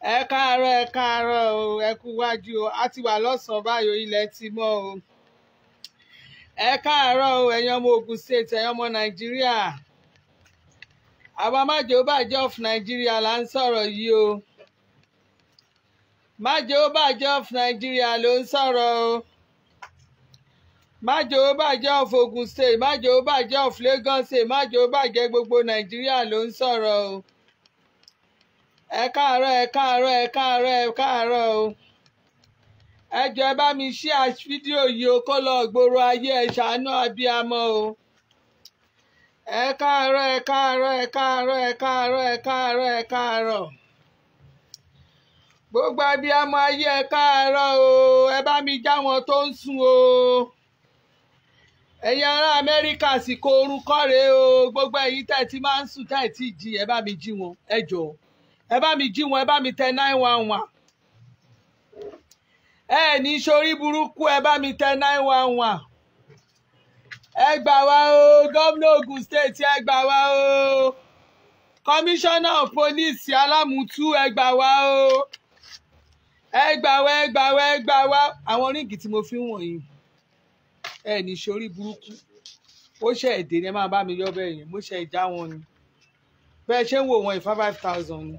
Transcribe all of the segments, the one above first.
ẹ arọ ẹ arọ o ẹ kú wájú o a ti wà ilẹ̀ ti mọ o ẹ káàárọ̀ o ọmọ Ogun State ẹ̀yin ọmọ Nàìjíríà àwa májè ó bàjẹ́ of Nàìjíríà là ń sọ̀rọ̀ yìí o májè ló ń sọ̀rọ̀ o májè ó Ogun State májè ó bàjẹ́ of Lagos State májè gbogbo Nàìjíríà ló ń sọ̀rọ̀ ẹ káàárọ̀ ẹ káàárọ̀ ẹ káàárọ̀ ẹ káàárọ̀ o ẹ jọ̀ọ́ ẹ bá mi share fídíò yìí o kó lọ gbòòrò ayé ẹ ṣàánú abiyamọ o ẹ káàárọ̀ ẹ káàárọ̀ ẹ káàárọ̀ ẹ káàárọ̀ ẹ káàárọ̀ ẹ káàárọ̀ gbogbo abiyamọ ayé ẹ káàárọ̀ o ẹ bá mi já wọn tó ń sùn o ẹ̀yin ará amẹ́ríkà àsìkò orun kọ́re o gbogbo ẹ̀yin tẹ̀ tí máa ń sùn tẹ̀ tí jí ẹ bá mi jí wọn ẹ jọ̀ọ́ ẹ bá mi jí wọn ẹ bá mi tẹ nine one one ẹ ní sori burúkú ẹ bá mi tẹ nine one one ẹ gbà wá o gómìnà Ògùn state ẹ gbà wá o kọmíṣánná pólíìsì alámùtú ẹ gbà wá o ẹ gbà wá ẹ gbà wá ẹ gbà wá àwọn ríǹgì tí mo fi ń wọ̀nyí ẹ ní sori burúkú ó ṣe èdè ni ẹ máa bá mi yọ bẹ́ẹ̀ yẹn mo ṣe ìjà wọn ni bẹ́ẹ̀ ṣe ń wò wọ́n yìí five five thousand ni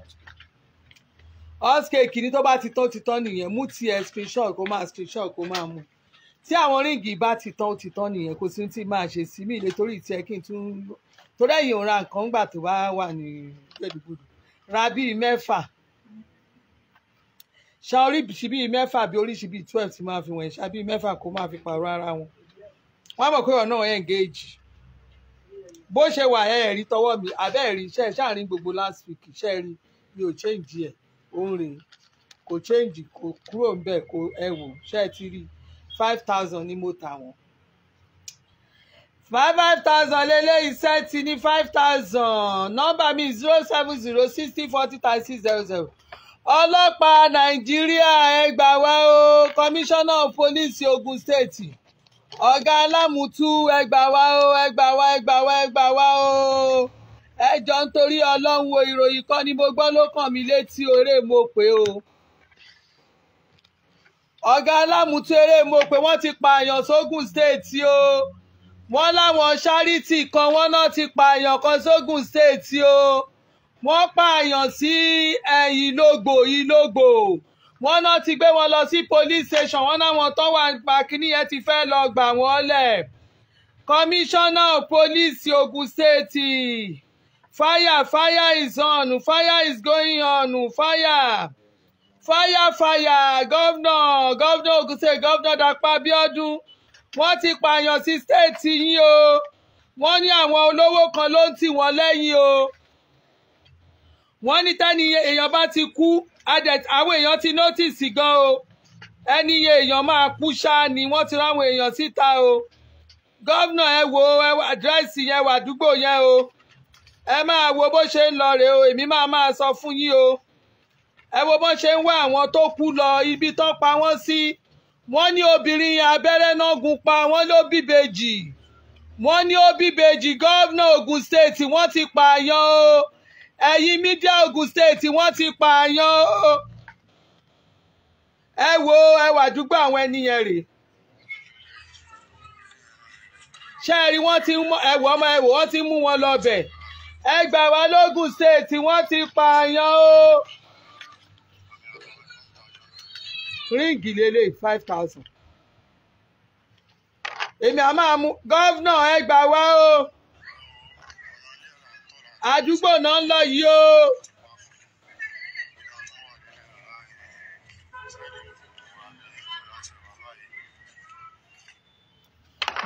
ọ́sìkèkì ní tó bá ti tán ti tán nìyẹn mú tiẹ̀ screenshot kó máa screenshot kó máa mú tí àwọn ríǹgì bá ti tán ti tán nìyẹn kò sí tí máa ṣe sí mi nítorí tiẹ̀ kí n tún torí ẹ̀yìn òun ra nǹkan gbà tó bá wà ní gbẹ̀dùgbùdù ra bíi mẹ́fà ṣá oríṣi bíi mẹ́fà bí oríṣi bíi twelve ti máa fi wọ̀nyí ṣá bíi mẹ́fà kó máa fi pààrọ̀ ara wọn wọ́n mọ̀ pé ọ̀nà engage bó ṣe wà ẹ̀ rí tọwọ́ mi àbẹ́ẹ̀rí iṣẹ́ ṣáà rí gbogbo last week iṣẹ́ rí mi ò change yẹn òun rèé kò change kò kúrò níbẹ̀ kò ẹ wò ṣé ti rí five thousand ni mo tà wọ́n five five thousand lele, lélẹ́yìí sẹ́ẹ̀tì ní five thousand number mi zero seven zero sixty forty thirty six zero zero ọlọ́pàá nàìjíríà ẹ gbà wá o kọmíṣánná pólíìsì ogun stéètì ọ̀gá alámùtú ẹ gbà wá o ẹ gbà wá ẹ gbà wá o ẹ jọ ń torí ọlọ́run wo ìròyìn kan ni mo gbọ́ ló kàn mí létí oré mo pé o ọ̀gá alámùtú eré mo pé wọ́n ti pààyàn sógun state o wọ́n láwọn charity kan wọ́n náà ti pààyàn kan sógun state o wọ́n pààyàn sí ẹ̀yìn ìlógbò ìlógbò wọ́n náà ti gbé wọn lọ sí police station wọ́n náà wọn tó wà pa kíní yẹn ti fẹ́ lọ gbà wọ́n lẹ̀ kọmíṣánná pólíìsì Ògùn state. Fire, fire is on. Fire is going on. Fire. Fire, fire. Governor, Governor Ògúnṣe, Governor Dàpọ̀ Abíọ́dún. Wọ́n ti pààyàn sí stéètì yín o. Wọ́n ní àwọn olówó kan ló ń tì wọ́n lẹ́yìn o. Wọ́n ní tẹ́ni èèyàn bá ti kú, àwọn èèyàn ti nọ́tìsì gan o. Ẹni èèyàn máa kú ṣáá ni wọ́n ti ráwọn èèyàn síta o. Gọ́vnà ẹ wo àdírẹ́sì yẹn wà àdúgbò yẹn o ẹ máa wo bó ṣe ń lọ rèé o èmi máa máa sọ fún yín o ẹ wo bó ṣe ń wá àwọn tó kú lọ ibi tó pa wọ́n sí wọ́n ní obìnrin yẹn abẹ́rẹ́ náà gún pa wọ́n ló bíbejì wọ́n ní ó bíbejì gómìnà Ògùn state wọ́n ti pààyàn o ẹ̀yin mídíà Ògùn state wọ́n ti pààyàn o ẹ wo ẹ wà àdúgbò àwọn ẹni yẹn rèé ṣé ẹ rí wọ́n ti mú ẹwọ ọmọ ẹwọ wọ́n ti mú wọn lọ bẹ́ẹ̀ ẹgbà wa lógùn state wọ́n ti pààyàn o. ríǹgì lélẹ̀ five thousand. èmi a máa mú gọ́vnà ẹgbà wa o. àdúgbò náà ń lọ yìí o.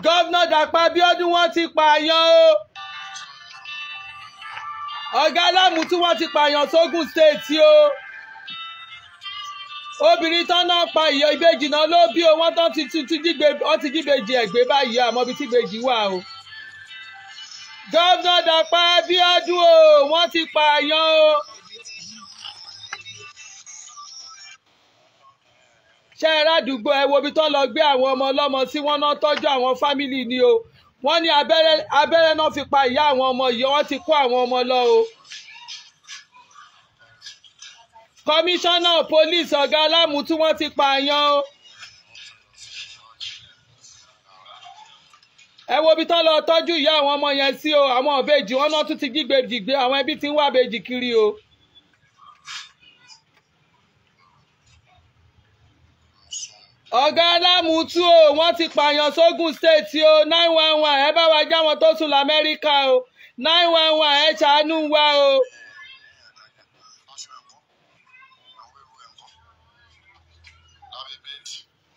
gọ́vnà Dàpọ̀ Abíọ́dún wọ́n ti pààyàn o ọ̀gá aláàmù tí wọ́n ti pààyàn sógun state o obìnrin tán náà pa ìyọ ìbejì náà ló bí o wọ́n tán ti jí ìbejì ẹ̀gbẹ́ báyìí àmọ́ ibi tí ìbejì wà o gọ́vnà Dàpọ̀ Abíọ́dún o wọ́n ti pààyàn o. ṣé ẹ rádùúgbò ẹ wo ibi tán lọ gbé àwọn ọmọ ọlọ́mọ tí wọ́n náà tọ́jú àwọn fámìlì ni o wọ́n ní abẹ́rẹ́ abẹ́rẹ́ náà fi pa ìyá àwọn ọmọ yìí wọ́n ti kó àwọn ọmọ lọ o. kọmíṣánná pólíìsì ọ̀gá aláàmú tí wọ́n ti pààyàn o. ẹ wo ibi tán lọ tọ́jú ìyá àwọn ọmọ yẹn sí o àwọn ọ̀bẹ́jì wọn náà tún ti gbígbèjì gbé àwọn ẹbí tí ń wá bèjì kiri o. ọ̀gá alámùtú o oh, wọ́n ti pààyàn sógun state o nine one one ẹ bá wa já wọn tó sùn lamẹ́ríkà o nine one one ẹ ṣàánú wa o.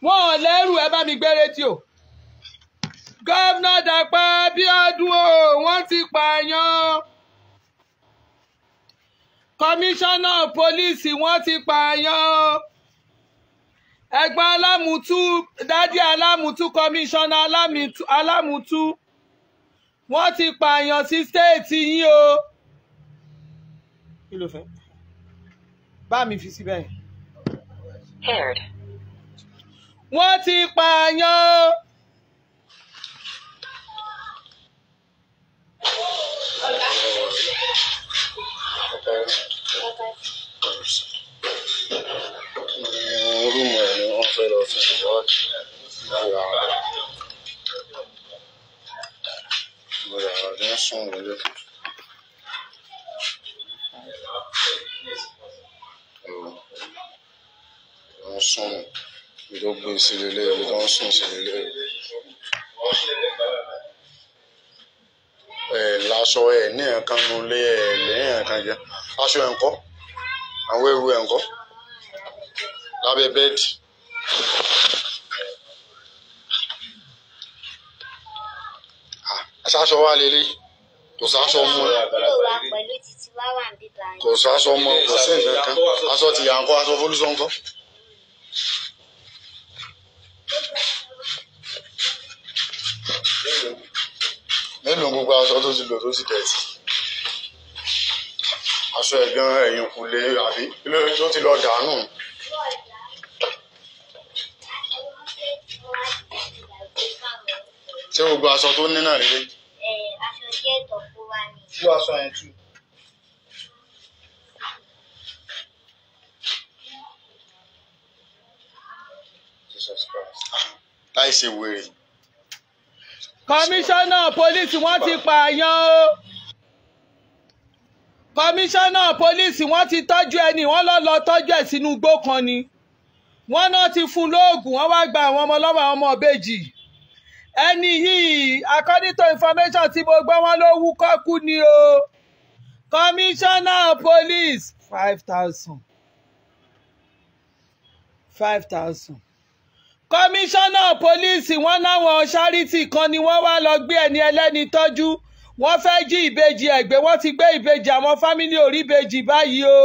wọn ò lẹ́rù ẹ bá mi gbé rédíò. gọ́vnà Dàpọ̀ Abíọ́dún o wọ́n ti pààyàn kọmíṣánná pólíìsì wọ́n ti pààyàn o ẹ̀gbọ́n alámùtú dádì alámùtú kọmíṣánná alámùtú wọ́n ti pààyàn sí stéètì yín o kí ló fẹ́ bá mi fi síbẹ̀. wọ́n ti pààyàn o. c'est le ibi le ń sùn sí le ẹ láṣọ ẹ ní ẹ̀ẹ̀kan nulẹ̀ ẹ lẹ́yìn ẹ̀ẹ̀kan jẹ aṣọ ẹ̀ ń kọ́ àwọn ewu ẹ̀ ń kọ́ lábẹ́ bẹ́ẹ̀dì. aṣáṣọ wa lélẹ̀ kò sáṣọ mọ́ kò sáṣọ mọ́ kò sí nǹkan kan aṣọ ti yà ń kọ́ aṣọ fólúṣọ ń gbogbo aṣọ tó ti lò tó ti dẹ̀tì aṣọ ẹ̀ gan ẹ̀yìn kù lé àbí lórí tó ti lọ dànù. ṣé gbogbo aṣọ tó ní náà rèé. aṣọ díẹ̀ aṣọ yẹn tú. Jesus Christ. láì ṣe wèrè kọmíṣánná pólíìsì wọ́n ti pààyàn o kọmíṣánná pólíìsì wọ́n ti tọ́jú ẹni wọ́n lọ lọ tọ́jú ẹ̀ sínú igbó kan ni wọ́n náà ti fún lóògùn wọ́n wá gba àwọn ọmọ lọ́wọ́ àwọn ọmọ ìbejì ẹni yìí according to information tí mo gbọ́ wọ́n ló wú kọ́kú ni o kọmíṣánná pólíìsì five thousand five thousand kọmíṣánná pólíìsì wọn láwọn ṣáríìtì kan ni wọ́n wá lọ gbé ẹni ẹlẹ́ni tọ́jú wọ́n fẹ́ẹ́ jí ìbejì ẹ̀ gbé wọ́n ti gbé ìbejì àwọn fámílì oríbejì báyìí o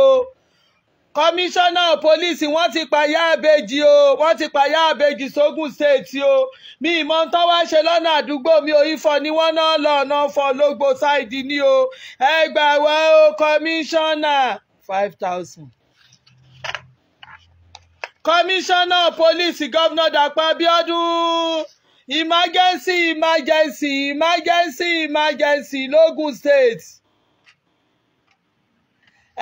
kọmíṣánná pólíìsì wọ́n ti pàyà àbejì o wọ́n ti pàyà àbejì sógùn stéètì o mi ìmọ̀ ń tán wá ṣe lọ́nà àdúgbò mi ò ifọ ni wọ́n náà lọ ọ̀nà fọ lógbó ṣáìdì ni o ẹ gbà wá o kọmíṣánná five thousand kọmíṣánná pólíìsì gọ́vnà Dàpọ̀ Abíọ́dún emergency emergency emergency emergency lógùn state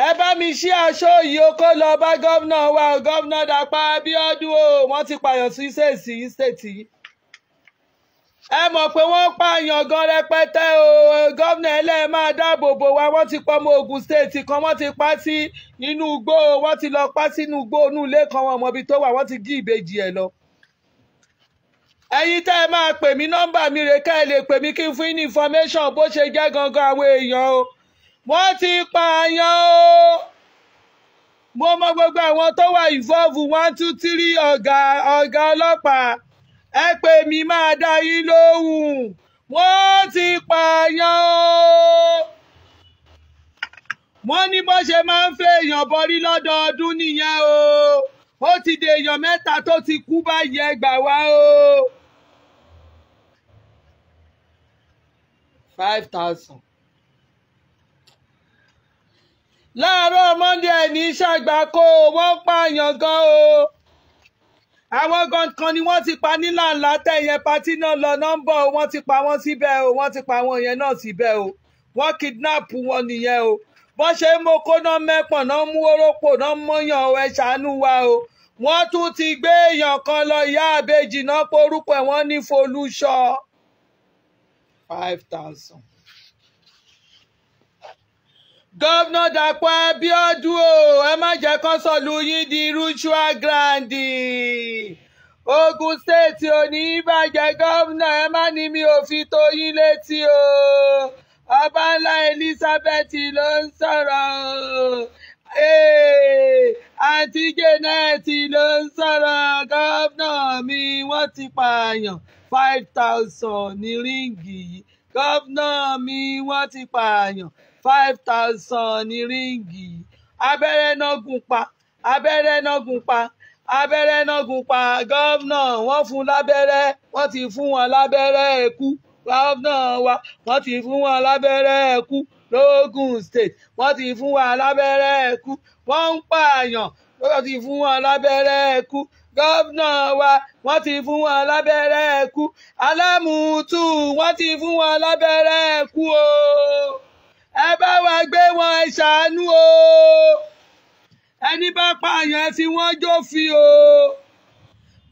ẹ bá mi ṣí aṣọ yìí ó kó lọ bá gọ́vnà wa gọ́vnà Dàpọ̀ Abíọ́dún o wọ́n ti pààyàn sí ṣèṣì state yìí ẹ mọ̀ pé wọ́n pààyàn gan rẹpẹtẹ o gómìnà ẹlẹ́ẹ̀ máa dáàbò bò wá wọ́n ti pọ̀ ọmọ Ògùn state kan wọ́n ti pa sí inú igbó wọ́n ti lọ pa sínú igbó inú ilé kan wọn mọ̀bi tó wà wọ́n ti gí ìbejì ẹ̀ lọ. ẹ̀yin tẹ́ ẹ máa pè mí nọ́mbà mi rè ká ẹ lè pè mí kí n fún yín ní information bó ṣe jẹ́ gangan àwọn èèyàn o wọ́n ti pààyàn o mo mọ gbogbo àwọn tó wà involve one two three ọ̀gá ọ̀gá ọlọ́pàá ẹ pè mí máa dá yín lóhùn wọ́n ti pààyàn o wọ́n ní bó ṣe máa ń fẹ́ èèyàn lọ́dọọdún nìyẹn o ó ti di mẹ́ta tó ti kú báyìí ẹ gbà wá o. five thousand. láàárọ̀ monday ní ṣàgbákò wọ́n pààyàn gan o àwọn gankan ni wọ́n ti pa nílànlá tẹ̀yẹ patí náà lọ nọ́mbọ̀ o wọ́n ti pa wọ́n síbẹ̀ o wọ́n ti pa àwọn yẹn náà síbẹ̀ o wọ́n kidnap wọn nìyẹn o bọ́n ṣe moko náà mẹ́pọ̀n náà mú orópò náà mọ́yàn o ẹ ṣàánú wa o wọ́n tún ti gbé èèyàn kan lọ ìyá àbejì náà porúkọ ẹ̀ wọ́n ní folúṣọ five thousand gọ́vnà Dàpọ̀ Abíọ́dún o ẹ má jẹ́ kán sọ̀lù yín di ritual grandi Ògùn state ò ní bàjẹ́ gọ́vnà ẹ má ní mi ò fi tó yín létí o ọba ńlá Elizabeth ló ń sọ̀rọ̀ o àǹtí Janet ló ń sọ̀rọ̀ gọ́vnà mi wọ́n ti pààyàn five thousand ní ríǹgì yìí gọ́vnà mi wọ́n ti pààyàn five thousand ní ríǹgì abẹ́rẹ́ náà gùn pa abẹ́rẹ́ náà gùn pa abẹ́rẹ́ náà gùn pa gọ́vnà wọ́n fún lábẹ́rẹ́ wọ́n ti fún wọn lábẹ́rẹ́ ẹ̀kú gọ́vnà wa wọ́n ti fún wọn lábẹ́rẹ́ ẹ̀kú lógùn state wọ́n ti fún wa lábẹ́rẹ́ ẹ̀kú wọ́n ń pààyàn wọ́n ti fún wọn lábẹ́rẹ́ ẹ̀kú gọ́vnà wa wọ́n ti fún wọn lábẹ́rẹ́ ẹ̀kú alámùtù wọ́n ti fún wọn lábẹ́rẹ́ ẹ̀kú o ẹ bá wa gbé wọn ẹ ṣàánú o ẹni bá pààyàn tí wọ́n jófin o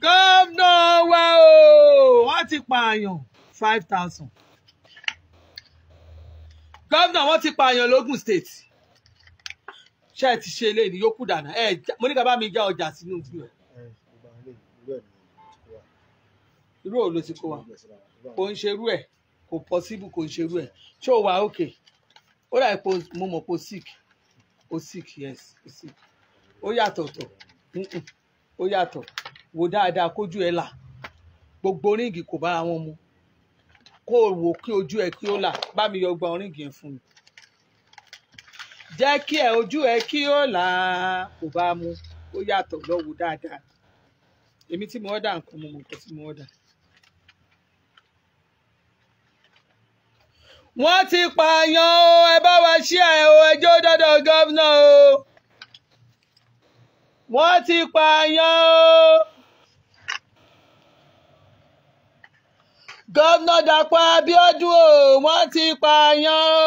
gómìnà wa o wọ́n ti pààyàn five thousand gómìnà wọ́n ti pààyàn lógùn state ṣé ẹ ti ṣe eléyìí yókù dànù ẹ mo ní ká bá mi já ọjà sínú ìlú ẹ irú òun ló ti kó wa kò ń ṣerú ẹ kò pọ́síbù kò ń ṣerú ẹ ṣé o wà ókè ó dà pé mo mọ̀ pé o sick o sick yes o sick ó yàtọ̀ tọ̀ ó yàtọ̀ wò dáadáa kójú ẹ là gbogbo ríǹgì kò bára wọn mu kó o wò kí ojú ẹ kí ó là bá mi yọ gba ríǹgì yẹn fún mi jẹ́ kí ẹ ojú ẹ kí ó là kò bá mu ó yàtọ̀ lọ́wọ́ dáadáa èmi tí mo ọ̀dà nǹkan mo mọ̀ nǹkan tí mo ọ̀dà. wọ́n ti pààyàn o ẹ bá wa ṣí ẹ o ẹjọ́ dọ́dọ̀ gọ́vnà o wọ́n ti pààyàn o. gọ́vnà Dàpọ̀ Abíọ́dún o wọ́n ti pààyàn o.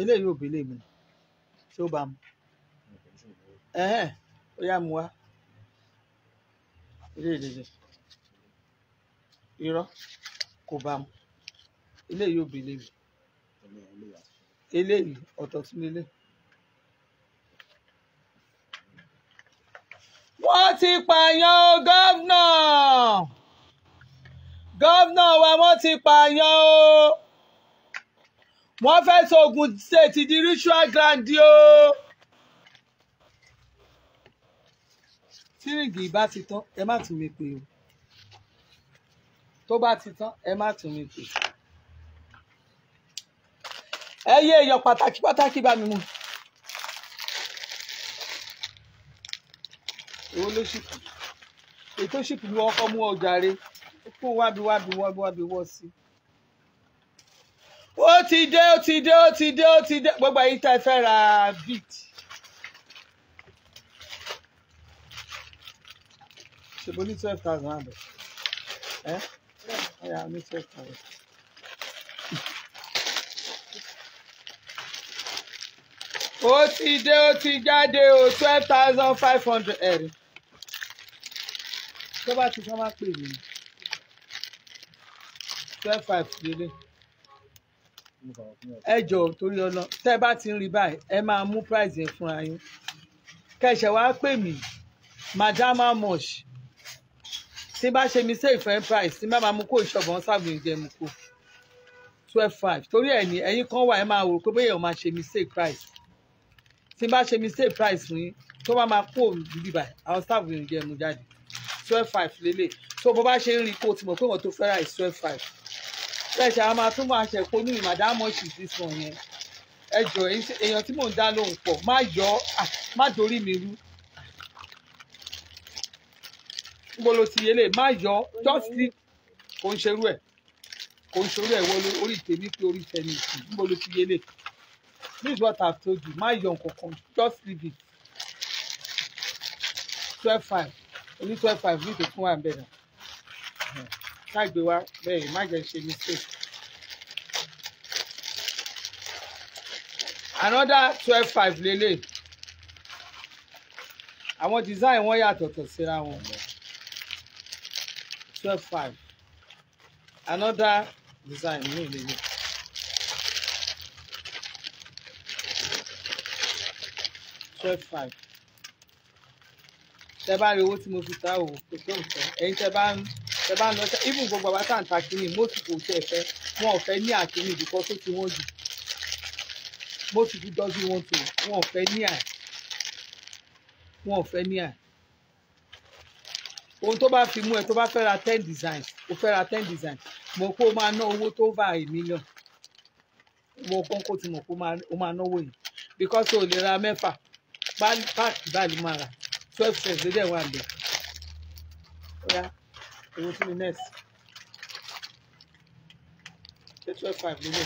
eléyìí ò bèlè mi ṣé ó bá mu ẹ̀hẹ́n ó yá mu wá irọ́ kò bá mu eléyìí ò bèlè mi eléyìí ọ̀tọ̀ tún lélẹ̀. wọ́n ti pààyàn o gómìnà gómìnà wa wọ́n ti pààyàn o wọ́n fẹ́ sọ̀gùn ṣètì di ritual grand o. tíríǹgì bá ti tán ẹ má tún mi pè o tó bá ti tán ẹ má tún mi pè o ẹ yé èèyàn pàtàkì pàtàkì bá mi mú. èwo ló ṣìkì ètò ṣìkì ni wọn kọ mú ọjà rẹ kó wábi wábi wábi wábi wọ sí. ó ti dé ó ti dé ó ti dé ó ti dé gbogbo àyíká ẹ fẹ́ ra bit. ṣèbó ní twelve thousand àbẹ̀ ẹ́ ẹ́ yà ní twelve thousand. ó ti dé ó ti jáde o twelve thousand five hundred ẹ̀rí tó bá ti fẹ́ máa pè mí twelve five délé ẹ jọ torí ọlọ tẹ́ bá ti ń rí báyìí ẹ máa mú price yẹn fúnra yín kẹsẹ wàá pè mí madama mosh tí bá ṣe mi save friend price tí bá máa mú kó ìṣọ̀bọ̀n sáàbùn ìjẹ mú kó twelve five torí ẹ̀ ní ẹ̀yin kan wà ẹ máa wò pé bóyá ọ̀ máa ṣe mi save price tí n bá ṣe mistake price fún yín tó bá máa kó òun bíbí báyìí àwọn staff yẹn jẹ́ mu jáde twelve five lélẹ̀ tó bó bá ṣe ń rí kó o ti mọ̀ pé wọ́n tó fẹ́ ra twelve five ṣẹ̀ṣẹ̀ a máa tún máa ṣẹ̀ kó ní madam moshi this one yẹn ẹ jọ èèyàn tí mò ń dá lóhùn pọ̀ má yọ má dorí mi rú níbo ló ti yẹlé má yọ just leave kò ń ṣerú ẹ̀ kò ń ṣerú ẹ̀ wọlé orí tèmi pé orí tẹ̀mí níbo ló ti yẹlé this is what i told you My yọ nǹkan just leave it twelve five oní twelve five ní ìtòkùn wà bẹ́ẹ̀ náà ṣáàgbé wa bẹ́ẹ̀ má jẹ́ ṣe mistake another twelve five lélẹ̀ àwọn design wọn yàtọ̀tọ̀ síra wọn twelve five another design ní ìlélẹ̀. twelve five tẹ bá rí owó tí mo fi ta o kò tó nǹkan ẹ̀yin tẹ bá ń tẹ bá ń lọ even gbogbo àwa tá à ń ta kínní most kò tẹ ẹ fẹ́ wọn ò fẹ́ ní àkínní ìdíkọ tó ti wọn jù most fi dọ́jú wọn tó wọn ò fẹ́ ní à wọn ò fẹ́ ní à ohun tó bá fi mú ẹ tó bá fẹ́ ra ten design. o fẹ́ ra ten designs mo kó o máa ná owó tó bá a mílíọ̀n mo kó o ti mọ̀ kó o máa náwó yìí because o lè ra mẹ́fà páàkì báàlì máa rà twelve cents ló dẹ̀ wà lẹ̀ ọ̀yá owó tí mi next ṣé twelve five ló lè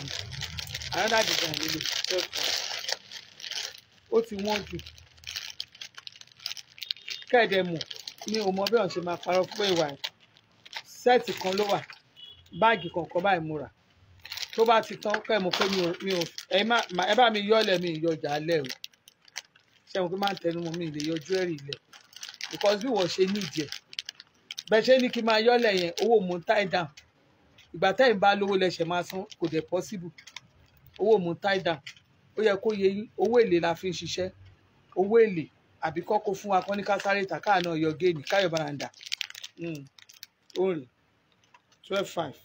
another design ló lè twelve five ó ti wọ́n jù kẹ́ẹ̀dẹ̀ mọ̀ mi ò mọ bí wọ́n ṣe máa parọ́ fún ìwà ẹ̀ sẹ́ẹ̀tì kan ló wà báàgì kọ̀ọ̀kan báyìí mo rà tó bá ti tán kẹ́ pé mi ò ẹ bá mi yọ́lẹ̀ mi ìyọjà alẹ́ o ṣẹ́wọ̀n pé máa ń tẹnu mọ́ mi lè yọjú ẹ̀rì ilẹ̀ because bí wọ́n ṣe ní ìjẹ́ bẹ́ẹ̀ ṣe ní kí n máa yọ́lẹ̀ yẹn owó mò ń tie down ìgbà tẹ́yìn bá lówó lẹ́sẹ̀ máa san kò dẹ̀ possible owó mò ń tie down ó yẹ kó yẹ yín owó èlé la fi ń ṣiṣẹ́ owó èlé àbí kọ́kọ́ fún wa kán ní ká sáré ìtàkà náà yọ géènì káyọ̀ baranda. orin hmm. twelve five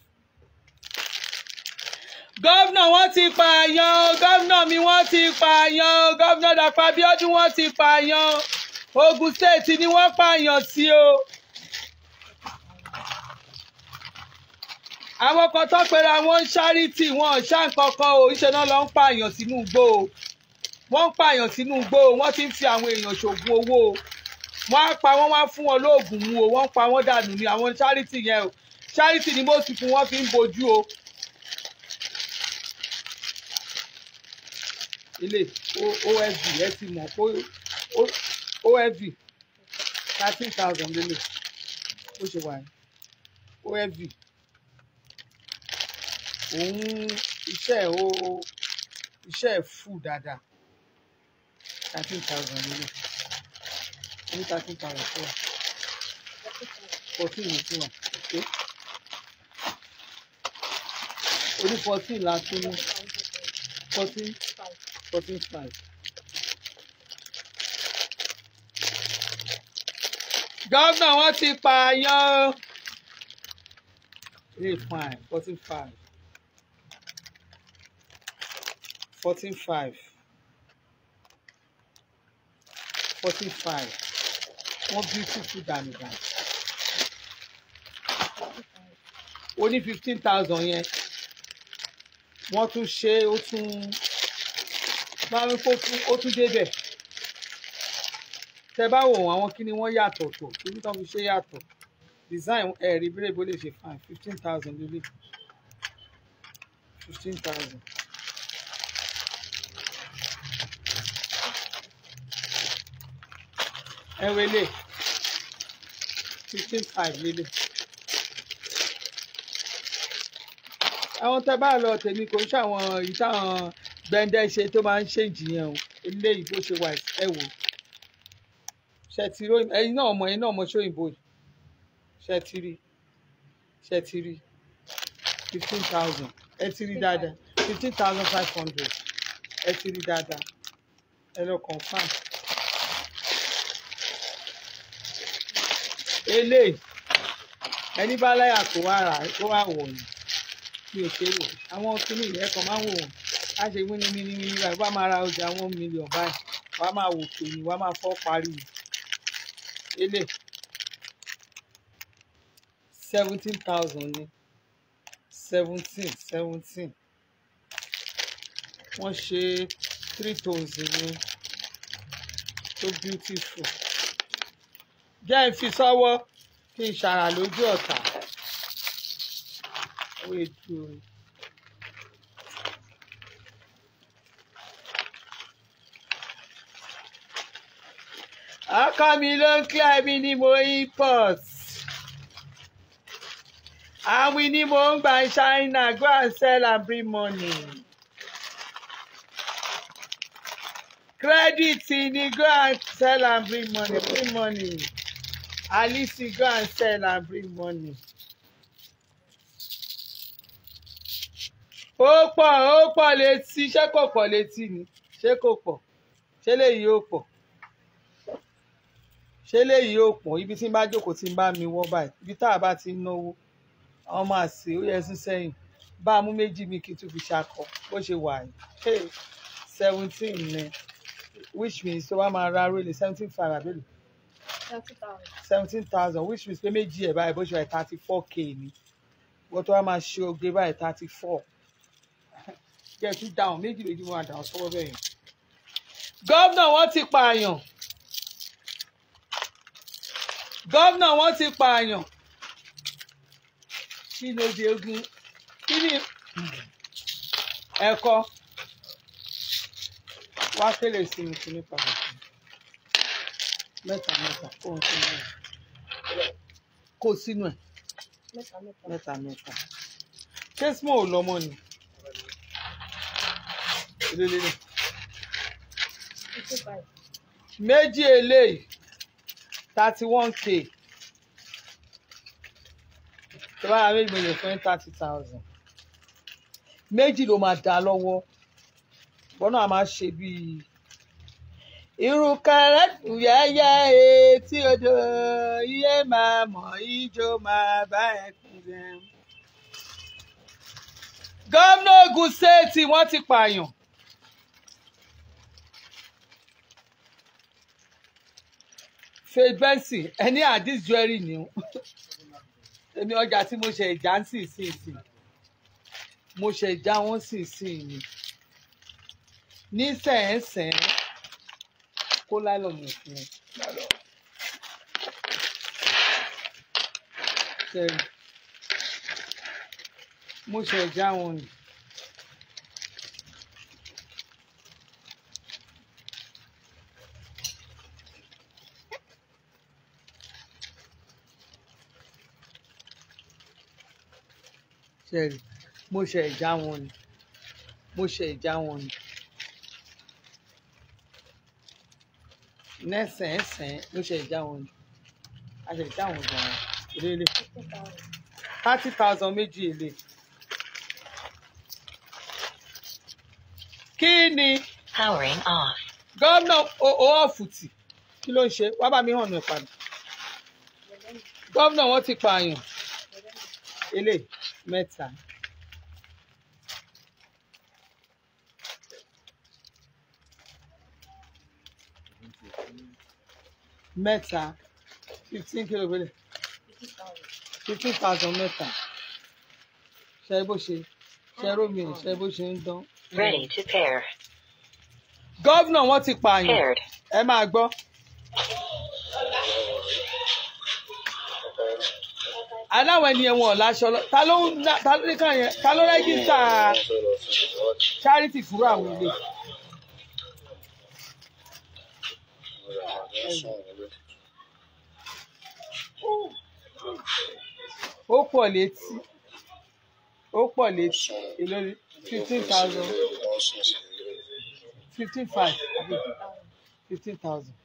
gọ́vnà wọ́n ti pààyàn o gọ́vnà mi wọ́n ti pààyàn o gọ́vnà Dàpọ̀ Abíọ́dún wọ́n ti pààyàn o Ogun State ni wọ́n pààyàn sí o. àwọn kan tó pera wọn ń ṣáríìtì wọn ṣá nǹkankan o ìṣe náà lọ ń pààyàn sínú igbó o wọ́n ń pààyàn sínú igbó o wọ́n ti ń fi àwọn èèyàn ṣògùn owó o wọ́n á pa wọ́n wá fún wọn lóògùn mu o wọ́n pa wọ́n dànù ni àwọn ṣáríìtì yẹn o ṣáríìtì ni mọ́sùkù wọ́n fi ń bojú o ilé OFV ẹ ti mọ̀ pé OFV thirteen thousand lélẹ̀ ó ṣe wà ní OFV òun iṣẹ́ o iṣẹ́ fù dáadáa thirteen thousand lélẹ̀ ní thirteen thousand fún wa fourteen ní fún wa okay orí fourteen la tún ní fourteen. 14 five. gọ́vnà wọn ti pààyàn eight five fourteen five fourteen five fourteen five wọ́n beautiful dànù dànù ó ní fifteen thousand yẹn wọ́n tún ṣe ó tún máa ń kó tún ó tún débẹ̀ tẹ bá wò wọn àwọn kíni wọn yàtọ̀ tó ibi tán fi ṣe yàtọ̀ design ẹ̀rí bírèbó lè ṣe fine fifteen thousand lórí fifteen thousand. ẹwẹ lè fifteen five lélẹ̀. àwọn tẹ bá lọ tèmi kò ń ṣàwọn ìtàn gbẹ̀ndẹ́ ṣe tó máa ń ṣèǹjì yẹn o eléyìí bó ṣe wà ẹ wò ṣètìrò ẹyin náà mọ ẹyin náà mọ ṣóyìnbó ṣètìrì ṣètìrì fifteen thousand ẹ ti rí dáadáa fifteen thousand five hundred ẹ ti rí dáadáa ẹ lọ confam. eléyìí ẹni bá láyà kó wá rà kó wá wọ̀ ni mi ò ṣe wò àwọn kìnnìún máa ń wò wọ́n á ṣe wí ní mímímí báyìí wàá máa ra ọjà one million báyìí wàá máa wò pé ni wàá máa fọ́ pariwo ele seventeen thousand ni seventeen seventeen wọ́n ṣe three tones ni So beautiful jẹ́ ń fi sọ́wọ́ kí n ṣàrà lójú ọ̀tá ó yẹ ọkọ mi ló ń clear mi ni mo import àwìn ni mo ń gba China go and sell and bring money credit ni go and sell and bring money bring money Alice go and sell and bring money. ó pọ̀ let's see, létí ṣé let's see, létí ni ṣé kò pọ̀ ṣé léyìí ò pọ̀ ibi tí n bá jókòó tí n bá mi wọ́ báyìí ibi tá a bá ti ń náwó àwọn máa ó yẹ sún sẹ́yìn bá a mú méjì mi kí n tún fi ṣakọ bó ṣe wà yìí seventeen ni which means tó bá máa ra rélé seventeen five àbẹ̀lẹ̀ seventeen thousand which means pé méjì ẹ̀ báyìí bó ṣe wà thirty four k ni wọ́n tó bá máa ṣe ogbe báyìí thirty four get you down méjì méjì mo máa dà ọ́ sọ́wọ́ bẹ́ẹ̀ yẹn gómìnà wọn ti pààyàn gọ́vnà wọn ti pààyàn kí ló dé ogun kí ni ẹ̀kọ́ wá kélé sí mi kí ní pàtàkì mẹ́ta mẹ́ta kó o sínú ẹ̀ kó o sínú ẹ̀ mẹ́ta mẹ́ta késìmọ̀ ò lọ́mọ ni lélẹ́lẹ́ méjì eléyìí thirty one k tó bá ra méjì mo lè fún thirty thousand méjì ló máa dá lọ́wọ́ bọ́nà a máa ṣe bíi irú kẹrẹ́tù yẹ́yẹ́ etí odò iye máa mọ̀ ijó máa bá ẹ kúrẹ́. gómìnà Ògùn ṣéètì wọ́n ti pààyàn. faith benson ẹni àdìs jewelry ni o èmi ọjà tí mo ṣe ìjà ń sìn sìn sìn mo ṣe ìjà wọn sìn sìn ni ní sẹ́ẹ̀sẹ̀ẹ́ kó láìlọ́nù fún un mo ṣe ìjà wọn ni. ṣẹ̀rì mo ṣe ìjà wọn ni mo ṣe ìjà wọn ni nẹ́sẹ̀ẹ́sẹ̀ẹ́ mo ṣe ìjà wọn ni a ṣe ìjà wọn gan-an ìrèlè thirty thousand méjì èlé. kí ni gómìnà òòfùtì kí ló ń ṣe wá bá mi hàn ní ìpàdé gómìnà wọn ti pààyàn eléyìí mẹ́ta. mẹ́ta fifteen kilo gbélé fifteen thousand mẹ́ta ṣe bó ṣe ṣe rómi ẹ̀ ṣe bó ṣe ń dán. ready to pair. gọ́vnà wọ́n ti pààyàn ẹ máa gbọ́. aláwọ̀ ẹni yẹn wọn ò láṣọ ta ló ń ta ló kàn yẹn ta ló rẹ́gísítà charity fúru àwọn ilé. ó pọ̀ létí ó pọ̀ létí ìlórí fifteen thousand fifteen five fifteen thousand.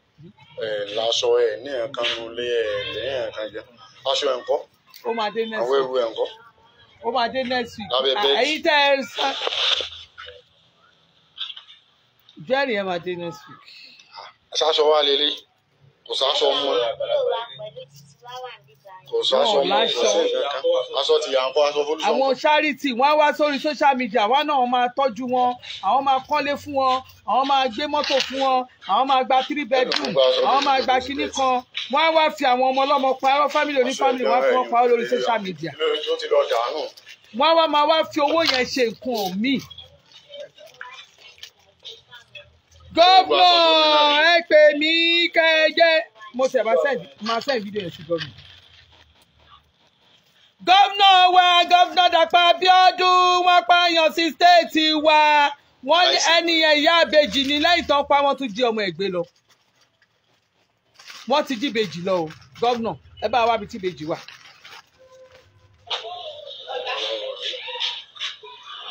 ẹ lásọ ẹ ní ẹ̀ẹ̀kan nulẹ̀ ẹ̀ lẹ́yìn ẹ̀ẹ̀kan jẹ aṣọ ẹ̀ ń kọ́ ó máa dé next week. àwọn ewu ẹ̀ ń kọ́. ó máa dé next week. lábẹ́ bẹ́ẹ̀ ẹ̀yin tẹ́ ẹ sá. jẹ́rì ẹ̀ máa dé next week. sásọ wa lélẹ̀ kò sásọ mọ́. ẹ kò sáṣọ mọ́ kò sí ìkankan aṣọ ti yàǹkọ́ aṣọ fólúṣọ́. àwọn charity wọn á wá sórí social media wọn náà máa tọ́jú wọn àwọn máa kọ́lé fún wọn àwọn máa gbé mọ́tò fún wọn àwọn máa gba three bedroom àwọn máa gba kinní kan wọn á wá fi àwọn ọmọ ọlọ́mọ parọ́ family oní family wọn á fi wọn parọ́ lórí social media. wọn á wá máa wá fi owó yẹn ṣe nǹkan míì. gómìnà ẹ pè mí ká ẹ jẹ́ mo tẹ̀ bá sẹ́ẹ̀ máa sẹ́ẹ̀ fídíò yẹn sí gómìnà gómìnà wa gómìnà Dàpọ̀ Abíọ́dún wọ́n pààyàn sí stéètì wa wọ́n ní ẹni ẹ̀yà àbèjì ní lẹ́yìn tó pa wọ́n tún jí ọmọ ẹ̀gbẹ́ lọ wọ́n ti jí ìbejì lọ o gómìnà ẹ bá wa bí tí ìbejì wà.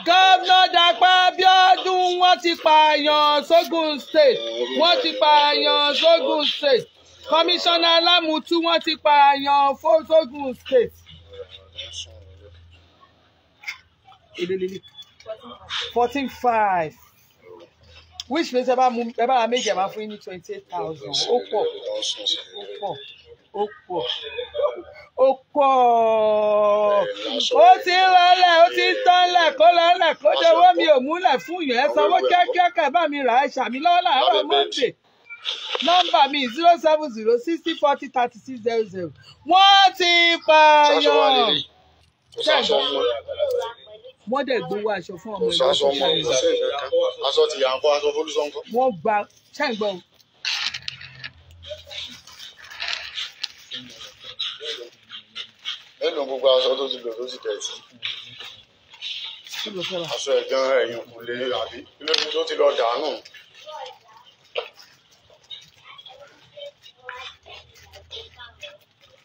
gómìnà Dàpọ̀ Abíọ́dún wọ́n ti pààyàn sógun state wọ́n ti pààyàn sógun state kọmíṣánná alámùtú wọ́n ti pààyàn fóṣógùn state èlò fourteen five which means ẹ bá mú ẹ bá méjì ẹ máa fún yín ní twenty eight thousand ó pọ̀ ó pọ̀ ó pọ̀ ó pọ̀ ó ti ń lọlẹ̀ ó ti ń kó lọlẹ̀ kó dowó mi ò múlẹ̀ fún yẹn ẹ sanwó kíákíá kẹ́ bá mi rà ẹ ṣàmì lọ́wọ́ làárọ̀ monday nọ́mbà mi zero seven zero sixty forty thirty six zero zero wọ́n ti pààyàn wọ́n dẹ̀ gbowó aṣọ fún ọmọ ìlú aṣọ ọmọ ìlú aṣọ ti yà ń kọ́ aṣọ fólúṣọ ń kọ́. wọ́n gba ṣàǹgbọ́n. nínú gbogbo aṣọ tó ti lò ti dẹ̀ sí. aṣọ ẹ̀gán ẹ̀yìn kò lè àbí ilé tó ti lọ dànù.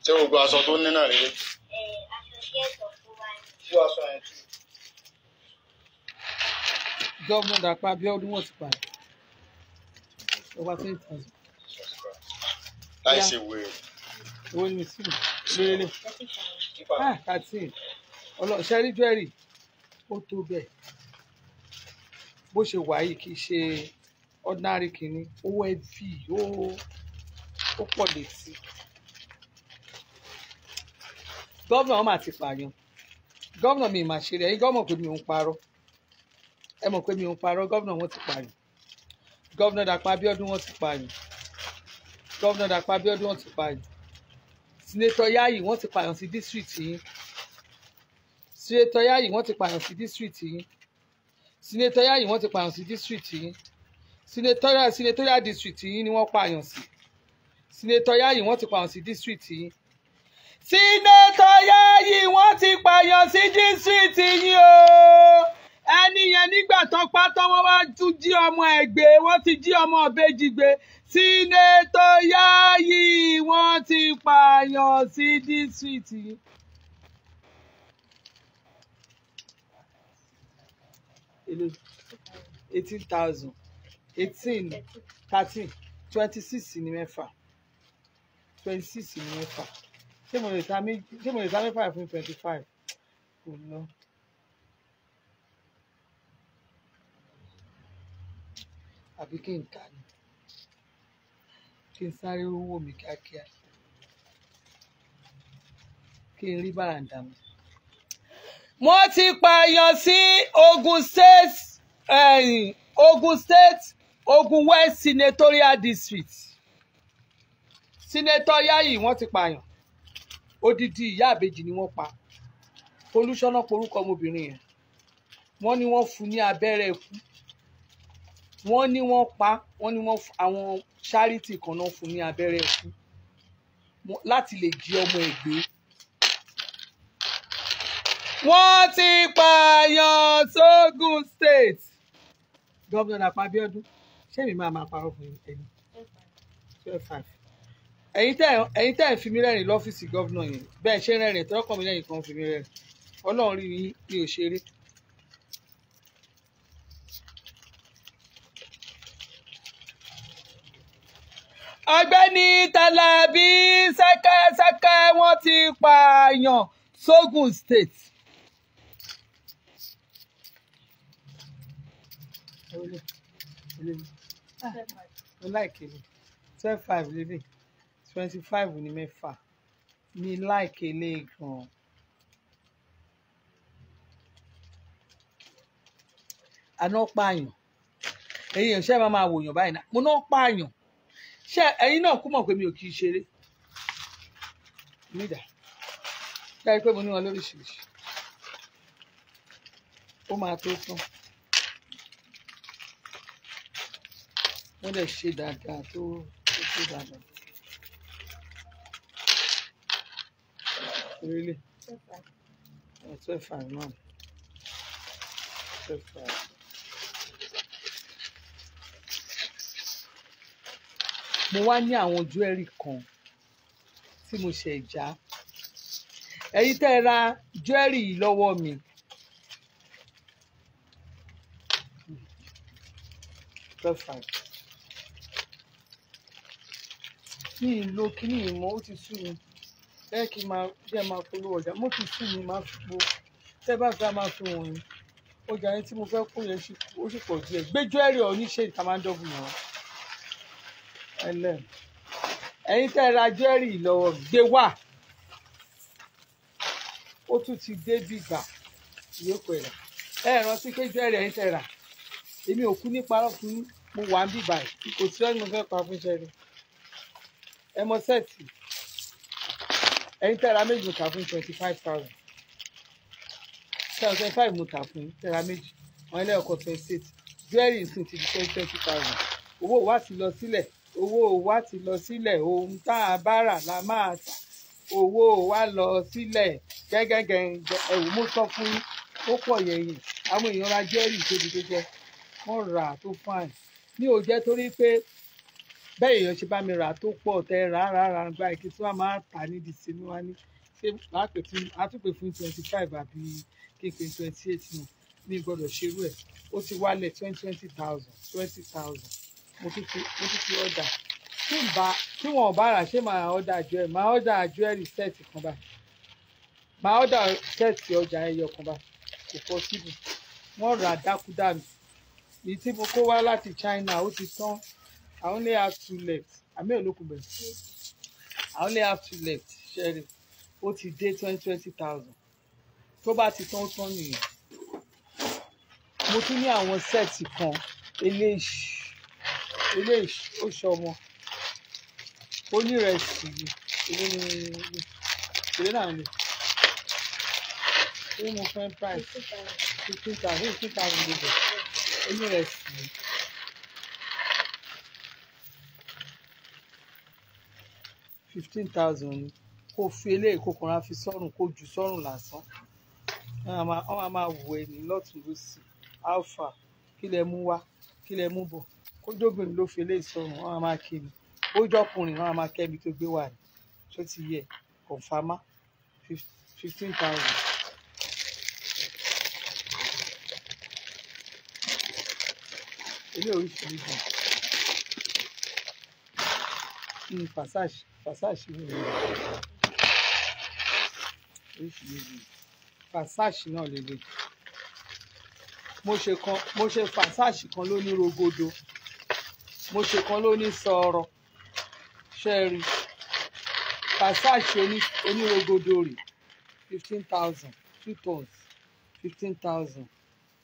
ṣé gbogbo aṣọ tó ní náà rèé. Eh, aṣọ kí ẹ̀sọ́ fún wa gọ́ọ̀mù Dàpọ̀ Abíọ́dún wọ́n ti padà ọba twenty thousand. láì ṣe wèrè. owó ni sí lélẹ̀ ah, thirteen ọlọ́ọ̀ṣẹ́rí jẹ́rì ó tó bẹ́ẹ̀ bó ṣe wà yìí kì í ṣe ordinary kìíní owó ẹbí ó pọ̀ létí gọ́ọ̀nà ọmọ àti pààyàn gọ́ọ̀nà mi ìmàṣẹ́rẹ́ ẹ̀yin gọ́ọ̀nà pé mi ò parọ́ ẹ mọ̀ pé mi ò ń parọ́ gọ́vnà wọn ti pààyàn gọ́vnà Dàpọ̀ Abíọ́dún wọn ti pààyàn gọ́vnà Dàpọ̀ Abíọ́dún wọn ti pààyàn sinetọ Yayi wọn ti pààyàn sí district yín sinetọ Yayi wọn ti pààyàn sí district yín sinetọ Yayi wọn ti pààyàn sí district yín senatorial senatorial district yìí ni wọ́n pààyàn sí senator Yayi wọ́n ti pààyàn sí district yìí senator Yayi wọ́n ti pààyàn sí district yìí o ẹni yẹn nígbà tán pátá wọ́n wá tún jí ọmọ ẹ̀ gbé wọ́n ti jí ọmọ ìbejì gbé sínétò Yayi wọ́n ti pààyàn sí dísìtì. eighteen thousand eighteen thirteen twenty six ní mẹ́fà twenty six ní mẹ́fà ṣé mo lè ta mẹ́fà fún twenty five kò lọ. àbí kí n kà ní kí n sáré owó mi kíákíá kí n rí bàràǹdà mi. mo ti pààyàn sí Ogun State eh, Ogun State Ogun West Senatorial District sinetọ́yà yìí wọ́n ti pààyàn odidi ìyá àbejì ni wọ́n pa olùṣọ́nà porúkọ ọmọbìnrin yẹn wọ́n ní wọ́n fún ní abẹ́rẹ́ ikú wọ́n ní wọ́n pa wọ́n ní wọ́n àwọn charity kan náà fún ní abẹ́rẹ́ ẹ̀kú láti lè jí ọmọ ẹ̀ gbé. wọ́n ti pààyàn sógun state gómìnà àpábíọ́dún ṣé èmi máa máa parọ́ fún ẹni ẹ̀yin tẹ́ ẹ̀ fi mí rẹ́rìn lọ́fíìsì gómìnà yẹn bẹ́ẹ̀ ṣe rẹ́rìn tọ́kọ̀ mi lẹ́yìn kan fi mí rẹ́rìn ọlọ́run rí mi mi ò ọ̀gbẹ́ni Tálábì ṣẹ́kẹ́ṣẹ́kẹ́ wọ́n ti pààyàn sógun state. mo láìkè ni twelve five lélẹ twenty five ní mẹ́fà mi láìkè lé gan-an. àná pààyàn èyí ò ṣe é máa máa wòyàn báyìí náà mo náà pààyàn ṣé ẹ̀yin náà kú mọ̀ pé mi ò kì í ṣeré nídà dárí pé mo ní wọn lóríṣiríṣi ó máa tó tán wọ́n lè ṣe dáadáa tó tó tó dáadáa. Really? That's so far, mom. So far. mo wá ní àwọn jewelry kan tí mo ṣe já ẹ̀yin tẹ́ ẹ ra jewelry yìí lọ́wọ́ mi twelve five mi ì lo kíní ìmọ̀ ó ti sú mi bẹ́ẹ̀ kí n máa jẹ́ máa polówó ọjà mo ti sú mi máa fi tẹ́ bá fẹ́ máa fi wọ̀nyí ọjà yẹn tí mo fẹ́ kó yẹn ó sì pọ̀ díẹ̀ gbé jewelry ọ̀ ní ṣe ìta máa ń dọ́gbìn wọn ẹ̀yin tẹ́ ra jẹ́rìí lọ́wọ́ gbé wá ó tún ti dé bìgbà ìyókù ẹ̀rà ẹ rántí pé jẹ́rìí ẹ̀yin tẹ́ ra èmi ò kú ní parọ́ fún mo wà ń bìbà yìí kò sí ẹni mo fẹ́ pa fún jẹ́rìí ẹ mọ sẹ́ẹ̀tì ẹ̀yin tẹ́ ra méjì mo tà fún twenty five thousand twenty five mo tà fún tẹ́ ra méjì wọn ilé ọkọ̀ twenty eight jẹ́rìí ìsìn ti di twenty twenty thousand owó wa ti lọ sílẹ̀ owó wa ti lọ sílẹ̀ ohun tá a bá rà la máa tà owó wa lọ sílẹ̀ gẹ́gẹ́gẹ́ ẹ̀wù mo sọ fún ó pọ̀ yẹ̀yìn àwọn èèyàn ra jẹ́rìí tóbi tó jẹ́ wọ́n rà á tó fine ní òjẹ́ torí pé bẹ́ẹ̀ èèyàn ṣe bá mi rà á tó pọ̀ tẹ́ rà á rà á rà á gba ìkí tí wọ́n máa tà nídìí sínú wa ní ṣé láàpẹ̀ fún àtúpè fún twenty five àbí kíkẹ́ twenty eight nù ní gbọ́dọ̀ ṣerú ẹ̀ ó ti wálẹ̀ twenty twenty thousand twenty thousand mo tún ti mo tún ti ọ̀dà tí n bá tí wọn ò bá rà ṣé màá ọ̀dà jewelry màá ọ̀dà jewelry set kan báyìí màá ọ̀dà set ọjà ẹyọ kan báyìí kò possible wọ́n rà dákúdàmì èyí tí mo kó wá láti China ó ti tán I only have two left àmì òlókùn bẹ̀rẹ̀ I only have two left ṣẹ́rí ó ti dé twenty twenty thousand tó bá ti tán tán nìyẹn mo tún ní àwọn sẹ́ẹ̀tì kan eléyìí ilé ìṣọmọ onírẹsì ilé ní ilé náà ni ilé mo fẹ́ price fifteen thousand fifteen thousand gbogbo onírẹsì ni. fifteen thousand ni kó fi eléyìí kó kanra fi sọ́rùn kó jù sọ́rùn lásán wọ́n máa wù ẹ́ ní lọ́tùn alpha kí lẹ mú wá kí lẹ mú bọ̀ ojóbìnrin ló fi eléyìí sọ̀rọ̀ wọn a máa kí mi ojọkùnrin wọn a máa kẹ́ ibi tó gbé wà ní tó ti yẹ kọ̀ǹfàmà fifteen thousand. ilé oríṣiríṣi ní fàṣàṣì fàṣàṣì wò lè oríṣiríṣi fàṣàṣì náà lè lè mo ṣe kan mo ṣe mo ṣe kan ló ní sọ̀rọ̀ ṣẹ́ẹ̀rì pàṣáàṣì onírògodo rè fifteen thousand two tons fifteen thousand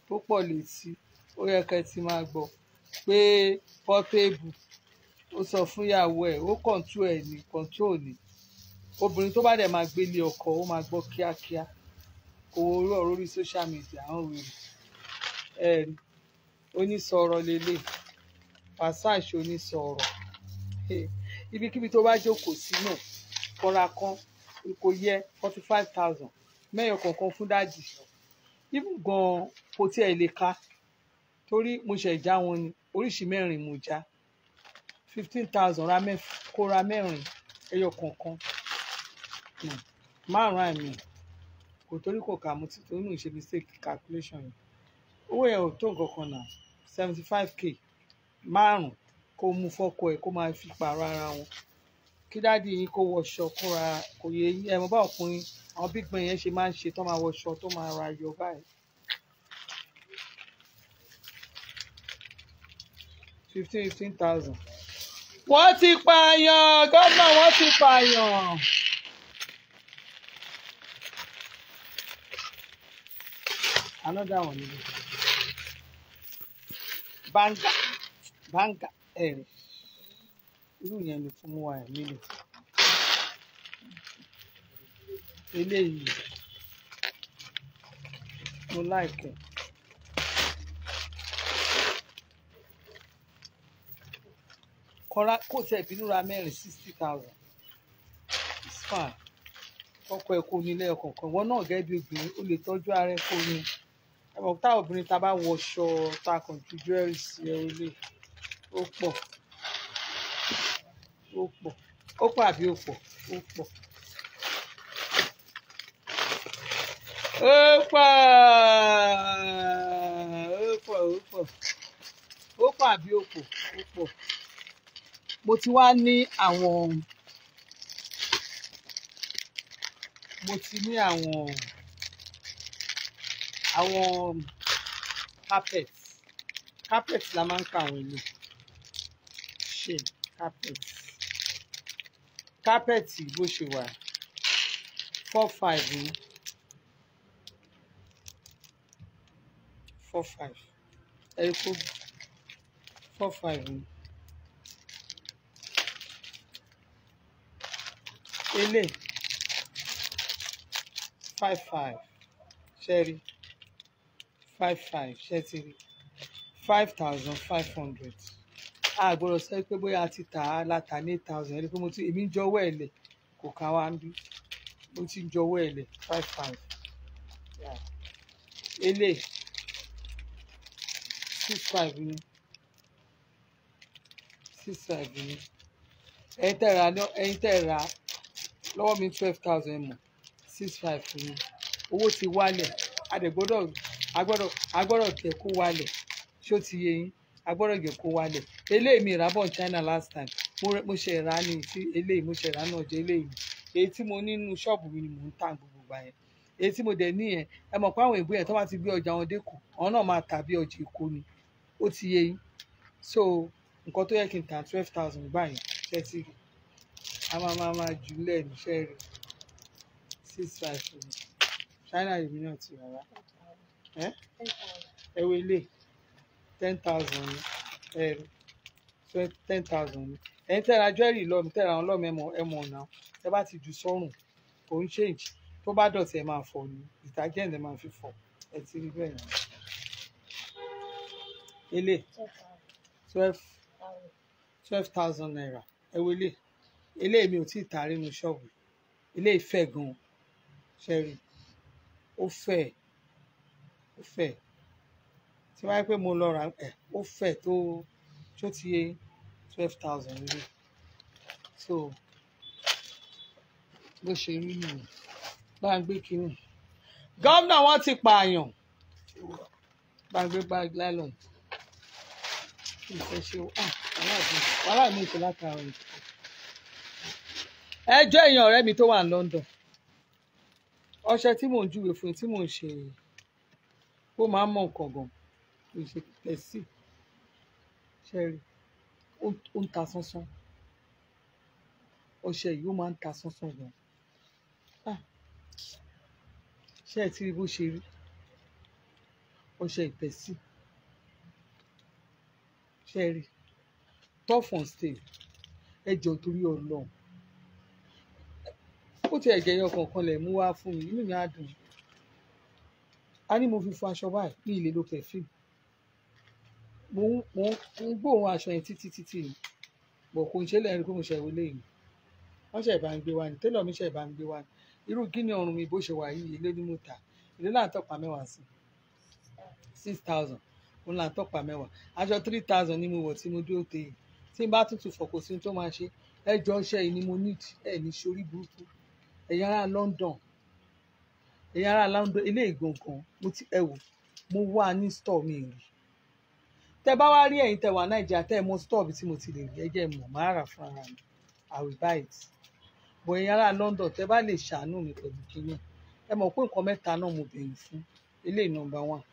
tó pọ̀ létí ó yẹ kẹ́ ti máa gbọ́ pé pọ́tébù ó sọ fún ìyàwó ẹ̀ ó kọ̀ǹtù ẹ̀ ní kọ̀ǹtù òní obìnrin tó bá dẹ̀ máa gbélé ọkọ ó máa gbọ́ kíákíá kò rú ọ̀rọ̀ orí social media àwọn wèrè ẹ̀ onísọ̀rọ̀ lélẹ̀ Wàsíù Àṣọní sọ̀rọ̀ ibikíbi tó bá jókòó sí náà kan kò yẹ forty five thousand mẹ́yọ̀ kọ̀ọ̀kan fún dájì even gan kò tiẹ̀ lè ka torí mo ṣe já wọn ni oríṣi mẹ́rin mo já fifteen thousand ra mẹ́fà kó ra mẹ́rin ẹyọ kọ̀ọ̀kan márùn-ún àmì kò torí kò kà mo ti torí mo ṣe mistake calculation yìí owó yẹn ò tó nǹkan kan náà seventy five k márùn kó mú fọ́kọ ẹ̀ kó máa fi pààrọ̀ ara wọn kí dáàdi yín kó wọṣọ kó kò yẹ yín ẹ mọ̀ bá ọkùnrin àwọn big yẹn ṣe máa ń ṣe tó máa wọṣọ tó máa ra yọ báyìí. fifteen fifteen thousand. wọ́n ti pààyàn gọ́dọ̀ wọ́n ti pààyàn. another one. banga báńkà ẹ̀rì eh, irú yẹn ló fún wa ẹ̀ mílẹ̀ eléyìí mo láìpẹ́. kọ́ra kò tẹ̀ bínú ra mẹ́rin sixty thousand it's fine ọkọ ẹ kò ní ilé ọkọọkan wọn náà gẹ́gẹ́ bí obìnrin ó lè tọ́jú ara ẹ kò ní ẹ mọ̀ tá obìnrin ta bá wọṣọ ta kàn ju jewelry sí ẹ ó lè ó pọ̀ ó pọ̀ ó pọ̀ àbí ó pọ̀ ó pọ̀ ó pọ̀ ó pọ̀ ó pọ̀ ó pọ̀ àbí ó pọ̀ mo ti wá ní àwọn mo ti ní àwọn àwọn carpet carpet la máa ń ka àwọn ilé ṣe carpet carpet bó ṣe wà four five ni four five ẹ̀rí kó four five ni. ele five five ṣẹ́rí five five ṣẹ́tìrì five thousand five hundred àgbọ̀rọ̀ sọ pé bóyá a ti tà á láta ní eight thousand ẹni pé mo ti èmi ń jọwọ́ ẹ̀ lẹ̀ kò ká wá ń bí mo ti ń jọwọ́ ẹ̀ lẹ̀ five five ele six five ni six five ni ẹ̀yin tẹ̀ ra ẹ̀yin tẹ̀ ra lọ́wọ́ mi twelve thousand mọ̀ six five ni owó ti wálẹ̀ àdẹ̀gbọ́dọ̀ agbọ́dọ̀ agbọ́dọ̀ tẹ̀ kó wálẹ̀ ṣó ti yé yín agbọ́dọ̀ jẹ́ kó wálẹ̀ eléyìí mi ìrà China last time mo rẹ mo ṣe ni tí eléyìí mo ṣe ìrà náà jẹ eléyìí èyí mo nínú ṣọ́ọ̀bù mi ni mò ń gbogbo gbà yẹn èyí tí mo dẹ̀ ní yẹn ẹ mọ̀ pé àwọn ìbú yẹn tó bá ti gbé ọjà wọn dẹ́kù àwọn náà máa tà bí ọjà ti yé yín so nǹkan tó yẹ kí n tà thousand a máa máa máa jù lẹ̀ five China náà ti ten thousand ẹ̀rù. ten thousand ni ẹ̀yin tẹ́ra jewelry lọ́mù tẹ́ra àwọn lọ́mù ẹ̀mọ̀ ẹ̀mọ̀ ọ̀nà ẹ bá ti jù sọ́rùn kò ń change tó bá dọ̀tí ẹ máa fọ ni detergent ẹ máa fi fọ ẹ ti rí bẹ́ẹ̀ yẹn. ele twelve twelve thousand naira ẹ wo ele ele mi ò tí ì taari nu ṣọ́ọ̀bù ele ìfẹ́ gan-an ṣẹ́rí ó fẹ́ ó fẹ́ tí wọ́n á pẹ́ mo lọ ra ẹ̀ ó fẹ́ tó tó ti yẹ yín twelve thousand so bó ṣe rí nìyẹn bá ń gbé kínní gómìnà wọn ti pààyàn bá ń gbé bag nylon ìfẹ́ ṣe ah, wàhálà mi ìfẹ́ látara rẹ̀ ẹjọ́ èèyàn ọ̀rẹ́ mi tó wà ní London ọṣẹ tí mò ń júwe fún tí mò ń ṣe ó máa ń mọ nǹkan gan kò ṣẹ́rí ó ń ta sánsán ọṣẹ yìí ó máa ń ta sánsán gan ah. ṣé ẹ ti rí bó ṣe rí ọṣẹ ìpẹ́sì ṣé ẹ rí tough on steel ẹ jọ torí Ọlọ́run ó ti ẹ̀jẹ̀ yọ kọ̀ọ̀kan lẹ̀ mú wá fún mi inú mi á dùn a ní mo fi fọ aṣọ báyìí ní ilé ló mo ń mo ń gbóhùn aṣọ yẹn títí títí ni bò kò ń ṣe lẹ́yìn kó ń ṣe wọlé yìí wọ́n ṣe ìbá ń gbé wa ni tẹ́lọ̀ mi ṣe ìbá ń gbé wa ni irú gíní ọrùn mi bó ṣe wà yìí ilé ní mo tà ilé náà tọ́pa mẹ́wàá sí six thousand òun là ń tọ́pa mẹ́wàá aṣọ three thousand ni mo wọ̀ tí mo dúró te yìí tí n bá tuntun fọ̀kọ̀ sí tó máa ṣe ẹjọ́ iṣẹ́ yìí ni mo need ẹ̀ ní sórí burúkú ẹ̀yin ará London ẹ̀yin ará London ilé ìgbọ̀ngàn mo ti ẹ̀wò mo wà ní store mi rí tẹ bá wá rí ẹ̀yin tẹ wà nàìjíríà tẹ mọ stọọbù tí mo ti lè rí ẹjẹ mọ máa rà fún ara mi i will buy it bọ̀ ẹ̀yin ará London tẹ bá lè ṣàánú mi pẹ̀lú kíní ẹ mọ̀ pé nǹkan mẹ́ta náà mo bẹ̀rù fún eléyìí nọ́mbà one.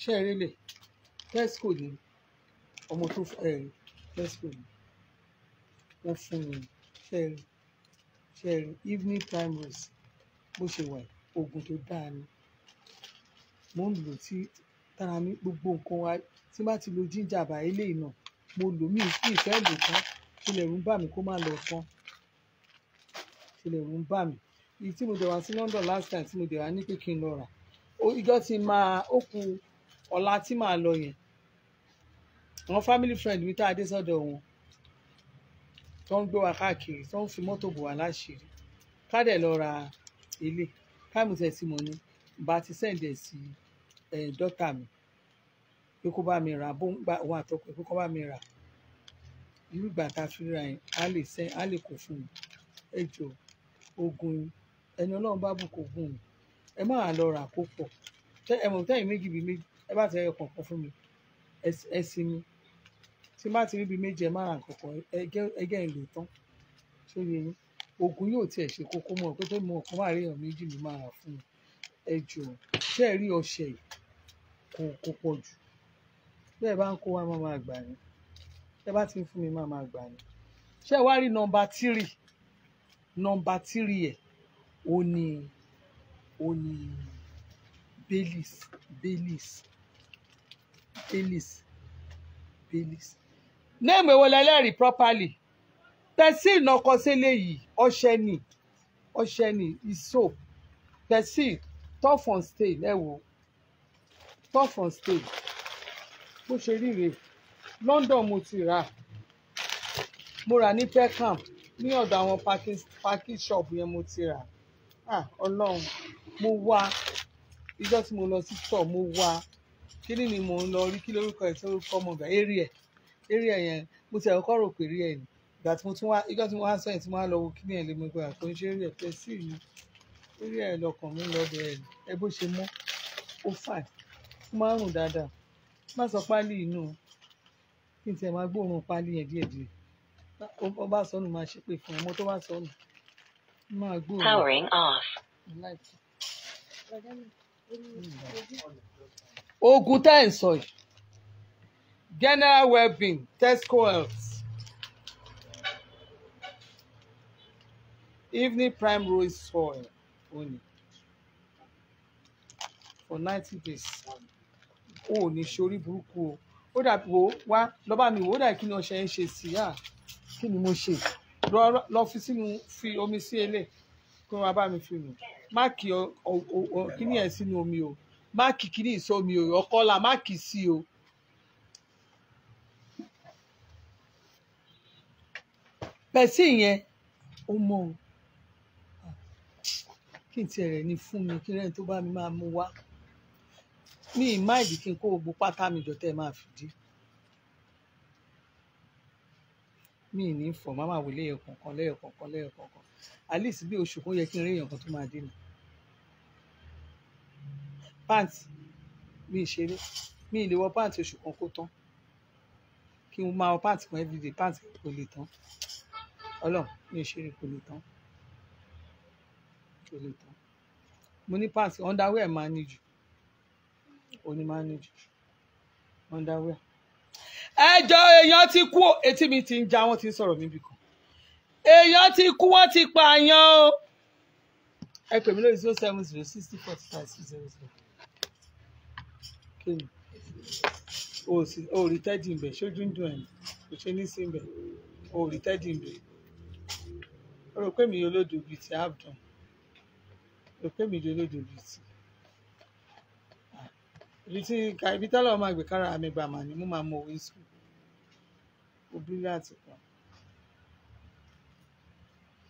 ṣé ẹ rí lè tesco ni ọmọ tó ẹ rí tesco ni wọ́n fún mi ṣe rí ṣe rí evening primrose bó ṣe wà yìí oògùn tó dáa ni mo ń lò tí tara mi gbogbo nǹkan wa tí bá ti lo ginger bá eléyìí náà mo lò mí sí ìfẹ́ lò tán tilẹ̀ ń bà mí kó má lọ tán tilẹ̀ ń bà mí èyí tí mo dẹ̀ wá sí London last time tí mo dẹ̀ wá ní pé kí n lọ rà ìjọ ti máa ó ku ọ̀la tí màá lọ yẹn àwọn family friend mi tá a dé sọ́dọ̀ wọn tó ń gbé wa káàkiri tó ń fi mọ́tò bò wá láṣìírí ká dẹ̀ lọ ra ilé prime tẹ̀ tí mo ní bá ti send ẹ̀ sí dọ́tà mi pé kó bá mi rà bó ń gba òun àtọkọ pé kó bá mi rà irú ìgbà tá a fi ra yẹn á lè sẹ́ á lè kó fún mi ẹ jọ ogun ẹni ọlọ́run bá bùkún gùn ẹ máa lọ rà kó pọ̀ ẹ mọ̀ tẹ́yìn méjì bíi méjì ẹ bá ti ẹyọ kọ̀ọ̀kan fún mi ẹ sinmi tí n bá ti rí bíi méjì ẹ má ra kọ̀ọ̀kan ẹ gẹ́ ẹ lò tán ṣé yín oògùn yóò tiẹ̀ ṣe kókó mọ̀ pé tó mọ ọ̀kan wà rí èèyàn méjì ló máa rà fún un ẹ jọ ṣé ẹ rí ọṣẹ yìí kò kò pọ̀ jù bẹ́ẹ̀ bá ń kó wa máa máa gbà ní bẹ́ẹ̀ bá ti ń fún mi máa máa gbà ní ṣé wá rí nọ́mbà tírì nọ́mbà tírì ẹ̀ ó ní ó ní baileys baileys baileys baileys name èwo lẹ́lẹ́rìí properly Persil náà kọ sí eléyìí ọṣẹ ni ọṣẹ ni iso Persil tough on stain ẹ wò tough on stain bó ṣe rí rèé London mo ti rà mo rà ní Peckham ní ọ̀dọ̀ àwọn package shop yẹn mo ti rà ah Ọlọ́run mo wá ìjọ tí mo lọ sí store mo wá kíní ni mo ń lọ rí kí lórúkọ ẹ̀ tí orúkọ ọmọ ọgbà area area yẹn mo ti ẹ̀kọ́ rò pé rí ẹ̀ ni ìgbà tí mo tún wá ìgbà tí mo wá sẹ́yìn tí mo wá lọ wo kíní ẹ̀ lé mi gbà kó ń ṣe eré ẹ̀fẹ́ sí ìlú eré ẹ̀ lọkàn mi lọ bẹ̀rẹ̀ ẹ bó ṣe mọ́ ó fà ó máa ń rùn dáadáa má sọ páálí inú kí n tiẹ̀ máa gbóòórùn páálí yẹn díẹ̀díẹ̀ ó bá sọnù máa ṣe pé fún ọmọ tó bá sọnù máa gbóòórùn. powering off. ogun tẹ́ ẹ̀ ń sọ yìí general webbing, tesco health evening prime rose soil only for ninety days ó ò ní ṣorí burúkú o ó dà wò wá lọ́ba mi wò ó dà kí ni ọṣẹ ń ṣe sí i kí ni mo ṣe lọ fi sínú fi omi sí ilé kí wọ́n bá mi fi nù máàkì kíní ẹ̀ sínú omi o máàkì kíní ìsọmi o ọkọ́lá máàkì sí o. pẹ̀sì yẹn ó mọ̀ ọ́n kí n tiẹ̀ rẹ̀ ní fún mi kí rẹ́ni tó bá mi máa mú wá mi ì má ìdí kí n kó gbogbo pátá mi jọ tẹ́ ẹ máa fìdí mi ì ní fọ má máa wò léyìn kọ̀ọ̀kan léyìn kọ̀ọ̀kan léyìn kọ̀ọ̀kan at bí oṣù kan yẹ kí n rí èèyàn kan tó máa dènà pàǹtì mi ì ṣeré mi ì lè wọ pàǹtì oṣù kan kó tán kí n máa wọ pàǹtì kan everyday pàǹtì kò lè tán ọlọ́run mi ì ṣeré kò lè tán tó lè tán mo ní pants underwear máa ní jù òní máa ní jù underwear. ẹjọ́ èèyàn ti kú etí mi ti ń já wọ́n ti ń sọ̀rọ̀ níbì kan èèyàn ti kú wọ́n ti pààyàn o ẹ pè mí lórí zero seven zero sixty forty five six zero zero kéwì o ò rí tẹ́jì ń bẹ̀ ṣojú ń dùn ẹ̀ kò ṣe ní sí ń o ò rí tẹ́jì ń o rò pé mi yóò lòdù bíi ti abdul òpè mi jẹ olódò rìtì rìtì ka ibi tọ́lọ̀ máa gbé kára mi gbà màá ni mo máa mọ owó ìsìnkú obìnrin láti kàn.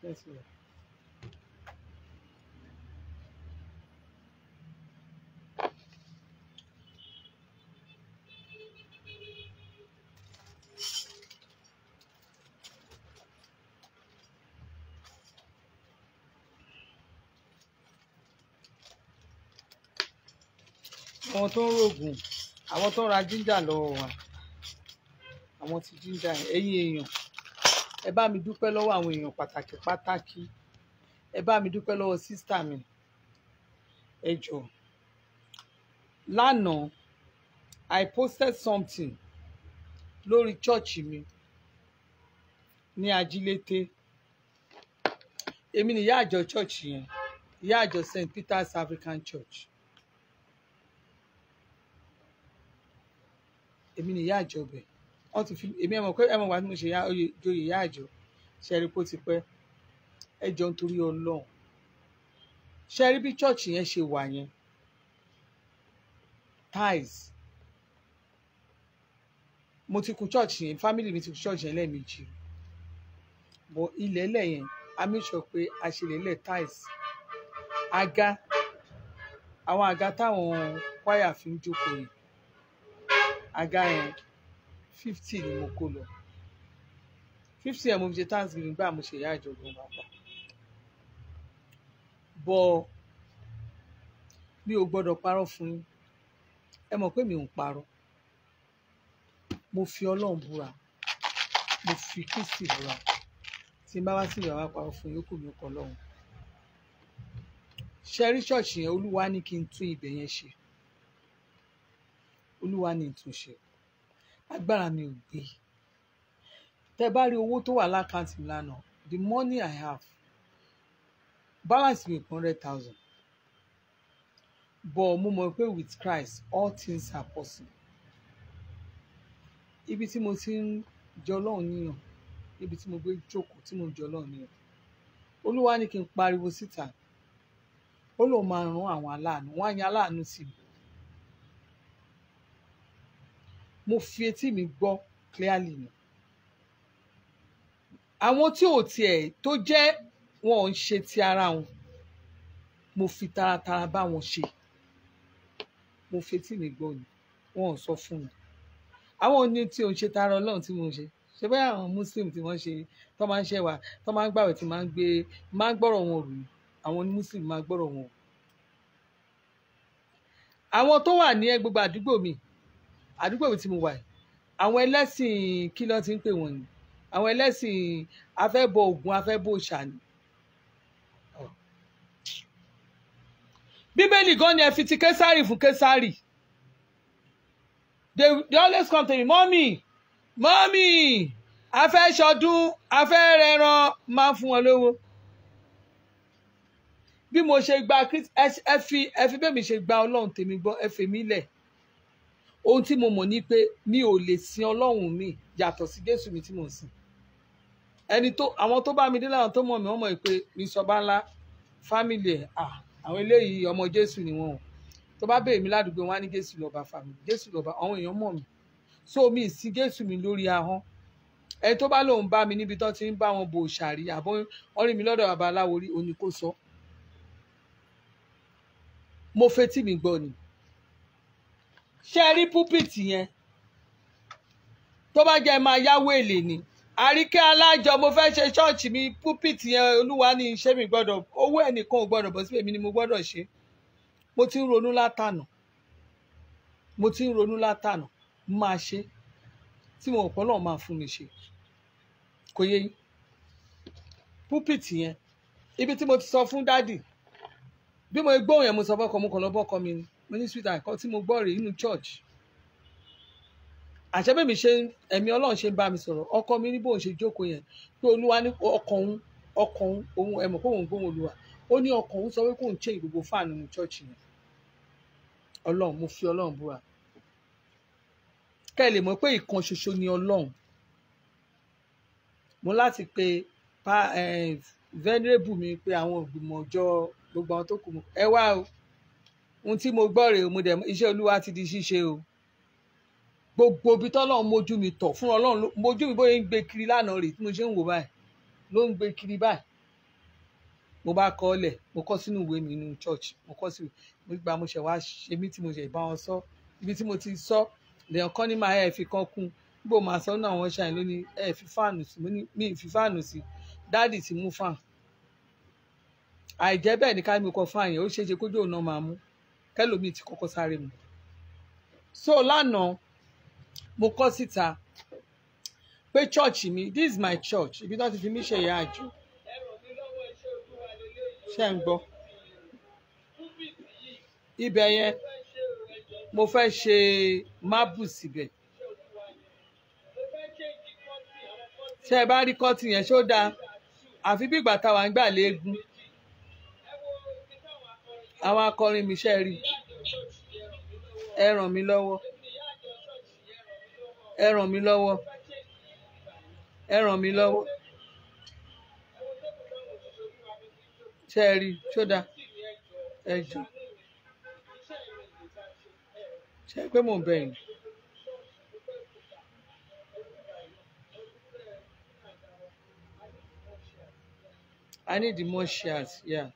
Thank you. àwọn tó ń rògùn àwọn tó ń ra jíńjà lọ́wọ́ wa àwọn ti jíńjà ẹ̀yin èèyàn ẹ bá mi dúpẹ́ lọ́wọ́ àwọn èèyàn pàtàkì pàtàkì ẹ bá mi dúpẹ́ lọ́wọ́ sísítà mi ẹ jọ lánàá I posted something lórí chọ́ọ̀chì mi ní ajílété èmi ni ìyá àjọ chọ́ọ̀chì yẹn ìyá àjọ St Peter's African Church èmi ni ìyá àjọbẹ wọn ti fi èmi ẹ mọ̀ pé ẹ mọ̀ wá tí mo ṣe joyè ìyá àjọ ṣẹrí pé ó ti pẹ́ ẹ jọ nítorí Ọlọ́run ṣẹrí bí chọọchì yẹn ṣe wà yẹn ties mo ti kun chọọchì yẹn family mi ti kun chọọchì yẹn lẹ́ẹ̀mejì bọ ilẹ̀ ẹlẹ̀ yẹn a make sure pé a ṣe lélẹ̀ ties àga àwọn àga táwọn kwaya fi ń jókòó yìí àga yẹn fifty ni mo kó lọ fifty ẹ̀ mo fi ṣe thanksgiving gbà mo ṣe ìyá ìjọ̀gbọ̀n pàápàá bọ́ mi ò gbọ́dọ̀ parọ́ fún yín ẹ mọ̀ pé mi ò ń parọ́ mo fi ọlọ́run búra mo fi kristi búra tí n bá wá sí ìyàwó àpapọ̀ fún yòókù mi kọ́ lọ́hùn ṣẹ́rí ṣọ́ọ̀ṣì yẹn olúwa ní kí n tún ibẹ̀ yẹn ṣe olúwa ni ìtúnṣe agbára mi ò gbé tẹ bá rí owó tó wà lákàntì lánàá the money i have balance mi one hundred thousand but mo mọ̀ pé with christ all things are possible ibi tí mo ti ń jẹ ọlọ́run níyàn ibi tí mo gbé jókòó tí mo ń jẹ ọlọ́run níyàn olúwa ní kí n pariwo síta ó lóun máa ran àwọn aláàánú wọn á yan aláàánú sí mi mo fi etí mi gbọ́ clearly ni àwọn tí ò tiẹ̀ tó jẹ́ wọn ò ń ṣe ti ara wọn mo fi taratara bá wọn ṣe mo fetí mi gbọ́ ni wọn ò sọ fún mi àwọn ní tí òun ṣe tara Ọlọ́run tí mo ṣe ṣe bẹ́ẹ̀ àwọn muslim tí wọ́n ṣe tó máa ń ṣe wà tó máa ń gbàwẹ̀ tí máa ń gbé máa ń gbọ́rọ̀ wọn rù àwọn muslim máa gbọ́rọ̀ wọn àwọn tó wà ní gbogbo àdúgbò mi àdúgbò tí mo wà yìí àwọn ẹlẹ́sìn kí ló ti ń pè wọ́n ni àwọn ẹlẹ́sìn afẹ́bọ Ògún afẹ́bọ òòṣà ni. bíbélì gan ni ẹ fi ti késàrì fún késàrì they, they always come to me mọ́mì mọ́mì afẹ́ ṣọdún afẹ́ rẹran máa ń fún wọn lówó bí mo ṣe gba ẹ fi ẹ fi bẹ́ẹ̀ mi ṣe gba ọlọ́run tèmi gbọ́ ẹ fèmí lẹ̀ ohun tí mo mọ̀ ni pé mi ò lè sin ọlọ́run mi yàtọ̀ sí jésù mi tí mò ń sìn ẹni tó àwọn tó bá mi dé láwọn tó mọ̀ mí wọ́n mọ̀ pé mi sọ bá ńlá fámìlì ẹ̀ à àwọn eléyìí ọmọ jésù ni wọn o tó bá béèrè mi ládùúgbò wọn á ní jésù lọ́ba fámìlì jésù lọ́ba àwọn èèyàn mọ̀ mí so mi sí jésù mi lórí ahọ́n ẹni tó bá lòun bá mi níbi tó ti ń bá wọn bò ṣàrí àbọ̀ wọn rí mi lọ́dọ̀ babaláwo rí oní sọ mo fetí mi gbọ́ ni ṣe rí púpìtì yẹn tó bá jẹ́ máa yáwó èlé ni àríkẹ́ alájọ mo fẹ́ ṣe ṣọ́ọ̀ṣì mi púpìtì yẹn olúwa ní iṣẹ́ mi gbọ́dọ̀ owó ẹnìkan ò gbọ́dọ̀ bọ́ sí èmi ni mo gbọ́dọ̀ ṣe mo ti ń ronú látànà mo ti ń ronú látànà máa ṣe tí mo pọ́ náà máa fún mi ṣe kò yé yín púpìtì yẹn ibi tí mo ti sọ fún dádì bí mo gbóhùn yẹn mo sọ fọ́kọ mo kàn lọ bọ́kọ mi ni mo ní sweet àkọ́ tí mo gbọ́ rèé nínú church àṣẹ bẹ́ẹ̀ mi ṣe ẹ̀mí ọlọ́run ṣe ń bá mi sọ̀rọ̀ ọkọ mi ní bóun ṣe jókòó yẹn pé olúwa ní ọkàn òun ọkàn òun ẹ̀mọ̀ pé òun gbóhùn olúwa ó ní ọkàn òun sọ pé kóun ṣe ìgbogbo fáànù ní chọ́ọ̀chì yẹn ọlọ́run mo fi ọlọ́run búra kẹ́ ẹ lè mọ̀ pé ìkan ṣoṣo ni ọlọ́run mo láti pe eh, venerable mi pé àwọn ìgbìmọ̀ ọjọ́ gbogbo àwọn tó kù ẹ wá o ohun tí mo gbọ́ rèé mo dẹ̀ iṣẹ́ olúwa ti di ṣíṣe o gbogbo ibi tọ́lọ́run mójú mi tọ̀ fún ọlọ́run mójú mi bóyá ń gbé kiri lánàá rèé tí mo ṣe ń wò báyìí ló ń gbé kiri báyìí mo bá kọ ọ́lẹ̀ mo kọ sínú ìwé mi nínú church mo kọ sí mo gba mo ṣe wá ṣe mí tí mo ṣe bá wọn sọ ibi tí mo ti sọ lèèyàn kan ní máa ẹ fi kan kún gbogbo màá sọ náà wọn ṣàyìn lónìí ẹ fi fáànù sí mi fi fáànù sí dáàdì ti mú fáàn àìjẹ́ bẹ́ẹ̀ ni ká mi kọ fáàn yẹn ó ṣeé kójú òun náà máa mú kẹlòmíì ti kọ́kọ́ sáré mu so lánàá mo kọ síta pé church mi this is my church ibi tó ti fi mí ṣe ìyá àjò ṣe ń gbọ́ ibẹ̀ yẹn mo fẹ́ ṣe mábù síbẹ̀ ṣe ẹ bá rí kọ́ọ̀tì yẹn ṣó dáa àfi bí ìgbà táwa ń gbà léegun àwọn akọrin mi ṣe rí ẹ ràn mí lọ́wọ́ ẹ ràn mí lọ́wọ́ ẹ ràn mí lọ́wọ́ ṣe rí ṣódà ẹ jù ṣe pé mò ń bẹ̀ yín. I need the more shares, yeah.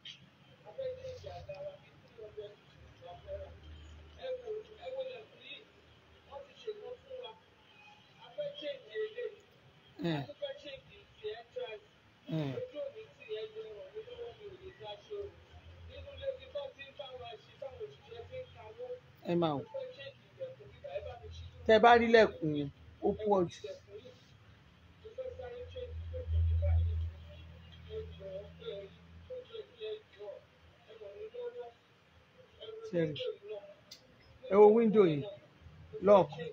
bá rí lẹ́kùn yẹn ó pọ̀ jù. ẹ wo wíńdò yìí lọ́ọ̀kan.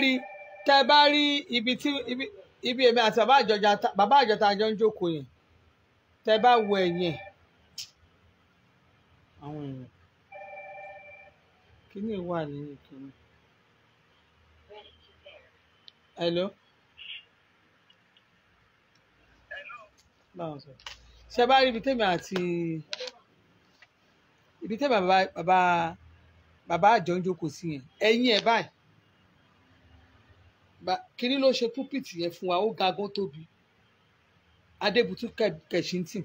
rí tẹ bá rí ibi tí ibi èmi àti bàbá àjọjà bàbá àjọta àjọ ń jókòó yẹn tẹ bá wo ẹ̀yìn àwọn èèyàn kíní wà nínú kíní. hello. ṣe bá rí ibi tèmi àti ibi tèmi bàbá bàbá àjọ ń jókòó sí yẹn ẹ̀yìn ẹ̀ báyìí kiri ló ṣe púpìtì yẹn fún wa ó ga gan tóbi adébútú kẹ̀síntì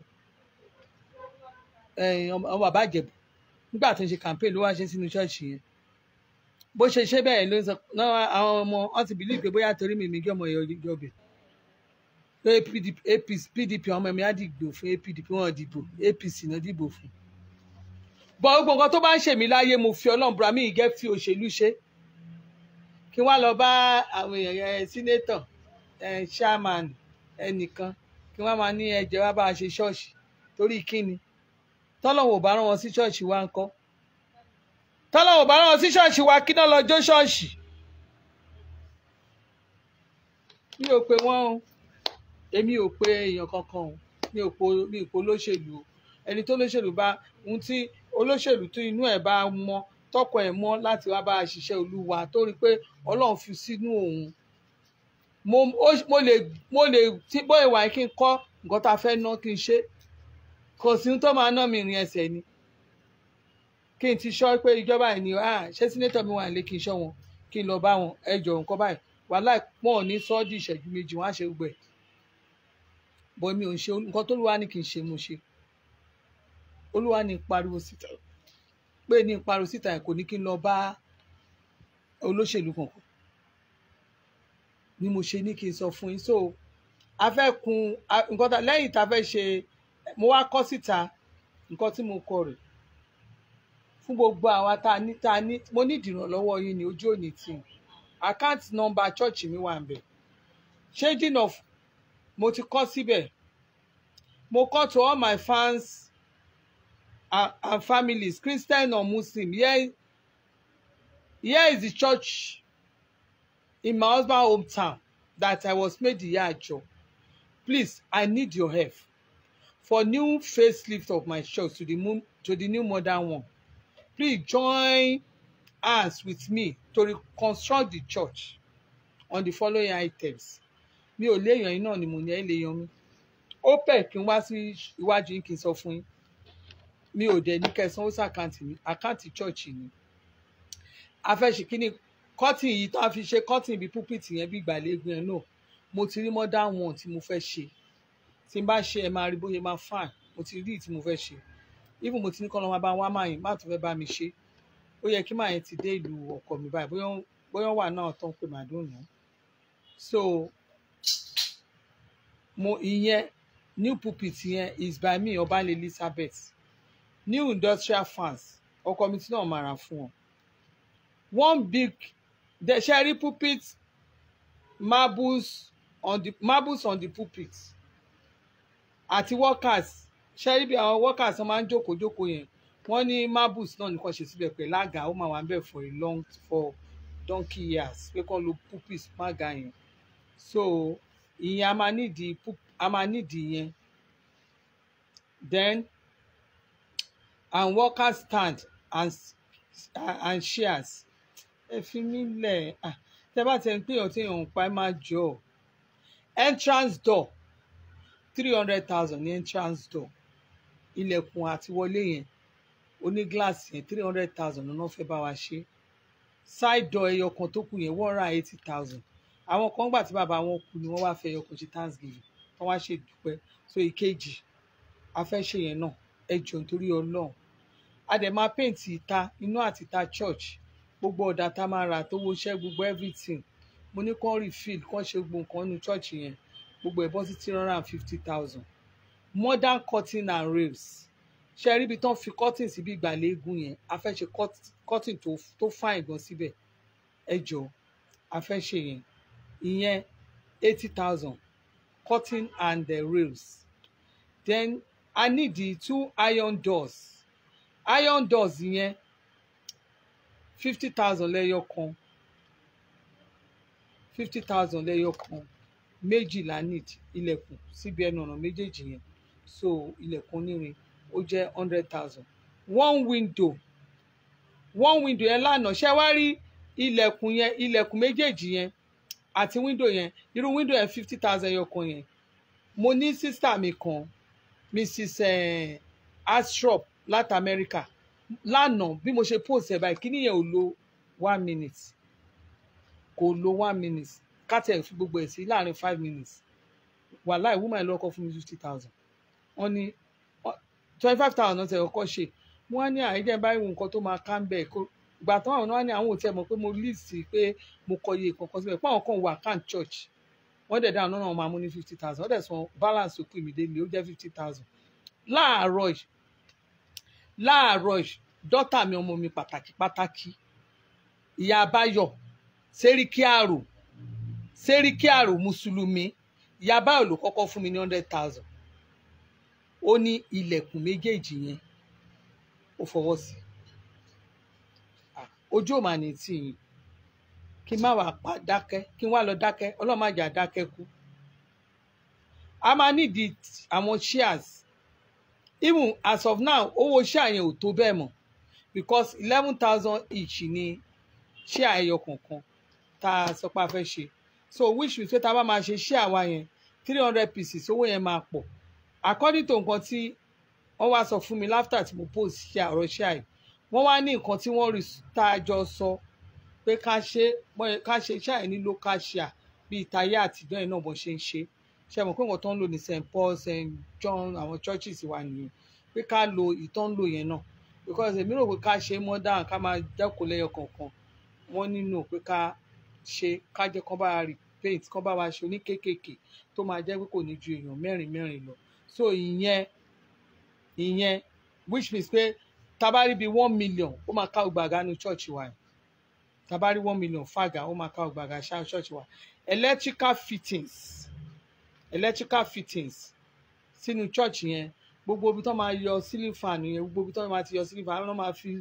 ọmọ bàbá ìjẹ̀bù nígbà tó ń ṣe campaign ló wá ṣe sínú ṣọ́ọ̀ṣì yẹn bó ṣe ṣe bẹ́ẹ̀ ló ń sọ àwọn ọmọ wọn ti bìlíì pé bóyá torí mi mi gé ọmọ ìjọbẹ̀ pé pdp ọmọ mi á dìgbò fún apdp wọn dìbò apc náà dìbò fún bọ́ gbọ̀ngàn tó bá ń ṣèmí láyé mo fi ọlọ́run bùrọ̀ mi ìgẹ́ fi òṣèlú ṣe kí wọ́n lọ bá àwọn èèyàn sínétọ̀ ṣáàmán ẹnìkan kí wọ́n máa ní ẹ̀jẹ̀ wá bá a ṣe ṣọ́ọ̀ṣì torí kíni tọ́lọ́wọ̀ bá rán wọn sí ṣọ́ọ̀ṣì wa ńkọ́ tọ́lọ́wọ̀ bá rán wọn sí ṣọ́ọ̀ṣì wa kí náà lọ jó ṣọ́ọ̀ṣì mi ò pè wọ́n o èmi ò pè èèyàn kankan o mi ò pò mi ò pò olóṣèlú o ẹni tó olóṣèlú bá ohun tí olóṣèlú tó inú ẹ̀ bá mọ́ tọkọ ẹ̀ mọ́ láti wá bá a ṣiṣẹ́ olúwa tó rí pé ọlọ́run fi sínú òun mo lè mo lè tí bọ́ ìwà kí n kọ́ nǹkan tá a fẹ́ ná kí n ṣe kò sí tó máa ná mi ìrìn ẹsẹ̀ ni kí n ti sọ pé ìjọba ẹ̀ ni ṣé sínétọ̀ mi wà nílé kí n sọ wọn kí n lọ bá wọn ẹ jọ nǹkan báyìí wàhálà pọ̀ ní sọ́ọ́dì ìṣẹ́jú méjì wọ́n á ṣe gbẹ̀ bọ́ mi ò ń ṣe nǹkan tó lùwà ní kí n ṣe mo ṣe olúwa ní pariwo síta pé ní ìparun síta ẹ̀ kò ní kí n lọ bá olóṣèlú kankan ni mo ṣe ní kí n sọ fún yín so a fẹ́ kun nǹkan tá lẹ́yìn tá a fẹ́ ṣe mo wá kọ́ síta nǹkan tí mo kọ rè fún gbogbo àwa tá a ní tá a ní mo ní yín ní ojú òní tì àkáǹtì nọ́mbà chọ́ọ̀chì mi wà ń bẹ̀ shading of mo ti kọ́ síbẹ̀ mo kọ́ to all my fans and, families, Christian or Muslim. Here, here is the church in my husband' hometown that I was made the year Yacho. Please, I need your help for new facelift of my church to the, moon, to the new modern one. Please join hands with me to reconstruct the church on the following items. Mi ò léèyàn yín náà ni mo ní ẹ léèyàn mi. Ó pẹ̀ kí n wá sí iwájú yín kí n mi ò dẹ̀ ní kẹsàn-án ó sàkáǹtì mi àkáǹtì chọ́ọ̀chì ni a fẹ́ ṣe kí ni kọ́tìn yìí tó a fi ṣe kọ́tìn bíi púpìtì yẹn bíi gbàlẹ́gbẹ̀ẹ́ náà mo ti rí mọ́dá wọn tí mo fẹ́ ṣe tí n bá ṣe ẹ máa rí bóyá máa fàn mo ti rí tí mo fẹ́ ṣe even mo ti ní kọ́ lọ́ máa bá wá máa yìn má tó fẹ́ bá mi ṣe ó yẹ kí máa yẹn ti dé ìlú ọkọ mi báyìí bóyá wà náà tán pé màá dùn yẹn so mo ìyẹn new pulpit yẹn is by me Ọba Elizabeth new industrial fans or mi tí náà máa fún wọn one big the sherry pulpit marbles on the marbles on the pulpit àti workers sherry bí àwọn workers wọn máa ń jókòó jókòó yẹn wọn ní marbles náà nìkan ṣe síbẹ̀ pẹ̀lú àga ó máa wà ń bẹ̀ for a long for donkey years pé kán lo pulpit mága yẹn so ìyẹn a máa nídìí a máa nídìí yẹn then and workers stand and, and shares ẹ fi mí lẹ̀ tẹ́ bá tẹ̀ ń pè ọ́ tí èèyàn ń pa ẹ́ máa jọ ọ́ entrance door three hundred thousand ní entrance door ilẹ̀kùn àtiwọlé yẹn oní gíláàsì yẹn three hundred thousand lọ́nà fẹ́ bá wa ṣe side door ẹyọ kan tó kù yẹn one hundred and eighty thousand àwọn kan gbà tí bàbá wọn kú ni wọ́n wá fẹ́ ẹyọ kan ṣe thanksgiving wọ́n wá ṣe dúpẹ́ so ìkejì afẹ́ ṣe yẹn náà ẹ jọ̀ọ́ nítorí Ọlọ́run a dẹ̀ máa paint ìta inú àti ìta church gbogbo ọ̀dà tá a máa rà tó wọṣẹ́ gbogbo everything mo ní kán refill kán ṣe gbogbo nǹkan nu church yẹn gbogbo ẹ̀ bọ́ sí three hundred and fifty thousand modern cutting and rails ṣe rí ibi tán fi cutting síbi ìgbàlégún yẹn a fẹ́ ṣe curtain tó fine gan síbẹ̀ ẹ jọ a fẹ́ ṣe yẹn ìyẹn eighty thousand cutting and the rails then I need the two iron doors iron doors yẹn fifty thousand lẹ́yọ kan fifty thousand lẹ́yọ kan méjìlá need ilẹ̀kùn síbi ẹnu ọ̀nà méjèèjì yẹn so ilẹ̀kùn onírin ó jẹ́ hundred thousand one window one window yẹn lánàá ṣé wá rí ilẹ̀kùn yẹn ilẹ̀kùn méjèèjì yẹn àti window yẹn irú window yẹn fifty thousand yọkan yẹn mo ní sísà mi kan mrs eh, astrop láti America. lánàá bí mo ṣe post ẹ̀ báyìí kíní yẹn ò lo one minute kò lo one minute kátẹ̀ fi gbogbo ẹ̀ sí láàrin five minutes wàláì woman ẹ̀ lọ́kọ́ fún mi fifty thousand wọ́n ní twenty five thousand náà tẹ̀ ọkọ̀ ṣe wọ́n á ní àìjẹ́ báyìí wo nǹkan tó máa ká ń bẹ̀ kó ìgbà tó àwọn náà ní àwọn ò tẹ̀ mọ̀ pé mo list pé mo kọ iye kankan síbẹ̀ pé àwọn kan wà kàn church wọ́n dẹ̀ dáhùn náà máa mú ní fifty thousand wọ́n dẹ̀ san balance òkú mi délé ó jẹ́ fifty thousand láàárọ̀ yìí láàárọ̀ dọ́tà mi ọmọ mi pàtàkì pàtàkì ìyá abáyọ̀ sẹ́ríkì àrò sẹ́ríkì àrò mùsùlùmí ìyá abáyọ̀ ló kọ́kọ́ fún mi ní hundred thousand ó ní ilẹ̀kùn méjèèjì yẹn ó fọwọ́ sí ojú ò mà ní tì yín kí n má wàá pa dákẹ́ kí n wá lọ dákẹ́ ọlọ́màjà dákẹ́ kú a máa nídìí àwọn shears even as of now owó ṣíà ò tó bẹ́ẹ̀ mọ́ because eleven thousand each ni ṣíà ẹyọ kọ̀ọ̀kan tá a sọ pé a fẹ́ ṣe so which means pé tá a bá máa ṣe ṣíà wa yẹn three hundred pieces owó yẹn máa pọ̀ according to nǹkan tí wọ́n wá sọ fún mi láftà tí mo post ṣíà ọ̀rọ̀ ṣíà yìí wọ́n wá ní nǹkan tí wọ́n rí tá a jọ sọ pé ká ṣe ká ṣe ṣíà ní local bíi táyé àtijọ́ yẹn náà bọ́ ṣe ń ṣe ṣe mọ̀ pé wọ́n tó ń lò ní st paul st john àwọn churches wa nìyẹn pé ká lo ìtọ́ ń lò yẹn náà because èmi rò pé ká ṣe mọ́ dáhùn ká máa jẹ́kọ̀ọ́ lẹ́yọ kọ̀ọ̀kan wọ́n nínú pé ká ṣe ká jẹ́ kán bá wa repaint kán bá wa ṣe oní kéékèèké tó máa jẹ́ pé kò ní ju èèyàn mẹ́rin mẹ́rin lọ so ìyẹn ìyẹn which means pé tabari bíi one million ó máa ká ògbàgà nu church wa tabari one million fàgà ó máa ká ògbàgà ṣáà church wa electrical fittings electrical fittings sínú church yẹn gbogbo ibi tó máa yọ ceiling fan yẹn gbogbo ibi tó máa ti yọ ceiling fan wọ́n máa fi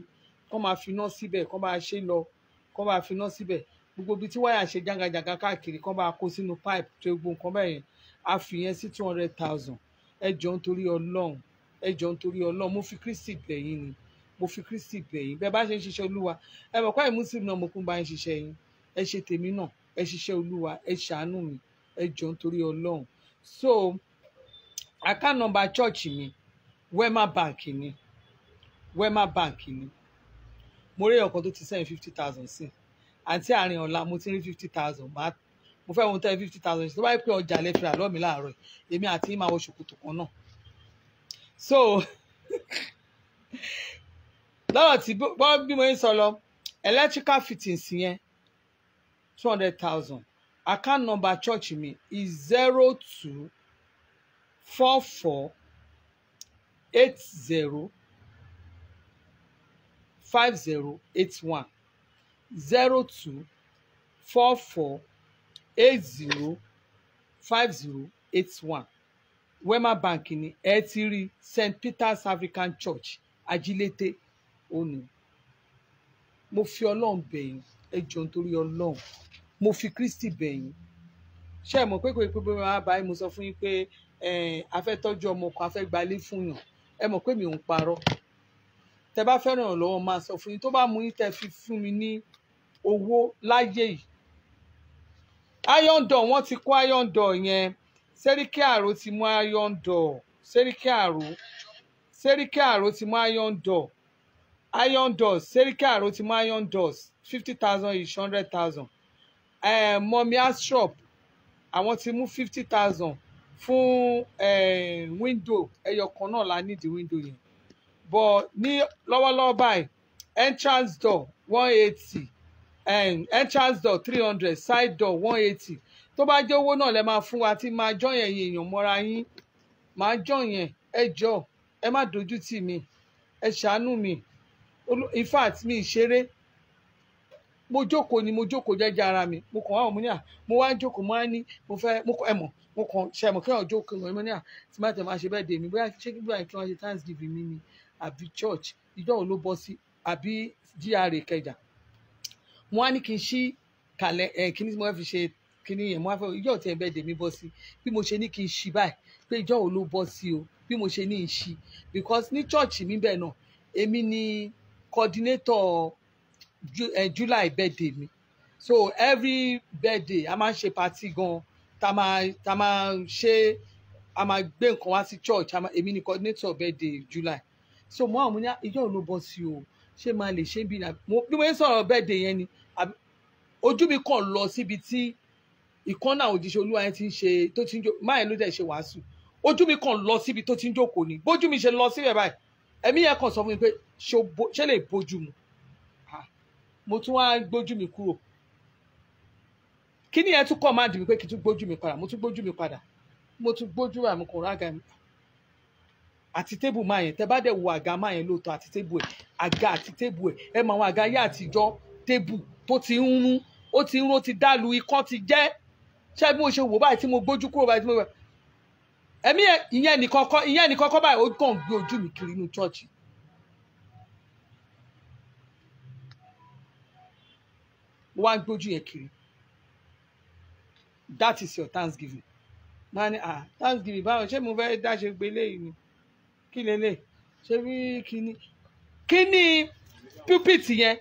kọ́ máa fi iná síbẹ̀ kọ́ máa ṣe lọ kọ́ máa fi iná síbẹ̀ gbogbo ibi tí wáyà ṣe jàǹgàjàǹgà káàkiri kọ́ máa kó sínú pipe tó gbogbo nǹkan bẹ́ẹ̀ yẹn a fi yẹn sí two hundred thousand ẹ jọ̀ọ́ nítorí ọlọ́run ẹ jọ̀ọ́ nítorí ọlọ́run mo fi Kristi bẹ̀yìn ni mo fi Kristi bẹ̀yìn bẹ́ẹ̀ bá ṣe ń ṣiṣẹ́ olúwa ẹ mọ̀ káyọ̀ muslim náà mo kún bá ń ṣiṣẹ́ yín ẹ ṣe tèmi náà ẹ ṣiṣẹ́ olúwa ẹ ṣàánú mi ẹ nítorí ọlọ́run so account number church mi wema bank ni wema bank ni mo rí ọkọ tó ti sẹ́yìn fifty thousand sí àti àárín ọ̀la mo ti rí fifty thousand máa mo fẹ́ wọn tẹ́ fifty thousand ṣe tó bá yẹ pé ọjà lẹ́fẹ̀ẹ́ àlọ́ mi láàárọ̀ èmi àti ìmọ̀ àwọn ṣòkòtò kan náà so lọ́rọ̀ tí bí mo ń sọ lọ electrical fittings yẹn two hundred thousand account number church mi is zero two four four eight zero five zero eight one zero two four four eight zero five zero eight one wema bank ni ẹ ti rí st peter's african church ajílété oni. mo fi ọlọ́run bẹ̀yìn ẹ jọ̀ọ́ nítorí ọlọ́run mo fi Kristi bẹ̀yìn ṣé ẹ mọ̀ pé kò pé pé máa bá yín mo sọ fún yín pé a fẹ́ tọ́jú ọmọ kan a fẹ́ gbalé fún yàn ẹ mọ̀ pé mi ò ń parọ́ tẹ bá fẹ́ràn ìrànlọ́wọ́ máa sọ fún yín tó bá mú yín tẹ fi fún mi ní owó láyé yìí iron door wọ́n ti kó iron door yẹn sẹ́ríkì àrò ti mú iron door àrò sẹ́ríkì àrò ti mú iron door iron àrò ti mú iron fifty thousand each hundred thousand Eh, mọ́mí astrop àwọn ti mú fifty thousand fún eh, wíńdò ẹyọ kan náà la nídìí wíńdò yẹn bọ̀ ní lọ́wọ́lọ́wọ́ báyìí entrance door one eighty eh, entrance door three hundred side door one eighty tó bá jẹ́ owó náà lẹ máa fún wa tí máa jọ́ yẹn èèyàn mọ́ra yín máa jọ́ yẹn ẹ jọ ẹ má dojú tì mí ẹ ṣàánú mi in fact mi ìṣeré mo jókòó ni mo jókòó jẹ́jẹ́ ara mi mo kàn wá òun ní à mo wá jókòó mo wá ní mo fẹ́ mo kọ ẹmọ mo kàn ṣe ẹmọ kí wọn jókòó ìwọ ní à tí má tẹ máa ṣe bẹ́ẹ̀ dé mi bóyá ṣé kí báyìí wọn ṣe thanksgiving mi ni àbí church ìjọ òun ló bọ́ sí àbí gra kẹjà mo wá ní kí n ṣí kàlẹ ẹ kí ni mo fẹ́ fi ṣe kí ni yẹn mo wá fẹ́ ìjọ òtí ẹ bẹ́ẹ̀ dé mi bọ́ sí bí mo ṣe ní kí n ṣí báyìí pé ìjọ òun ló bọ́ sí o bí mo ṣe ní í ṣí because ní church mi bẹ́ẹ̀ náà èmi ni coordinator Eh, July birthday mi so every birthday a máa ń ṣe party gan ta máa ta máa ṣe a máa gbé nǹkan wá sí church èmi ni coordinator birthday July so mo àwọn mo ní ah, ìjọ òun ló bọ́ sí o ṣé máa lè ṣe bí bí mo ń sọ̀rọ̀ birthday yẹn ni ojú mi kàn lọ síbi tí ìkọ́nà òjíṣẹ́ olúwa yẹn ti ń ṣe tó ti ń jó máyẹn ló dẹ̀ ṣe wàásù ojú mi kàn lọ síbi tó ti ń jókòó ni bójú mi ṣe lọ síbẹ̀ báyìí ẹ̀mí yẹn kàn sọ fún mi pé ṣé lè bójú mu mo tún wá gbójú mi kúrò kíní yẹn tún kọ́ máa dì mí pé kí n tún gbójú mi padà mo tún gbójú mi padà mo tún gbójú àmì kò rága mi àti tébù máa yẹn tẹ bá dẹ̀ wo àga máa yẹn lóòótọ́ àti tébù ẹ̀ àga àti tébù ẹ̀ ẹ mọ àwọn àga ayé àtijọ́ tébù tó ti ń rún ó ti ń rún ó ti dàlù ikán ti jẹ́ ṣé bí mo ṣe wò báyìí tí mo gbójú kúrò báyìí tí mo wẹ̀ ẹ̀mí ìyẹn nìkan kọ́ ìyẹn nìkan kọ́ báyìí ó kàn gbé ojú mi kiri inú ṣọ́ọ̀ṣì mo wá ń gbójú yẹn kiri that is your thanksgiving máa ní ah thanksgiving báwo ṣé mo fẹ́ dáṣe gbé léyìí ni kí lélẹ̀ ṣé bí kíní kíní pulpit yẹn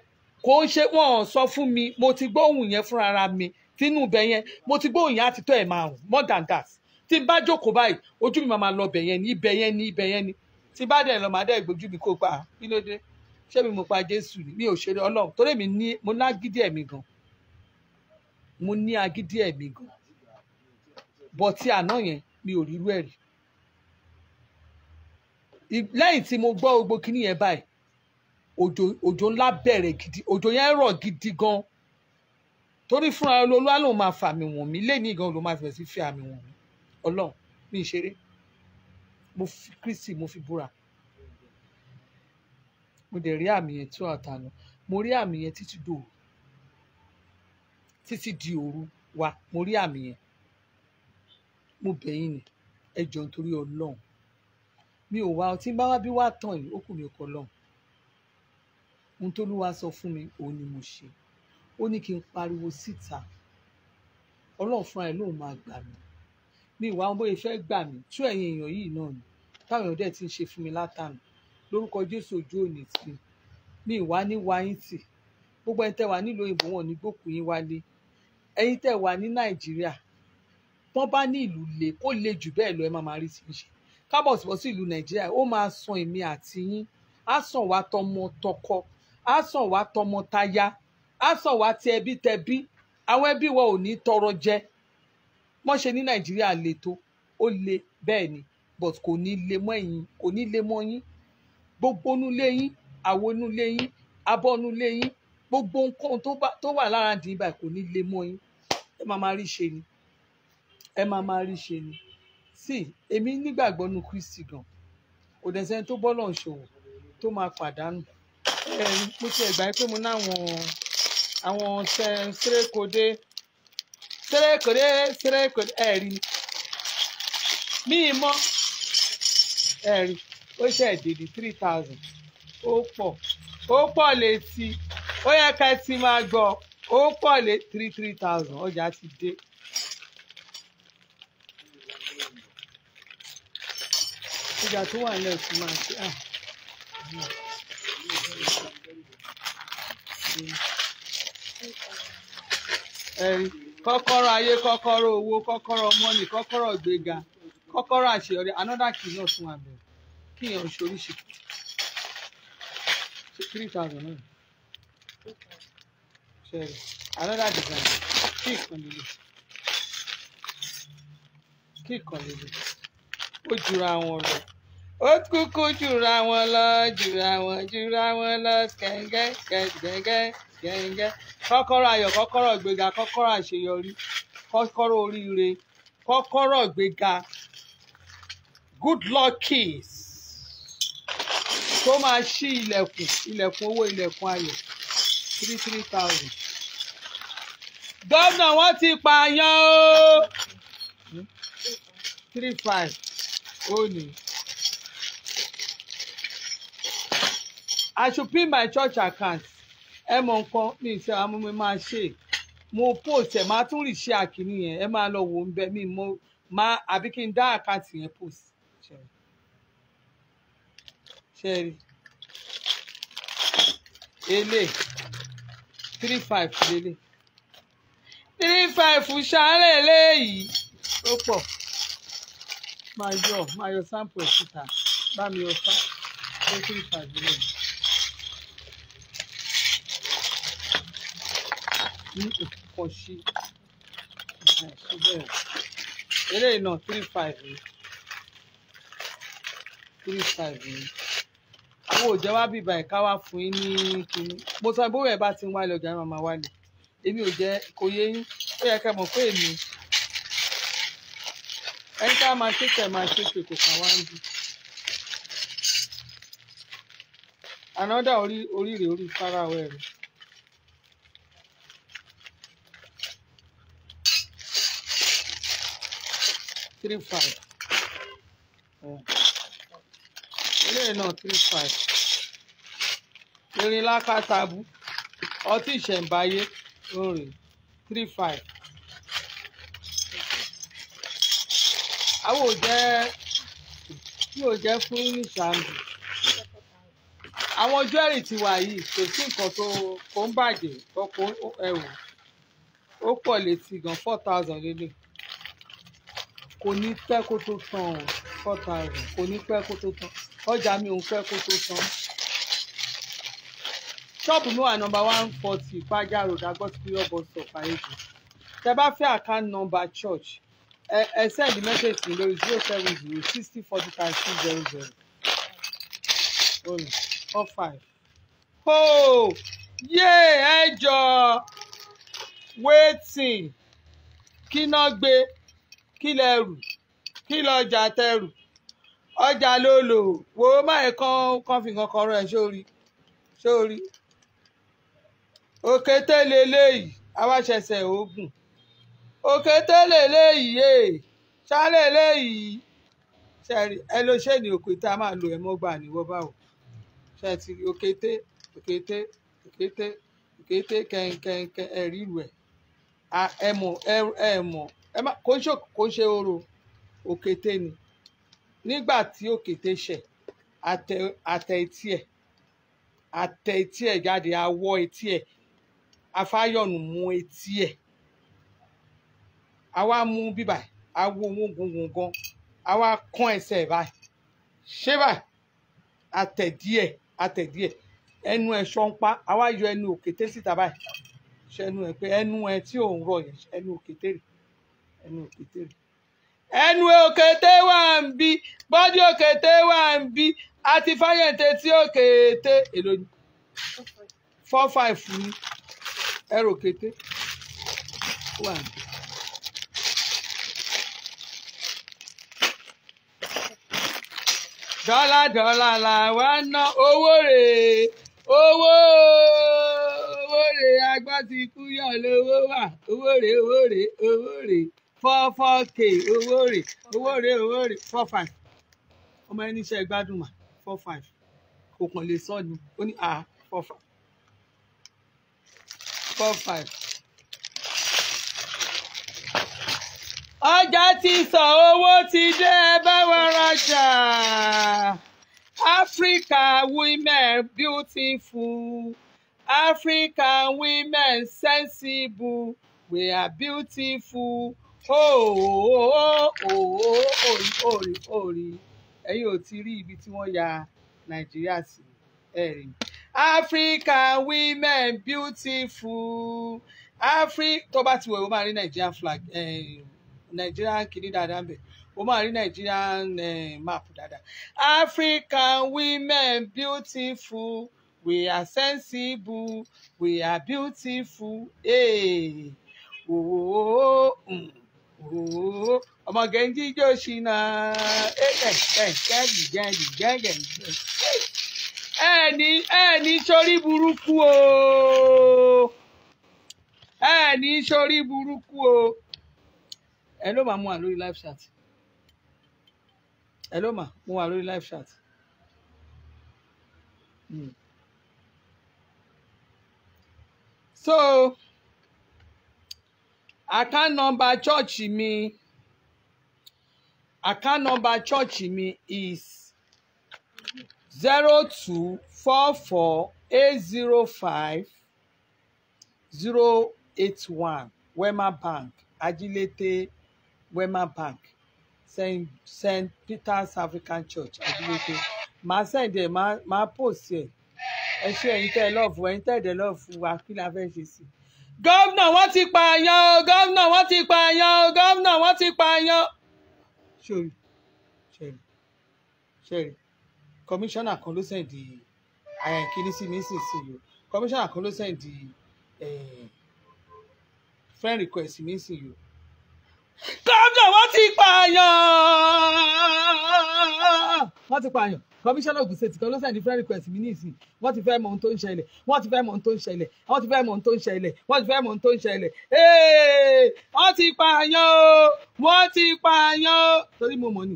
kò ń ṣe wọ́n sọ fún mi mo ti gbóhùn yẹn fúnra ara mi tínú ibẹ̀ yẹn mo ti gbóhùn yẹn àti tó ẹ̀ márùn more than that tí n bá jókòó báyìí ojú mi máa lọ bẹ̀ yẹn ní ibẹ̀ yẹn ní ibẹ̀ yẹn ní tí n bá dẹ̀ lọ máa dẹ̀ gbójú mi kó pa kí ló dé ṣé mi mo pa jésù ni mi ò ṣeré ọlọ́run torí mi ní mo ní agídí ẹ̀mí gan mo ní agídí ẹ̀mí gan bọ̀ tí àná yẹn mi ò rírú ẹ̀ rí lẹ́yìn tí mo gbọ́ gbogbo kíní yẹn báyìí òjò òjò ńlá bẹ̀rẹ̀ gidi òjò yẹn rọ̀ gidi gan torí fúnra olólùwà lòun máa fà mí wọ̀n mí lẹ́ni gan ló máa fẹ̀ sí fi àmì wọ̀n mí ọlọ́run mi ń mo fi Kristi mo fi búra mo dẹ̀ rí àmì yẹn tó àtànà mo rí àmì yẹn títí di títí di òru wa mo rí àmì yẹn mo bẹ̀ yín ni ẹ jọ̀ọ́ nítorí ọlọ́run mi ò wá ọtí bá wá bí wá tàn yìí ó kù mí ọkọ lọ́hùn ohun tó lúwa sọ fún mi òun ni mo ṣe ó ní kí n pariwo síta ọlọ́run fúnra ẹ̀ lóun máa gbà mí mi ìwà wọn bóyá gbà mí tú ẹ̀yin èèyàn yìí náà ni táwọn èèyàn dẹ̀ ti ń ṣe fún mi látàná lórúkọ jésù ojú òní tì ní ìwá ní wáyín tì gbogbo ẹni tẹ́ wà nílùú òyìnbó wọn ní gbókùn yín wálé ẹ̀yin tẹ́ wà ní nàìjíríà wọ́n bá ní ìlú le kó le jù bẹ́ẹ̀ lọ ẹ máa máa rí ti ń ṣe kábọ̀ síbọ̀ sí ìlú nàìjíríà ó máa san èmi àti yín á san wá tọmọ tọkọ á san wá tọmọ táyà á san wá ti ẹbí tẹbí àwọn ẹbí wọn ò ní tọrọ jẹ wọ́n ṣe ní nàìjíríà le tó ó le bẹ́ẹ̀ ni but kò ní le mọ́ ẹ̀yin kò ní le mọ́ yín gbogbo onúlé yín àwo onúlé yín abọ́ onúlé yín gbogbo nǹkan tó wà lára dín báyìí kò ní lè mọ́ yín ẹ máa máa rí ṣe ni ẹ máa máa rí ṣe ni sí èmi nígbàgbọ́ nu Kristi gan kò dẹ̀ tó bọ́lọ̀ ń ṣòwò tó máa pàdánù ẹ mo ti ẹ̀gbà pé mo náwọn àwọn sẹ́rẹ́kọdé sẹ́rẹ́kọdé sẹ́rẹ́kọdé ẹ̀rí mi mọ́ ẹ̀rí ó ṣẹ̀dẹ̀dẹ̀ three thousand ó pọ̀ ó pọ̀ létí ó yẹ ká ti máa gbọ́ ó pọ̀ lé three three thousand ọjà ti dé. ìjà tó wà nílẹ̀ tó máa ṣe ah. ẹ̀rí kọ́kọ́rọ́ ayé kọ́kọ́rọ́ owó kọ́kọ́rọ́ mọ́nì kọ́kọ́rọ́ gbéga kọ́kọ́rọ́ àṣeyọrí another key náà tún wà bẹ̀rẹ̀ kí èèyàn ṣoríṣi three thousand náà ṣẹlẹ̀ another design kí ìkan lélẹ̀ kí ìkan lélẹ̀ ó jura wọn lọ ó kúkú jura wọn lọ jura wọn jura wọn lọ kẹ̀ǹgẹ́ kẹ̀ǹgẹ́ kẹ̀ǹgẹ́ kọ́kọ́rọ́ ayọ̀ kọ́kọ́rọ́ ìgbéga kọ́kọ́rọ́ àṣeyọrí kọ́kọ́rọ́ oríire kọ́kọ́rọ́ ìgbéga good luck keys tó máa ṣí ilẹ̀kùn ilẹ̀kùn owó ilẹ̀kùn ayọ̀ three three thousand. gómìnà wọn ti pààyàn o three five ó I should pay my church account ẹ mọ nǹkan mi ìṣe àwọn ọmọ mi máa ṣe mo post ẹ máa tún rì ṣe àkíní yẹn ẹ máa lọ wò ó ń bẹ mi mo máa àbí kí n dá àkáǹtì yẹn post ṣẹ́ẹ̀rì ele three five lele three five ṣàárẹ̀ eléyìí ó pọ̀ máa yọ máa yọ sample ẹ̀ síta bá mi yọ fa ó three five lele. ní òkùnkàn sí ṣùgbọ́n eléyìí náà three five ni three five ni owó ò jẹ́ wá bí ibà ẹ̀ka wá fún yín ní kinní mo sọ bó rẹ̀ bá ti ń wálé ọjà náà máa wálé èmi ò jẹ́ kò yé yín ó yẹ ká mọ̀ pé èmi ẹni tá a máa ṣe tẹ̀ máa ṣe pé kò kàn wá ń bí. anoda orí orí rè orí faraway three five. Yeah eléyìí náà three five erin lákàtàbù ọtí ìṣẹ̀ǹbáyé orin three five àwọn òjẹ́ tí ò jẹ́ fún nìṣàǹdù àwọn jẹ́rì ti wà yìí kò sí nǹkan tó kò ń bàjẹ́ kọ́kọ́ ẹ̀wò ó pọ̀ létí gan four thousand lélẹ̀ kò ní pẹ́ kó tó tán o four thousand kò ní pẹ́ kó tó tán ọjà mi òun fẹ́ kó tó san ṣọ́ọ̀bù mi wà nọmba one forty ìpájà road agbọ́sibíyọ̀ bus stop ayégo tẹ bá fẹ́ account number church ẹ ẹ send message sí lórí zero seven zero sixty forty five six zero zero one four five. oh yéé ẹ jọ waiting kí náà gbé kí lẹ rù kí lọ jà tẹ ọjà ló lò wò ó má yẹ kán kán fi nǹkan kan rọ ẹ sórí sórí òkété leléyìí awáṣẹṣẹ oògùn òkété leléyìí eh, ẹ ṣálẹ léyìí ṣẹrí ẹ ló ṣe ní òkété a máa lo ẹ mọ gbà níwọ báwo ṣẹtì òkété òkété òkété òkété kẹńkẹńkẹ ẹ ríru ẹ ẹ mọ ẹ mọ kò ń ṣe orò òkété ni nígbà tí òkété ṣẹ̀ àtẹ etí ẹ̀ àtẹ etí ẹ̀ jáde awọ́ etí ẹ̀ afáyọ̀nù mú etí ẹ̀ àwa mú bíbà awo owó gungun gan àwa kán ẹsẹ̀ ẹ̀ báyìí ṣé báyìí àtẹ̀ díẹ̀ àtẹ̀ díẹ̀ ẹnu ẹ̀ ṣọ́npá àwa yọ ẹnu òkété síta báyìí ṣẹnu ẹ̀ pé ẹnu ẹ̀ tí òun rọ̀ yẹn ẹnu òkété rè ẹnu òkété rè ẹnu òkété wà ń bí bọ́dí òkété wà ń bí àti fáyẹ̀ǹtẹ̀ tí òkété èlò ni four five ni ẹrù òkété wà ń bí. dọ́là dọ́là là wá ná owó rèé owó owó rèé agbá ti kú yàn lówó wà owó rèé owó rèé owó rèé four four k owó rè owó rè owó rè four five ọmọ ẹni iṣẹ́ gbádùn mà four five kò kàn lè sọ ni ó ní ah four five four five. ọjà ti sọ owó ti dé báwa rajà Africa women beautiful African women sensible we are beautiful òòrì òòrì òòrì ẹ̀yin ò ti rí ibi tí wọ́n ya nàìjíríà sí ẹ̀rí. African women beautiful Afri tó bá ti wọ̀ ẹ́ o máa rí Nigerian flag Nigerian kìíní dáadáa bẹ̀ o máa rí Nigerian map dáadáa. African women beautiful we are sensible we are beautiful. Hey. Oh, oh, oh, mm. woo ọmọge sórí burúkú o sórí burúkú o ẹ ló máa mú wa lórí live chat ẹ ló máa mú wa lórí live chat. Hmm. so. account number church mi account number church mi is zero two four four eight zero five zero eight one Wema Bank Ajilete Wema Bank Saint Saint Peter's African Church Ajilete màá sẹ̀dẹ̀ màá post ẹ̀ ẹ ṣe ẹ̀yin tẹ́ ẹ lọ́ọ̀fù ẹ̀yin tẹ́ ẹ̀dẹ̀ lọ́ọ̀fù wa kí la fẹ́ ṣe sí i gọ́vnà wọ́n ti pààyàn o gọ́vnà wọ́n ti pààyàn o gọ́vnà wọ́n ti pààyàn. sori sori sori kọmíṣánná kan ló sẹ́ǹdì kíní sí mi sísìnyí kọmíṣánná kan ló sẹ́ǹdì friend request mi sísìnyí kọ́ńdọ̀ wọ́n ti pààyàn wọ́n ti pààyàn kọmíṣánná Ògùn state kan ló sẹ́ni friend request mi ní ìsìn wọ́n ti fẹ́ mọ ohun tó ń ṣẹlẹ̀ wọ́n ti fẹ́ mọ ohun tó ń ṣẹlẹ̀ wọ́n ti fẹ́ mọ ohun tó ń ṣẹlẹ̀ wọ́n ti fẹ́ mọ ohun tó ń ṣẹlẹ̀ ee wọ́n ti pààyàn o wọ́n ti pààyàn o torí mo mọ̀ ni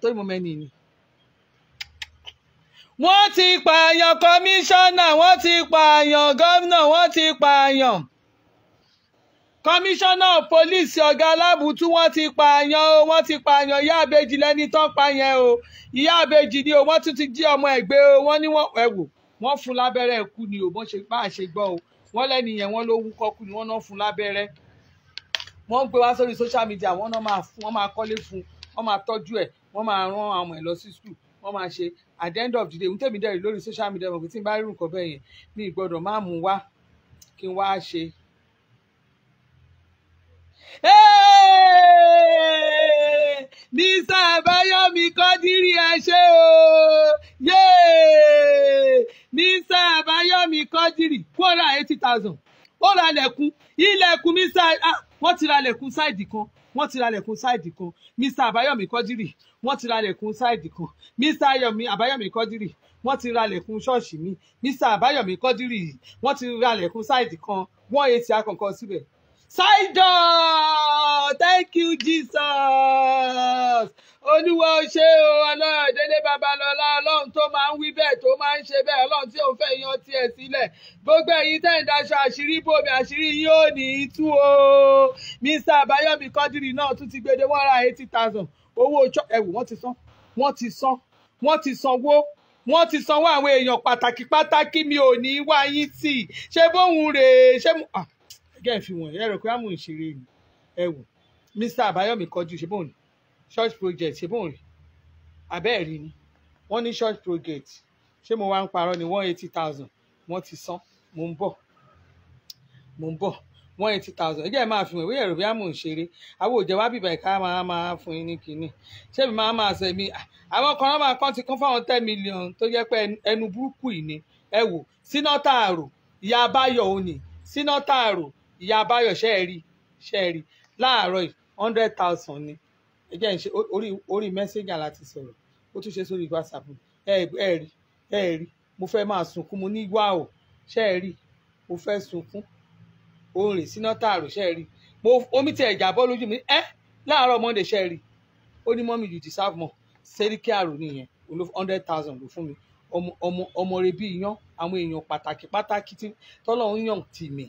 torí mo mẹ́ni ni. wọ́n ti pààyàn kọmíṣánná wọ́n ti pààyàn gómìnà wọ́n ti pààyàn kọmíṣánná pólíìsì ọ̀gá aláàbò tí wọ́n ti pààyàn o wọ́n ti pààyàn ìyá àbèjì lẹ́ni tán pààyàn o ìyá àbèjì ni o wọ́n tún ti jí ọmọ ẹ̀gbẹ́ o wọ́n ní wọ́n ẹ̀ wò wọ́n fún lábẹ́rẹ́ ẹ̀kú ni o bó ṣe bá a ṣe gbọ́ o wọ́n lẹ́ni yẹn wọ́n ló wúkọ́ kú ni wọ́n náà fún lábẹ́rẹ́ wọ́n ń gbé wá sórí social media wọ́n náà máa fún wọ́n máa kọ́lé fún wọ́n máa tọ́jú ẹ̀ wọ́n máa rán àwọn ọmọ lọ sí school wọ́n máa ṣe at the end of the day ntẹ̀mí dẹ̀rì lórí social media mọ̀ pé tí n bá rí nǹkan bẹ́ẹ̀ yẹn mi ìgbọ́dọ̀ máa mú wá kí n wá ṣe mísà àbáyọ̀mí kọ́dírì àṣẹ o mísà àbáyọ̀mí kọ́dírì kó ra eighty thousand ó ra lẹ̀kùn ilẹ̀kùn mísà ah, wọ́n ti ra lẹ̀kùn sáìdì kan wọ́n ti ra lẹ̀kùn sáìdì kan mísà àbáyọ̀mí kọ́dírì wọ́n ti ra lẹ̀kùn sáìdì kan mísà àbáyọ̀mí kọ́dírì wọ́n ti ra lẹ̀kùn ṣọ́ọ̀ṣì mi mísà àbáyọ̀mí kọ́dírì wọ́n ti ra lẹ̀kùn sáìdì kan wọ́n èsì akọ̀kan síbẹ̀ Sidon thank you Jesus olúwa ó ṣe o ọlọ́run délé babalọ́lá ọlọ́run tó máa ń wí bẹ́ẹ̀ tó máa ń ṣe bẹ́ẹ̀ ọlọ́run tí òun fẹ́ yan tiẹ̀ sílẹ̀ gbogbo ẹ̀yin tẹ́ ń daṣọ àṣírí bòmí àṣírí yín ò ní í tú o Mr Abayomi Quadri náà tún ti gbede one hundred eighty thousand owó ẹ̀wù wọ́n ti san wọ́n ti san wọ́n ti sanwó wọ́n ti sanwó àwọn èèyàn pàtàkì pàtàkì mi ò ní wá yín tì ṣé bóun rèé ṣé mo. Ah gẹ́ẹ̀fì wọ̀nyí ẹ rò pé àmú ìṣeré ni ẹ Mr Abayomi kọjú ṣe bóun church project ṣe bóun abẹ́ẹ̀rí ni wọ́n ní church project ṣé mo wá ń parọ́ ni one eighty thousand wọ́n ti san mo ń bọ̀ mo ń bọ̀ one eighty thousand ẹ jẹ́ ẹ máa fi hàn ìwé ẹ̀rọ bí àmọ̀ ń ṣeré àwọn òjẹ́ wá bìbà ìka máa máa fún yín ní kinní ṣé mi máa máa sọ èmi àwọn kan máa kán ti kún fáwọn ten million tó jẹ́ pé ẹnu burúkú yìí ni ẹ wò sínátààrò ìyá abáyọ̀ òní sínátààrò ìyá abáyọ̀ ṣe é rí ṣe é rí láàárọ̀ hundred thousand ni ẹ jẹ́ ìṣe orí orí messenger láti sọ̀rọ̀ ó tún ṣe sórí whatsapp ẹ ẹ rí ẹ rí mo fẹ́ máa sunkún mo ní wá o ṣe é rí mo fẹ́ sunkún òun rìn síná tààrò ṣe é rí mo omi tí ẹ̀jà bọ́ lójú mi ẹ́ láàárọ̀ monday ṣe rí ó ní mọ́mí you deserve more sẹ́ríkì àrò nìyẹn hundred thousand ló fún mi ọmọ ọmọ ọmọ rẹ bí yan àwọn èèyàn pàtàkì pàtàkì tí tọ́lọ́run yàn tì mí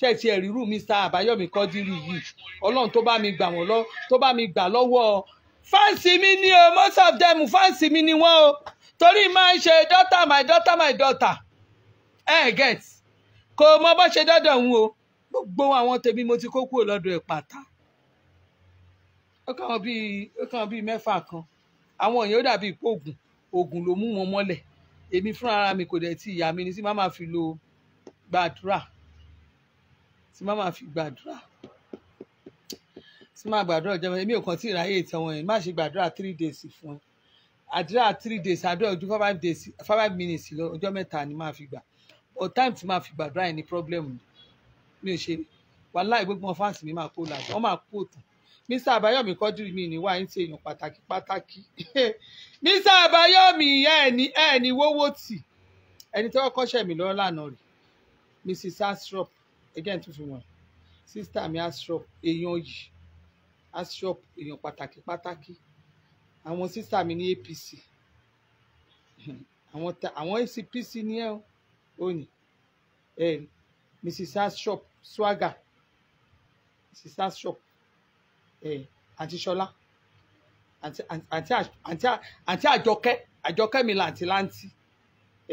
ṣẹ̀tì ẹ̀rírù Mr. Àbáyọ̀mí Kọ́dírì yìí ọlọ́run tó bá mi gbà wọ́n lọ tó bá mi gbà lọ́wọ́ fáǹsì mi ni o most of them fáǹsì mi ni wọ́n o torí máa ń ṣe daughter my daughter my daughter ẹ hey, get kò mọ bó ṣe dọ́dọ̀ ń o gbogbo àwọn tèmi mo ti kó kúrò lọ́dọ̀ ẹ̀ pàtà ó kàn bíi ó kàn bíi mẹ́fà kan àwọn èèyàn ó dàbí ìpóògùn oògùn ló mú wọn mọ́lẹ̀ èmi fúnra mi kò dẹ̀ ti ìyá mi ni sí má máa fi lo gbàdúrà tí má máa fi gbàdúrà tí má gbàdúrà ọjọ́ èmi ò kàn tí ì ráyè ìtẹ̀wọ̀n yẹn má ṣe gbàdúrà three days fún ẹ àdúrà three days àdúrà ojú five days five minutes lọ ọjọ́ mẹ́ta ni máa fi gbà but time tí máa fi gbàdúrà yẹn ni problem mi ò ṣe wàláì gbogbo wọn fáǹsì mi máa kó làjọ wọn máa kó òtàn mr abayomi kọdúrì mi ní wà ń ṣe èèyàn pàtàkì pàtàkì mr abayomi ẹni ẹni wọwọ tì ẹni tí wọn kọṣẹ mi lọ lánàá rè mrs astrop again two for one sísítà mi astrop èèyàn yìí astrop èèyàn pàtàkì pàtàkì àwọn sísítà mi ní APC àwọn ta àwọn APC ní e ò ní ẹ Mrs astrop swagger Mrs astrop ẹ àti Ṣọlá àti àti àti àti àjọkẹ́ àjọkẹ́ mi làǹtí làǹtí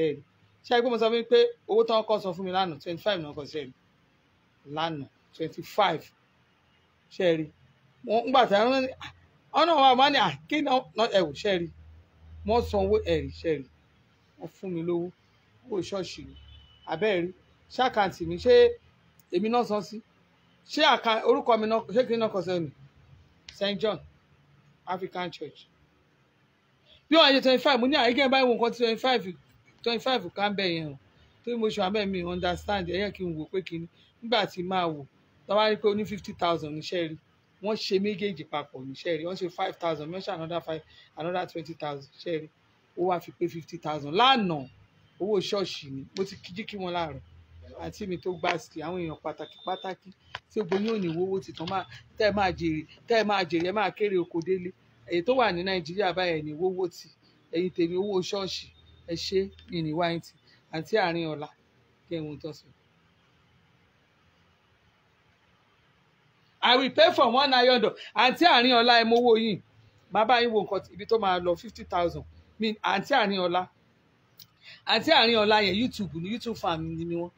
ẹ ṣe àgbẹ̀mọ̀sọ fún mi pé owó tí wọ́n kọ́ sọ fún mi lánàá twenty five náà kọ́ sí ẹ̀ lánàá twenty five ṣẹ́ẹ̀rì wọ́n ń gbàtà wọ́n ní ah, ọ̀nà wa bá ní ah, kí náà ẹ̀wò ṣẹ́ẹ̀rì wọ́n sanwó ẹ̀rì ṣẹ́ẹ̀rì wọ́n fún mi lówó owó ṣọ́ọ̀ṣì mi abẹ́ẹ̀rí ṣàkàǹtì mi ṣé èmi náà san sí ṣé àka orúkọ mi náà ṣé kí n sẹ́yìn St John African Church bí wọ́n ṣe twenty five mo ní àyíkẹ́ báyìí wo nǹkan twenty five twenty five kan yẹn o torí mo ṣe àmẹ́ mi understand ẹ̀yẹ́ kí n wò pé kí ni nígbà tí máa wò tọ́wá rí pé ó ní fifty thousand níṣẹ́ rí wọ́n ṣe méjèèjì papọ̀ níṣẹ́ rí wọ́n ṣe five thousand wọ́n another five another twenty thousand níṣẹ́ rí ó wá fi pé fifty thousand lánàá owó ṣọ́ọ̀ṣì ni mo ti jí kí wọ́n láàárọ̀ àti mi tó gbá sí àwọn èèyàn pàtàkì pàtàkì tí gbogbo yóò ní owó tìtàn máa tẹ́ ẹ máa jèrè tẹ́ ẹ máa jèrè ẹ máa kéré oko délé èyí tó wà ní nàìjíríà báyẹn ní owó tì ẹ̀yin tèmi owó ṣọ́ọ̀ṣì ẹ ṣe ìníwáyìntì àti àárín ọ̀la kí ẹ wọ́n tọ́sọ̀. I will pay for one iron door àǹtí àárín ọlá ẹ mowó yìí màá bá yín wo nǹkan ibi tó máa lọ fifty thousand mi àǹtí àárín ọlá àǹtí àárín ọlá yẹn YouTube ni YouTube fan ni mi wọn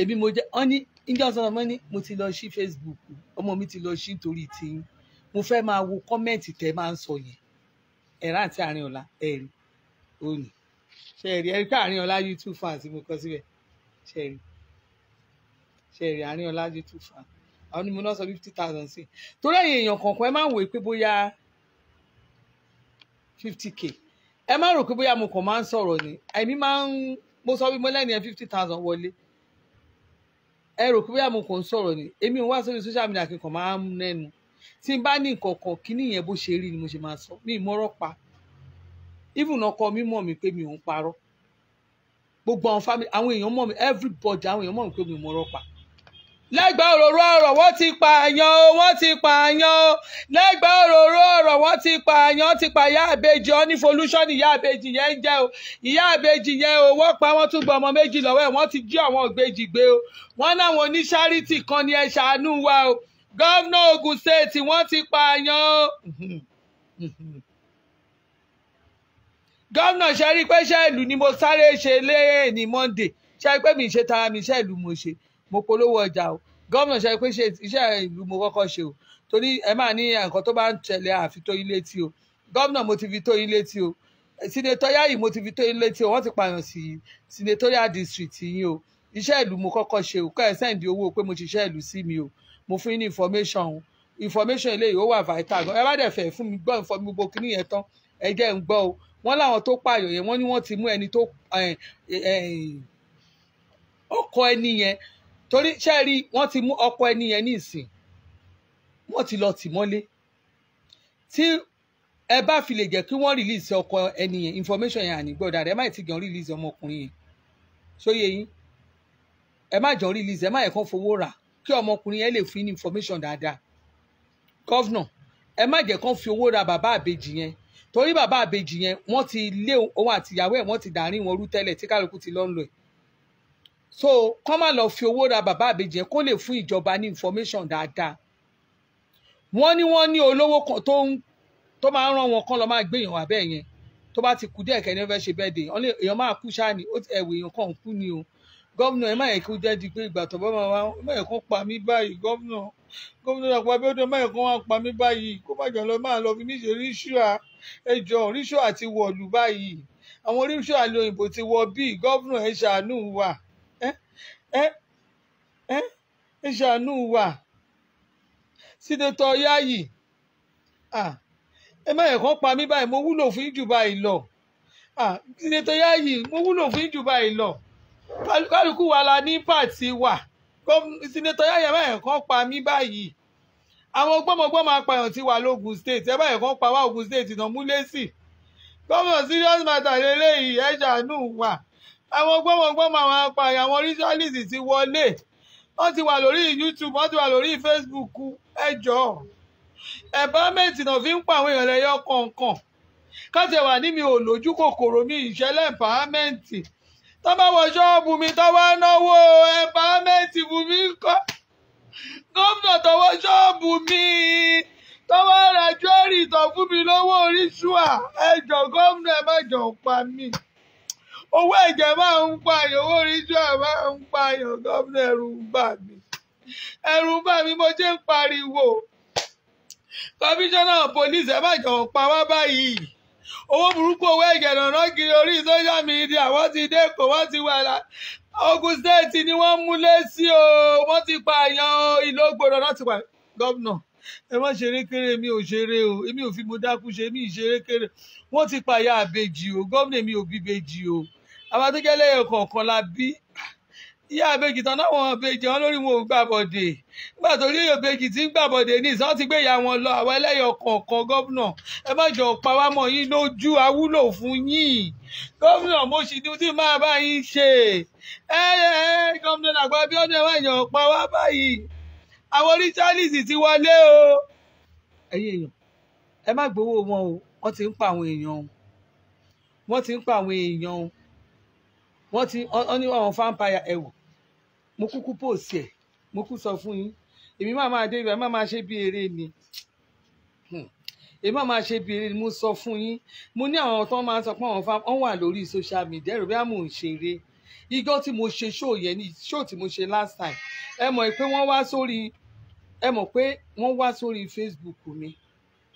èmi mo jẹ ọ́n ní ìjọ sọ ọmọ ní mo ti lọ sí Facebook ọmọ mi ti lọ sí nítorí tiyín mo fẹ́ máa wo kọ́mẹ̀ntì tẹ́ máa ń sọ yẹn ẹ̀rá àǹtí àárín ọlá ẹ̀rí òní ṣẹ̀rí ẹ̀rí pé àárín ọlá YouTube fan tí mo kọ síbẹ̀ ṣẹ̀rí ṣẹ̀rí àárín ọlá YouTube fan àwọn ni mo náà sọ fifty thousand sí torí ẹ̀yin èèyàn kọ̀ọ̀kan ẹ máa ń pé bóyá fifty k ẹ máa rò pé bóyá mo kàn máa ń sọ̀rọ̀ ni èmi máa ń mo sọ wípé lẹ́nu yẹn fifty thousand wọlé ẹ rò pé bóyá mo kàn ń sọ̀rọ̀ ni èmi ò wá sórí social media kí n kàn máa ń nẹ́nu tí n bá ní nǹkan kan kíní yẹn bó ṣe rí ni mo ṣe máa sọ mi ìmọ̀rọ̀ pa even ọkọ mi mọ̀ mi pé mi ò ń parọ́ gbogbo àwọn family àwọn èèyàn mọ̀ mi everybody àwọn èèyàn mọ̀ mi pé mi ìmọ̀rọ̀ pa lẹ́gbẹ̀ẹ́ òróró ọ̀rọ̀ wọ́n ti pààyàn o wọ́n ti pààyàn o lẹ́gbẹ̀ẹ́ òróró ọ̀rọ̀ wọ́n ti pààyàn ti pa ìyá àbejì ọ ní folúṣọ́n ìyá àbejì yẹn ń jẹ́ o ìyá àbejì yẹn o wọ́n pa wọ́n tún gba ọmọ méjì lọ́wọ́ ẹ̀ wọ́n ti jí àwọn ògbéjì gbé o wọ́n náwọn oníṣáárìtì kan ni ẹ ṣàánú wa o gómìnà Ògùn state wọ́n ti pààyàn o gómìnà ṣe rí pé ṣẹ́ẹ̀lù ni mo sáré ṣe lé ní Monday ṣe rí pé mi ṣe tara mi ṣẹ́ẹ̀lù mo ṣe mo polówó ọjà o gómìnà ṣe pé iṣẹ́ ìlú mo kọ́kọ́ ṣe o torí ẹ máa ní nǹkan tó bá ń tẹ̀lé àfi tó yín létí o gómìnà mo ti fi tó yín létí o sinetọ Yayi mo ti fi tó yín létí o wọ́n ti pààyàn sí senatorial district yín o iṣẹ́ ìlú mo kọ́kọ́ ṣe o kọ́ ẹ̀ sẹ́ǹdì owó pé mo ṣiṣẹ́ ìlú sí mi o mo fún yín ní information o information eléyìí ó wà vital gan ẹ bá dẹ̀ fẹ́ fún mi gbọ́ ìfọ̀mí gbogbo kìíní yẹn tán ẹ jẹ́ ń gbọ́ o wọ́n láwọn tó pààyàn yẹn wọ́n ní wọ́n ti mú ẹni tó ọkọ ẹni yẹn torí ṣẹ́ẹ̀rí wọ́n ti mú ọkọ ẹni yẹn ní ìsìn wọ́n ti lọ tì mọ́lé tí ẹ bá fi lè jẹ́ kí wọ́n release ọkọ ẹni yẹn information yẹn àní gbọ́dọ̀ ẹ má ti gan release ọmọkùnrin yẹn sóye yín ẹ má jọ release ẹ má yẹ kán fowó rà kí ọmọkùnrin yẹn lè fún ní information dáadáa gọ́vnà ẹ má jẹ́ kán fi owó ra bàbá àbejì yẹn torí bàbá àbejì yẹn wọ́n ti lé òun àtìyàwó ẹ̀ wọ́n ti dàárín wọn rú tẹ́lẹ̀ tí kálukú ti lọ́nlọ́ ẹ̀ so kọ́ má lọ fi owó ra bàbá àbèjẹ́ kó lè fún ìjọba ní information dáadáa wọ́n ní wọ́n ní olówó kan tó ń tó máa ń rán wọn kán lọ máa gbéyàn wá bẹ́ẹ̀ yẹn tó bá ti kú díẹ̀ kẹ́ni fẹ́ ṣe bẹ́ẹ̀ dé èèyàn máa kú ṣáà ní ẹ̀wẹ̀ èèyàn kan kú ni o gómìnà ẹ má yẹ kí ó jẹ́ di pé ìgbà tó bá máa wá ẹ má yẹ kó pa mí báyìí gómìnà gómìnà àpò abẹ́ọ́dún ẹ má yẹ kó wá pa mí báyìí kó má jọ lọ máa lọ fi mí ṣe ríṣùà ẹjọ ríṣùà ti wọ̀lú báyìí àwọn ríṣùà lóyìnbó ti wọ bíi gómìnà ẹ ṣàánú wa ẹ ẹ ẹ ṣàánú wa sínétọ Yayi ẹ má yẹ kán pa mí báyìí mo wúlò fún jù báyìí lọ sínétọ Yayi mo wúlò fún jù báyìí lọ kálukú wa la ní pàtì wà sínétọ Yayi ẹ má yẹ kán pa mí báyìí àwọn gbọmọgbọmọ apààyàn ti wà lóògùn state ẹ má yẹ kán pa wá Ògùn state náà múlẹ̀ sí gómìnà serious matter lélẹ́yìí ẹ ṣàánú wa àwọn gbọ́mọgbọ́mọ àwọn apààyàn àwọn ritualist ti wọlé wọ́n ti wà lórí YouTube wọ́n ti wà lórí Facebook ẹjọ́ environment náà fi ń pa àwọn èèyàn lẹ́yọ kọ̀ọ̀kan káṣẹ wà ní mi ò lójú kòkòrò mi ìṣẹ̀lẹ̀ environment tó bá wọ ṣọ́ọ̀bù mi tó bá náwó environment bù mí kọ́ gómìnà tó wọ ṣọ́ọ̀bù mi tó bá ra jewelry tó fún mi lówó oríṣùà ẹjọ́ gómìnà ẹ má jọ pa mí owó ẹ̀jẹ̀ máa ń pààyàn owó ritual máa ń pààyàn gómìnà ẹ̀rù ń bà mí ẹ̀rù ń bà mí mo ṣe ń pariwo kọmíṣánná pólísì ẹ má jọ̀wọ́ pa wá báyìí owó burúkú owó ẹ̀jẹ̀ nàná kiri orí sọ́ṣà mídíà wọ́n ti dé èkó wọ́n ti wà lá Ogun State ni wọ́n mú lé sí o wọ́n ti pààyàn ìlógbòdò náà ti pa gómìnà ẹ má ṣeré kéré mi ò ṣeré o èmi ò fi mo dákú ṣe mi ìṣeré kéré wọ́n ti pààyà àbèjì o gómìnà mi ò bíbèjì o àwọn tó jẹ́ lẹ́yìn kọ̀ọ̀kan la bí ìyá àbejì tán náwọn àbejì wọn lórí wọn ò gbàbọ̀dè nígbà tó rí èyàn àbejì tí ń gbàbọ̀dè ní ìsàn ti gbé ìyá wọn lọ àwọn ẹlẹ́yìn kọ̀ọ̀kan gómìnà ẹ má jọ pa wá mọ́ yín lójú awúlò fún yín gómìnà mo sì ní tí máa bá yín ṣe ẹ ẹ gómìnà àgbà Abíọ́dún ẹ má jọ pa wá báyìí àwọn oníṣálìsì ti wọlé o ẹ̀yin èèyàn ẹ má gbowó wọn o wọ́n ti ń pa àwọn èèyàn o ti ń pa àwọn èèyàn o wọ́n ti wọ́n ní àwọn vampire ẹ̀wò mo kúkú pòsì ẹ̀ mo kú sọ fún yín èmi máa máa dé ibẹ̀ máa máa ṣe bí eré ni hmm. èmi máa máa ṣe bí eré ni mo sọ fún yín mo ní àwọn tó máa ń sọ pé àwọn fam wọ́n wà lórí social media ẹ̀rọ bí àmọ̀ ń ṣeré ijọ́ tí mo ṣe ṣóò yẹn ni ṣóò tí mo ṣe last time ẹ mọ̀ pé wọ́n wá sórí ẹ mọ̀ pé wọ́n wá sórí Facebook mi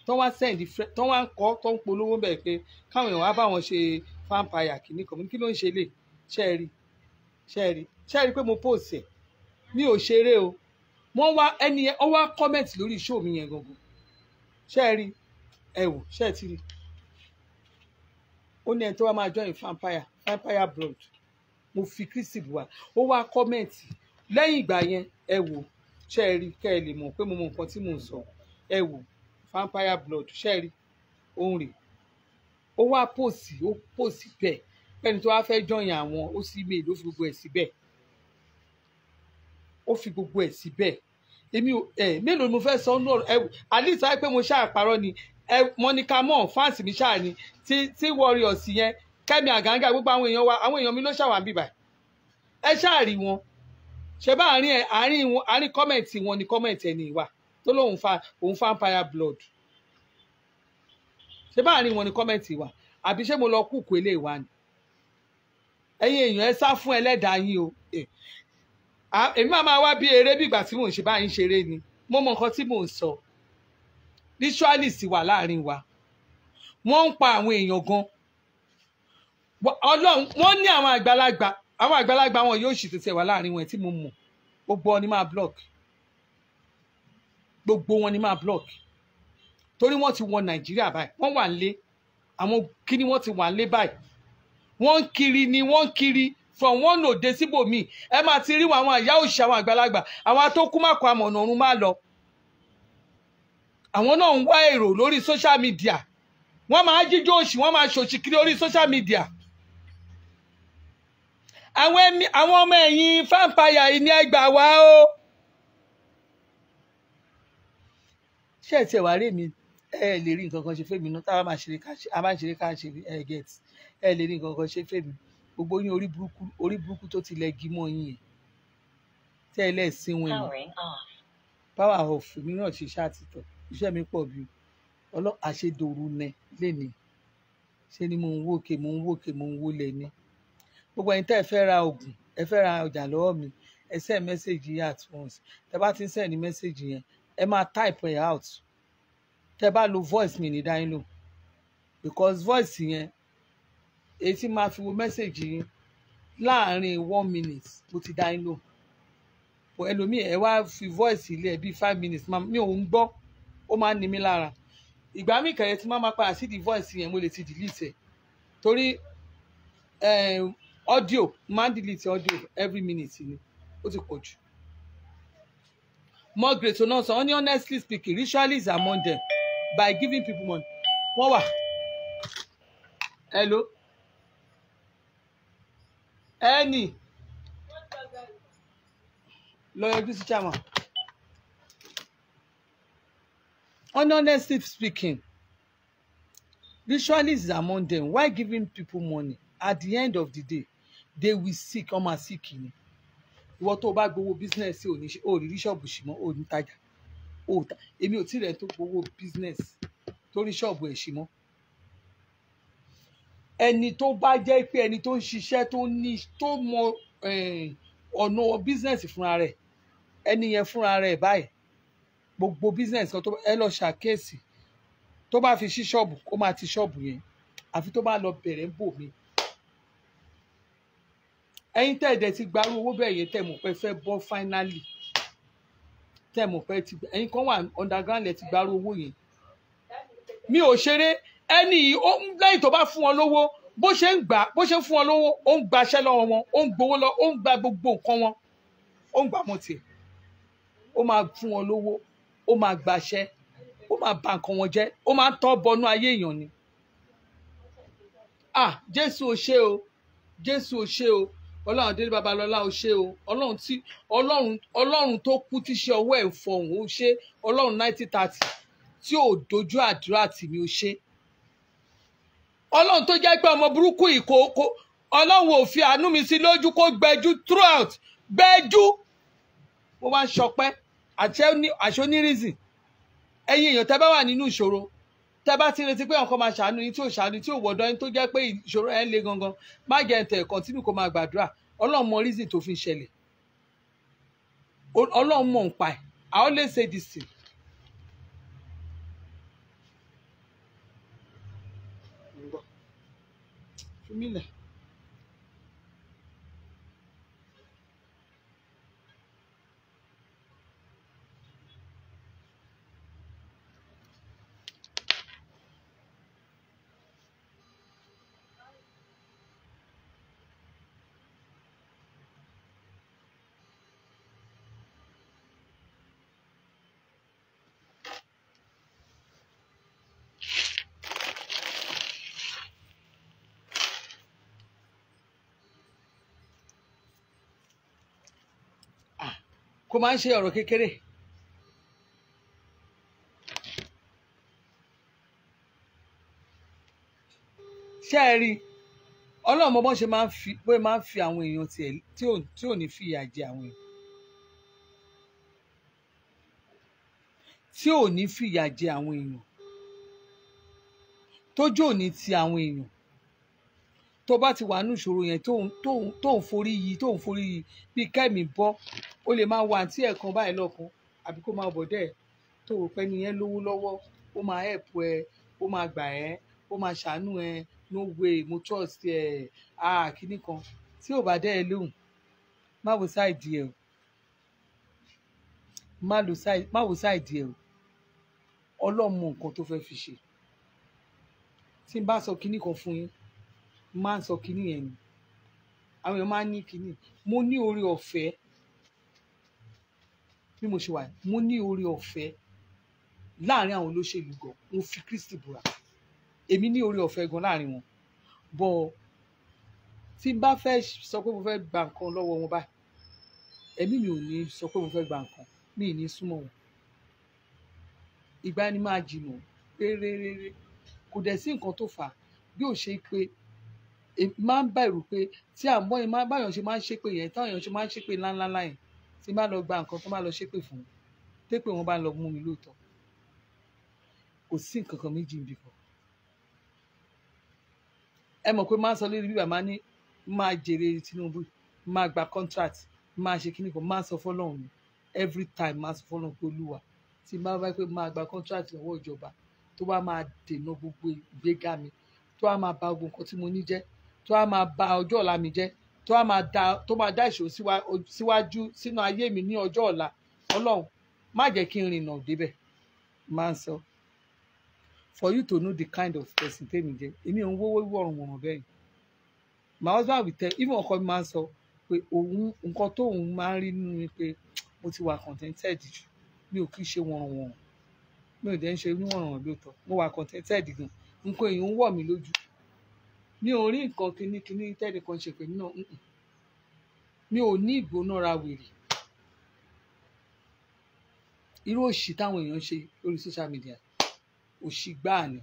tó wá send tó wá ń kọ́ tó ń polówó bẹ́ẹ̀ pé káwọn èèyàn wá bá wọn ṣe vampire kìnnìkan kí ló ń ṣe léyìí ṣẹ́ẹ̀rì ṣẹ́ẹ̀rì ṣẹ́ẹ̀rì pé mo post ẹ̀ mi ò ṣeré o wọ́n wá ẹni yẹn ó wá comment lórí show mi yẹn gangan ṣẹ́ẹ̀rì ẹ wò ṣẹ́ẹ̀tì rí ó ní ẹni tó wá máa join vampire vampire blood mo fi kristi bùwà ó wá comment lẹ́yìn ìgbà yẹn ẹ wò ṣẹ́ẹ̀rì kẹ́ ẹ lè mọ̀ pé mo mọ nǹkan tí mò ń sọ ẹ wò vampire blood ṣẹ́ẹ̀rì òun rè ó wá post ó post bẹ́ẹ̀ kẹ́ni tó wá fẹ́ jọyìn àwọn ó sì méèlì ó fi gbogbo ẹ̀ síbẹ̀ ó fi gbogbo ẹ̀ síbẹ̀ èmi ò ẹ̀ mélòó ni mo fẹ́ sọ ọ́nú ọ̀rọ̀ ẹ̀ àlìsà pé mo ṣáà ni ẹ̀ mọ́nìkà mọ́ fáǹsì mi ṣáà ni tí tí warriors yẹn kẹ́mi àgàǹgà gbogbo àwọn èèyàn wa àwọn èèyàn mi ló ṣàwà bíbà ẹ ṣáà rí wọn ṣe bá àárín ẹ àárín wọn àárín kọ́mẹ̀ntì wọn ni kọ́mẹ̀ntì ẹni ìwà tó lóun fa òun vampire blood ṣe bá àárín wọn ni kọ́mẹ̀ntì ìwà àbí ṣé mo lọ kúkú eléyìí ni ẹ̀yin èèyàn ẹ sá fún ẹlẹ́dàá yín o eh, èmi máa máa wá bí eré bí ìgbà tí mò ń ṣe báyìí ń ṣeré ni mo mọ nǹkan tí mò ń sọ ritualist wà láàrin wa wọ́n ń pa àwọn èèyàn gan ọlọ́run wọ́n ní àwọn àgbàlagbà àwọn àgbàlagbà wọn yóò ṣì tètè wà láàrin wọn tí mo mọ̀ gbogbo wọn ni máa block gbogbo wọn ni máa block torí wọ́n ti wọ nàìjíríà báyìí wọ́n wà ń lé àwọn kíní wọ́n ti wà ń lé báyìí wọ́n ń kiri ni wọ́n kiri from one òde síbòmíì ẹ máa ti rí àwọn àyà òṣìṣẹ́ àwọn àgbàlagbà àwọn atókùnmàkọ àmọ̀nà ọ̀run máa lọ àwọn náà ń wá èrò lórí social media wọ́n máa jíjó òṣì wọ́n máa ṣòṣì kiri orí social media àwọn ọmọ ẹ̀yìn fáńpáyà yìí ní ẹgbà wá o ṣé ẹ tiẹ̀ wá rí mi ẹ lè rí nǹkan kan ṣe fẹ́mi náà táwa máa ṣeré ká ṣe ẹ gẹ̀ẹ́tì ẹ lè ní kankan ṣe fèmí gbogbo yín orí burúkú orí burúkú tó ti lẹ gímọ yín yẹn tẹ ẹ lẹsìn wọn yẹn power off mi náà ṣe ṣáàtì tọ iṣẹ́ mi pọ̀ bí ọlọ àṣedòru nẹ lẹni ṣe ni mo ń wòkè mo ń wòkè mo ń wólẹ ni gbogbo ẹ̀yin tẹ ẹ fẹ́ ra oògùn ẹ fẹ́ ra ọjà lọ́wọ́ mi ẹ send message yẹn at once tẹ bá ti ń send message yẹn ẹ máa type ẹ out tẹ bá lo voice mi ní dáínlò because voice yẹn èyí tí máa fi wo mẹ́sẹ̀gì yín láàárín one minute mo ti dá yín lò kò ẹlòmíì ẹ wá fi voice ilé ẹ bíi five minutes mi ò ń gbọ́ ó máa ń ní mi lára ìgbà mi kẹyẹ tí máa máa padà sí di voice yẹn mo lè ti delete ẹ torí eh, audio máa ń delete audio every minute ni ó ti pọ̀ jù. Margaret onosan ó ní honestly speaking ritualists among them by giving people money wọ́n wà hello ẹnì lọ yọjú sí chairman honestly speaking is among them why giving people money at the end of the day they will sick ọmọ sick ni ìwọ tó o bá gbowó business ò ní ò rí ṣọ́ọ̀bù ṣì mọ́ ò ní tajà èmi ò tí rẹ̀ tó gbowó business tó rí ṣọ́ọ̀bù ẹ̀ ṣì mọ́ ẹni tó bá jẹ́ pé ẹni tó ń ṣiṣẹ́ tó ní tó mọ eh, ọ̀nà bísínẹ́sì fúnra rẹ̀ ẹni yẹn fúnra rẹ̀ báyìí gbogbo bísínẹ́sì kan tó ẹ lọ ṣàkíyèsí tó bá fi ṣí ṣọ́ọ̀bù kó máa ti ṣọ́ọ̀bù yẹn àfi tó bá lọ bẹ̀rẹ̀ ń bò mí. ẹ̀yin tẹ́ ẹ̀dẹ̀ ti gbarú owó bẹ́ẹ̀ yẹn tẹ́ mọ̀ pé fẹ́ bọ́ fáínálì tẹ́ mọ̀ pé ẹ̀yin kan wà underground lẹ ti gbarú owó yẹn mi ò ṣeré ẹni yìí lẹ́yìn tó bá fún wọn lówó bó ṣe ń gbà bó ṣe ń fún wọn lówó ó ń gbaṣẹ́ lọ́wọ́ wọn ó ń gbowó lọ ó ń gba gbogbo nǹkan wọn ó ń gbà mọ́ tiẹ̀ ó máa fún wọn lówó ó máa gbaṣẹ́ ó máa bà nǹkan wọn jẹ́ ó máa tọ́ bọnú ayé èèyàn ni. ah jésù ò ṣe o jésù ò ṣe o ọlọ́run délé babalọ́lá ò ṣe o ọlọ́run tí ọlọ́run ọlọ́run tó kú tí ṣe ọwọ́ ẹ̀ fọ̀hún ó ṣe ọlọ́run ninety tí ò dojú àdúrà tì mí ó ṣe ọlọ́run tó jẹ́ pé ọmọ burúkú ìkókó ọlọ́run ò fi àánú mi sí lójú kó gbẹjú throughout gbẹjú mo máa ń ṣọpẹ́ àṣẹ onírìsì ẹ̀yin èèyàn tẹ́ bá wà nínú ìṣòro tẹ́ bá ti retí pé ọkọ máa ṣàánú yín tí ò ṣàánú tí ò wọ̀dọ̀ yín tó jẹ́ pé ìṣòro ẹ̀ ń le gangan má jẹ́ ntẹ̀ kọ́ntínú kó máa gbàdúrà ọlọ́run mọ reason tó fi ṣẹlẹ̀ ọlọ́run mọ̀ ń pa ẹ̀ I always say this 救命的。kó máa ń ṣe ọ̀rọ̀ kékeré. ṣé ẹ rí ọlọ́run mọ́ bọ́ ṣe máa ń fi bó ṣe máa ń fi àwọn èèyàn tiẹ̀ tí ò ní fi ìyà jẹ àwọn èèyàn tí ò ní fi ìyà jẹ àwọn èèyàn tójú ò ní ti àwọn èèyàn tó bá ti wà nù ìṣòro yẹn tó ń forí yí tó ń forí yí bí kẹ́mi bọ́ ó lè máa wà tí ẹ̀kan báyìí lọ́kàn àbí kó máa bọ̀ dẹ̀ tó rò pé nìyẹn lówó lọ́wọ́ ó máa help ẹ ó máa gbà ẹ́ ó máa ṣàánú ẹ no way mo trust ẹ ah kíní kan tí ò bá dẹ́ ẹ lóhùn má wo sáìdì ẹ o ọlọ́mọ nǹkan tó fẹ́ fi ṣe tí n bá sọ kíní kan fún yín máa ń sọ kinní yẹn ni àwọn èèyàn máa ń ní kinní mo ní oore ọ̀fẹ́ bí mo ṣe wà mo ní oore ọ̀fẹ́ láàrin àwọn olóṣèlú gan mo fi Kristi búra èmi ní oore ọ̀fẹ́ gan láàrin wọn bọ tí n bá fẹ́ sọ pé mo fẹ́ gba nǹkan lọ́wọ́ wọn báyìí ẹ̀mí mi ò ní sọ pé mo fẹ́ gba nǹkan mi ì ní súnmọ́ wọn ìgbà ni máa jìnnà réréréré kò dẹ̀ sí nǹkan tó fà bí ò ṣe pé máa ń bẹ̀rù pé tí àwọn ìmọ̀ báyọ̀ ṣe máa ń ṣépè yẹn táwọn èèyàn ṣe máa ń ṣépè ńláńláńlá yẹn tí bá lọ gba nǹkan tó bá lọ ṣépè fún un tépè wọn bá lọ mú mi lóòótọ́ kò sí nǹkan kan méjì níbi kan ẹ mọ̀ pé máa ń sọ lórí bíbà máa ní máa jèrè Tinubu máa gba contract máa ṣe kíní kan máa sọ fọlọ́run mi every time máa sọ fọlọ́run pé olúwa tí máa bá pé máa gba contract lọ́wọ́ ìjọba tó bá máa dènà gbogbo ìgbéga mi tó bá máa ba ogun nǹkan tí mo ní jẹ́ tó a máa ba ọjọ́ ọ̀la mi jẹ́ tó a máa da tó máa dá ìṣòro síwájú sínú ayé mi ní ọjọ́ ọ̀la ọlọ́run má jẹ́ kí n rìnà débẹ̀ máa ń sọ for you to know the kind of person tèmi jẹ́ èmi ò ń wówó wọ̀rùn wọ̀rùn bẹ́ẹ̀ my husband will tell even ọkọ mi máa ń sọ pé òun nǹkan tóun máa ń rí nínú mi pé mo ti wà contented jù mi ò kí ṣe wọ̀rùn wọ̀rùn mi ò dẹ́ ń ṣe wíwọ̀n ràn lóòótọ́ mo wà contented gan nǹkan èèyàn ń wọ̀ mí lójú mi ò rí nǹkan kínníkínní tẹ́nìkan ṣe pèmí náà mi ò ní ìgbónára wèrè irú òṣì táwọn èèyàn ṣe lórí social media òṣì gbáà ni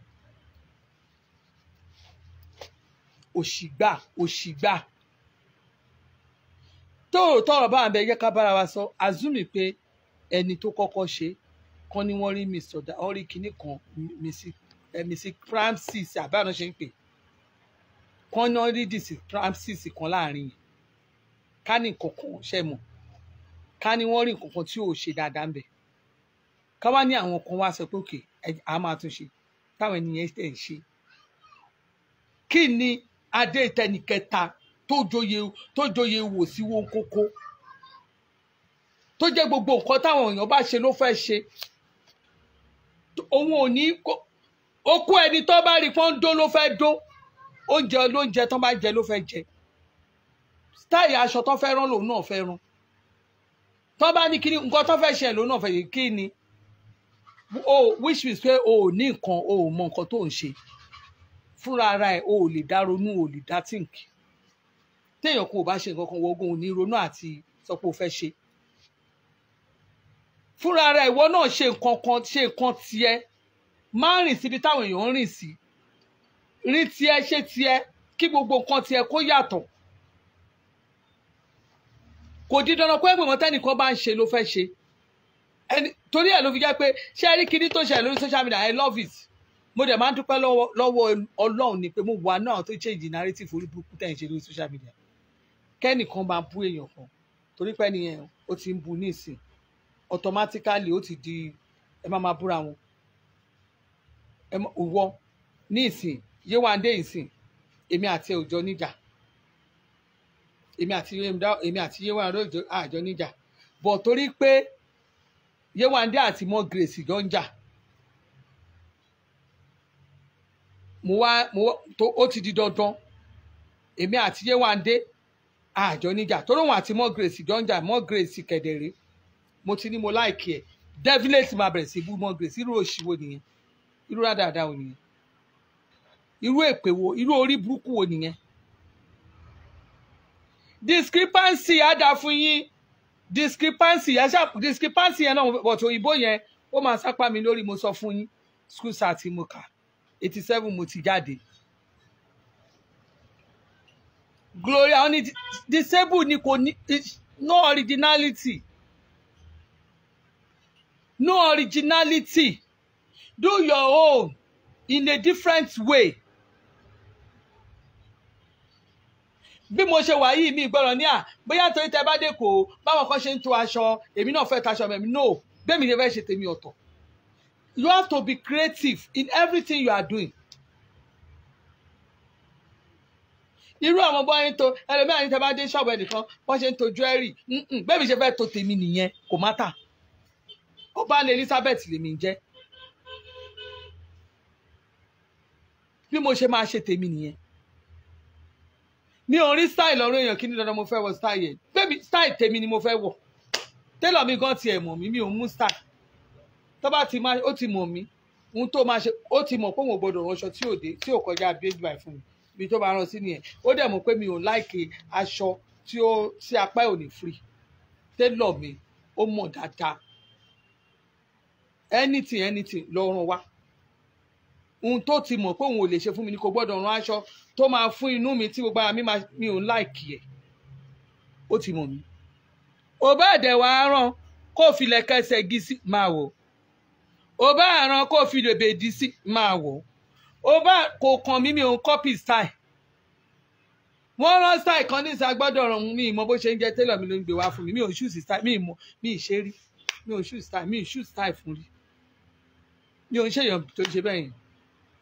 òṣì gbáà òṣì gbáà tóòótọ́ ọ̀rọ̀ báwọn abẹ́yẹ ká bára wa sọ azumi pé ẹni tó kọ́kọ́ ṣe kán ni wọ́n rí mr ọ̀dà ọ̀rí kínní kan mrs francis àbáyọ̀ ṣe ń pè é kan náà rí discrepancies kan láàrin yẹn ká ní kankan ṣe mọ̀ ká ní wọ́n rí kankan tí ò ṣe dáadáa ń bẹ̀ ká wá ní àwọn kan wá sọ pé òkè a máa tún ṣe táwọn ènìyàn tẹ̀ ń ṣe kí ni adé tẹnìkẹta tó joyè tó joyè wò sí wọn kókó tó jẹ́ gbogbo nǹkan táwọn èèyàn bá ṣe ló fẹ́ ṣe òun ò ní ó kó ẹni tó bá rí pọ́ńdó ló fẹ́ dó oúnjẹ olóúnjẹ tán bá jẹ ló fẹ́ jẹ sítáì aṣọ tán fẹ́ rán lòun náà fẹ́ rán tán bá ní kíni nǹkan tán fẹ́ ṣe lòun náà fẹ́ yìí kíni o which means pé o ò ní nǹkan o ò mọ nǹkan tó ń ṣe fúnra ara ẹ o ò lè dá ronú o ò lè dá think téèyàn kò bá ṣe nǹkan kan wọgùn ò ní ronú àti sọ pé o fẹ́ ṣe fúnra ara ìwọ náà ṣe nǹkan kan ṣe nǹkan tiẹ̀ má rìn síbi táwọn èèyàn ń rìn sí rí tiẹ̀ ṣe tiẹ̀ kí gbogbo nǹkan tiẹ̀ kó yàtọ̀ kò di dandan pé ẹgbẹ̀mọ́ tẹ́nìkan bá ń ṣe ló fẹ́ ṣe ẹni torí ẹ̀ ló fi jẹ́ pé ṣé ẹ rí kinní tó ṣẹlẹ̀ lórí social media I love it mo dẹ̀ máa ń dúpẹ́ lọ́wọ́ Ọlọ́run ni pé mo wà náà tó change narrative orí burúkú tẹ̀ ń ṣe lórí social media kẹ́nìkan máa bú èèyàn kan torí pé nìyẹn ó ti ń bu ní ìsìn automatically ó ti di ẹ má máa búra wọn ìwọ ní ìsìn Yéwándé ìsìn èmi àti òjò níjà èmi àti èmi àti Yéwándé òjò àjọ níjà bọ̀ torí pé Yéwándé àti mọ́ Grace jọ ń jà mo wá mo tó ó ti di dandan èmi àti Yéwándé àjọ níjà torí òun àti mọ́ Grace jọ ń jà mọ́ Grace kẹ̀dẹ̀rẹ́ mo ti ní mo láìkí ẹ̀ definitely máa bẹ̀rẹ̀ sí bú mọ́ Grace irú òṣìwò nìyẹn irú rádàdà ò nìyẹn irú èpè wo irú orí burúkú wo nìyẹn discrepancy á dáa fún yín discrepancy yẹn ṣá discrepancy yẹn náà but òyìnbó yẹn ó máa sápá mi lórí mo sọ fún yín school sat mo kà eighty seven mo ti jáde gloria ó ní disable ni kò ní no originality no originality do your own in a different way bí mo ṣe wà yìí mi ìgbọràn ní à bóyá torí tẹ bá dé kò báwọn kan ṣe ń to aṣọ èmi náà fẹ́ taṣọ mẹ́mi no bẹ́ẹ̀mi ni fẹ́ ṣe tèmi ọ̀tọ̀ you have to be creative in everything you are doing. irú àwọn bọ́ ń to ẹlẹ́mìí àyíntẹ́ bá dé ṣọ́ọ̀bù ẹnìkan wọ́n ṣe ń to jewelry bẹ́ẹ̀mi ṣe fẹ́ to tèmi nìyẹn kò má tà ọba ní Elizabeth lèmi ń jẹ́ bí mo ṣe máa ṣe tèmi nìyẹn mi ò rí style ọ̀rọ̀ èèyàn kí ni dandan mo fẹ́ wọ style yẹn bébí style tèmi ni mo fẹ́ wọ tẹ́lọ̀ mi gan tiẹ̀ mọ̀ mí mi ò mú style tó bá ti máa ó ti mọ̀ mí ohun tó máa ṣe ó ti mọ̀ pé mo gbọ́dọ̀ wọṣọ tí ò dé tí ò kọjá bíi báyìí fún mi ibi tó bá rán sí nìyẹn ó dẹ̀ mọ̀ pé mi ò láìkè aṣọ tí ó sí apá ò ní free tẹ́lọ̀ mi ó mọ̀ dáadáa anything anything lọ́rùn wa ohun tó ti mọ̀ pé òun ò lè ṣe fún mi ni kò gbọ́dọ̀ rán aṣọ tó máa fún inú mi tí gbogbo ara mi máa mi ò ń láìkì ẹ̀ ó ti mọ̀ mí. ò bá ẹ̀dẹ̀ wá rán kó filẹ̀ kẹsẹ̀ gi sí máa wò ò bá àrán kó fi lèbè sí máa wò ò bá kò kàn mí mi ò ń copy style wọ́n rán style kan níta gbọ́dọ̀ ràn mí ìmọ̀ bó ṣe ń jẹ́ tailor mi ló ń gbé wá fún mi mi ò ṣùsì style mi ìmọ̀ mi ìṣe rí mi ò ṣùsì style mi ìṣù style fún rí mi ò ń ṣèyàn tó ṣe bẹ́ẹ̀ yẹn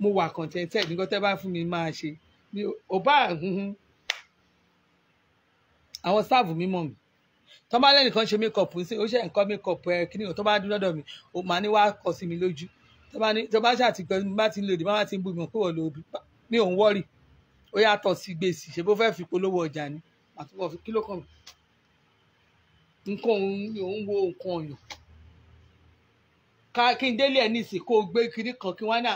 mo wà contented nǹkan tẹ́ bá fún mi máa ṣe Mhm. mi ò bá àwọn sáàbù mímọ̀ mi tó bá lẹ́nìkan ṣe mékọ̀pù ń sìn ó ṣe nǹkan mékọ̀pù ẹ̀ kí ni tó bá dún lọ́dọ̀ mi ó máa ní wá kọ sí mi lójú tó bá ṣàti gbẹ bá ti ń lòdì bá ti ń bù mí pé wọ́n lo obì mi ò ń wọ́rì ó yàtọ̀ sí gbèsè ṣé bó fẹ́ẹ́ fi polówó ọjà ni àtúbọ̀ fi kí ló kàn mí nǹkan òun mi ò ń wo nǹkan ọ̀yàn ká kí n délé ẹ̀ nísìkò gbé kiri kan kí wọ́n ní à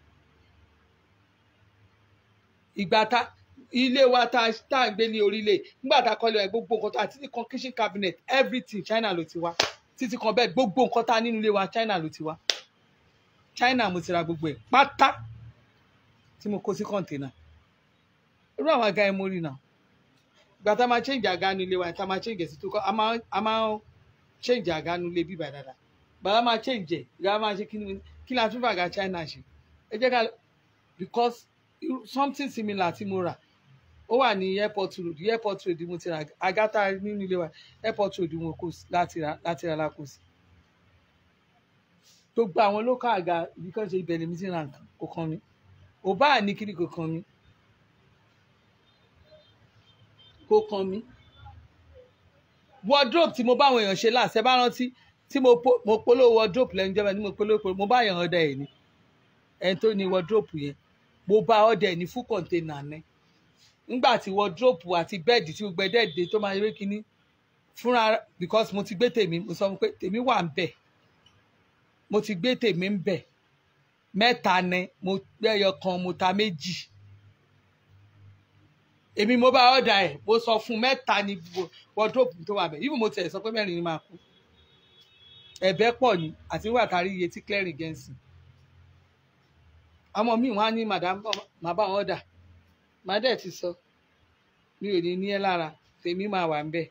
ìgbà tá ilé wa tá a gbé ní orílẹ̀ nígbà tá a kọ́lé ẹ̀ gbogbo nǹkan tá a ti kan kitchen cabinet everything China ló ti wá títí kan bẹ́ẹ̀ gbogbo nǹkan tá a nínú ilé wa China ló ti wá China mo ti ra gbogbo ẹ̀ pátá tí mo kó sí kọ̀ǹténà irú àwọn aga ẹ̀ mo rí nà ìgbà tá a máa change àga nílé wa tá a máa change sí tó kọ́ a máa change àga nílé bíbà dáadáa bàbá máa change ẹ̀ ìgbà máa ṣe kí ni kí ni a tún fàgà China ṣe ẹ jẹ́ ká because something similar tí mo rà ó wà ní airport road airport road mo ti rà agata nínú ilé wa airport road wọn kò sí láti rà láti rà lákò sí gbogbo àwọn local àga ibi kan ṣe ibẹ̀ lèmi ti rà nǹkan kò kàn mí ò bá ní kiri kò kàn mí kò kàn mí wardrobe tí mo bá àwọn èèyàn ṣe láṣẹ bá rántí tí mo polówó wardrobe lẹ́nu jẹ́ bá ní mo polówó mo bá èèyàn ọ̀dà ẹ̀ ni ẹni tó ní wardrobe yẹn mo bá ọ̀dẹ̀ ní fún kọ̀ǹtẹ́nà ni nígbà tí wọ́dróòpù àti bẹ́ẹ̀dì tí gbogbo tó máa rí kínní fúnra because mo ti gbé tèmi mo sọ pé tèmi wà ń bẹ̀ mo ti gbé tèmi ń bẹ̀ mẹ́ta ni mo gbẹ́yọ kan mo ta méjì èmi mo ọmọ mi wọn á ní madam màá bá wọn dà màá dẹ̀ ti sọ mi ò ní ní ẹ lára tèmi máa wà ń bẹ̀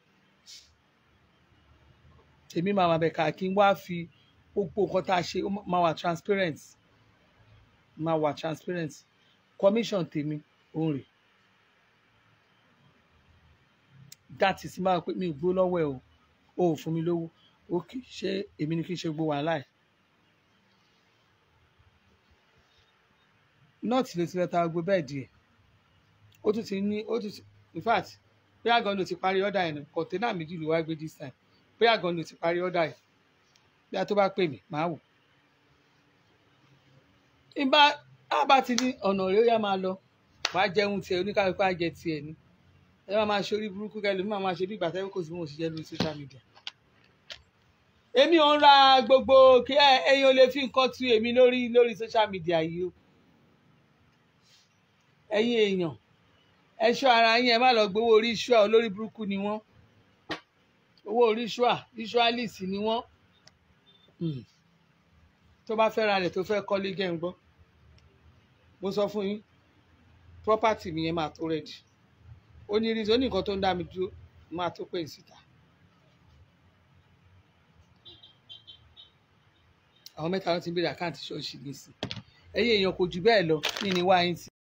tèmi máa wà ń kà kí n wá fi gbogbo nǹkan tá a ṣe máa wà transparent máa wà transparent commission tèmi òun rè dátì sí máa pé mi ò gbó lọ́wọ́ ẹ o ò fún mi lówó ó kì í ṣe èmi ni kì í ṣe gbó wàhálà ẹ̀. north ló ti lọ ta gbogbo bẹ́ẹ̀dì ẹ̀ ó tún ti ní ó tún ti in fact pé àgàn ló ti parí ọ̀dà ẹ̀ kọ̀ǹténà méjì ló wá gbé this time pé àgàn ló ti parí ọ̀dà ẹ̀ bí a tó bá pè mí màá wò. ìbá àbá ti ní ọ̀nà rẹ̀ ó yá máa lọ wàá jẹun tiẹ̀ oníkàlùkù á jẹ tiẹ̀ ni ẹ máa máa ṣe orí burúkú kẹlẹ́ mi máa máa ṣe bí ìgbà tẹ́wọ́ kò sí mo ṣiṣẹ́ lórí social media èmi ò ń ra gbogbo kí ẹ̀yin ò lè fi nǹkan tu èmi lórí lórí social media yìí o ẹ̀yin èèyàn ẹ ṣọ́ ara yín ẹ má lọ gbowó orí ṣúà olórí burúkú ni wọ́n owó orí ṣúà ritualist ni wọ́n hmm. tó bá fẹ́ ra rẹ̀ tó fẹ́ kọ́lé gẹ́ ń gbọ́ mo sọ fún yín property mi yẹn máa tó rẹ̀dì ó ní rí sóní nǹkan tó ń dá mi dúró máa tó pè é síta. àwọn mẹ́ta ló ti ń béèrè àkáǹtì ṣọ́ọ̀ṣì mi sí ẹ̀yìn èèyàn kò jù bẹ́ẹ̀ lọ kí ni wáyé sí.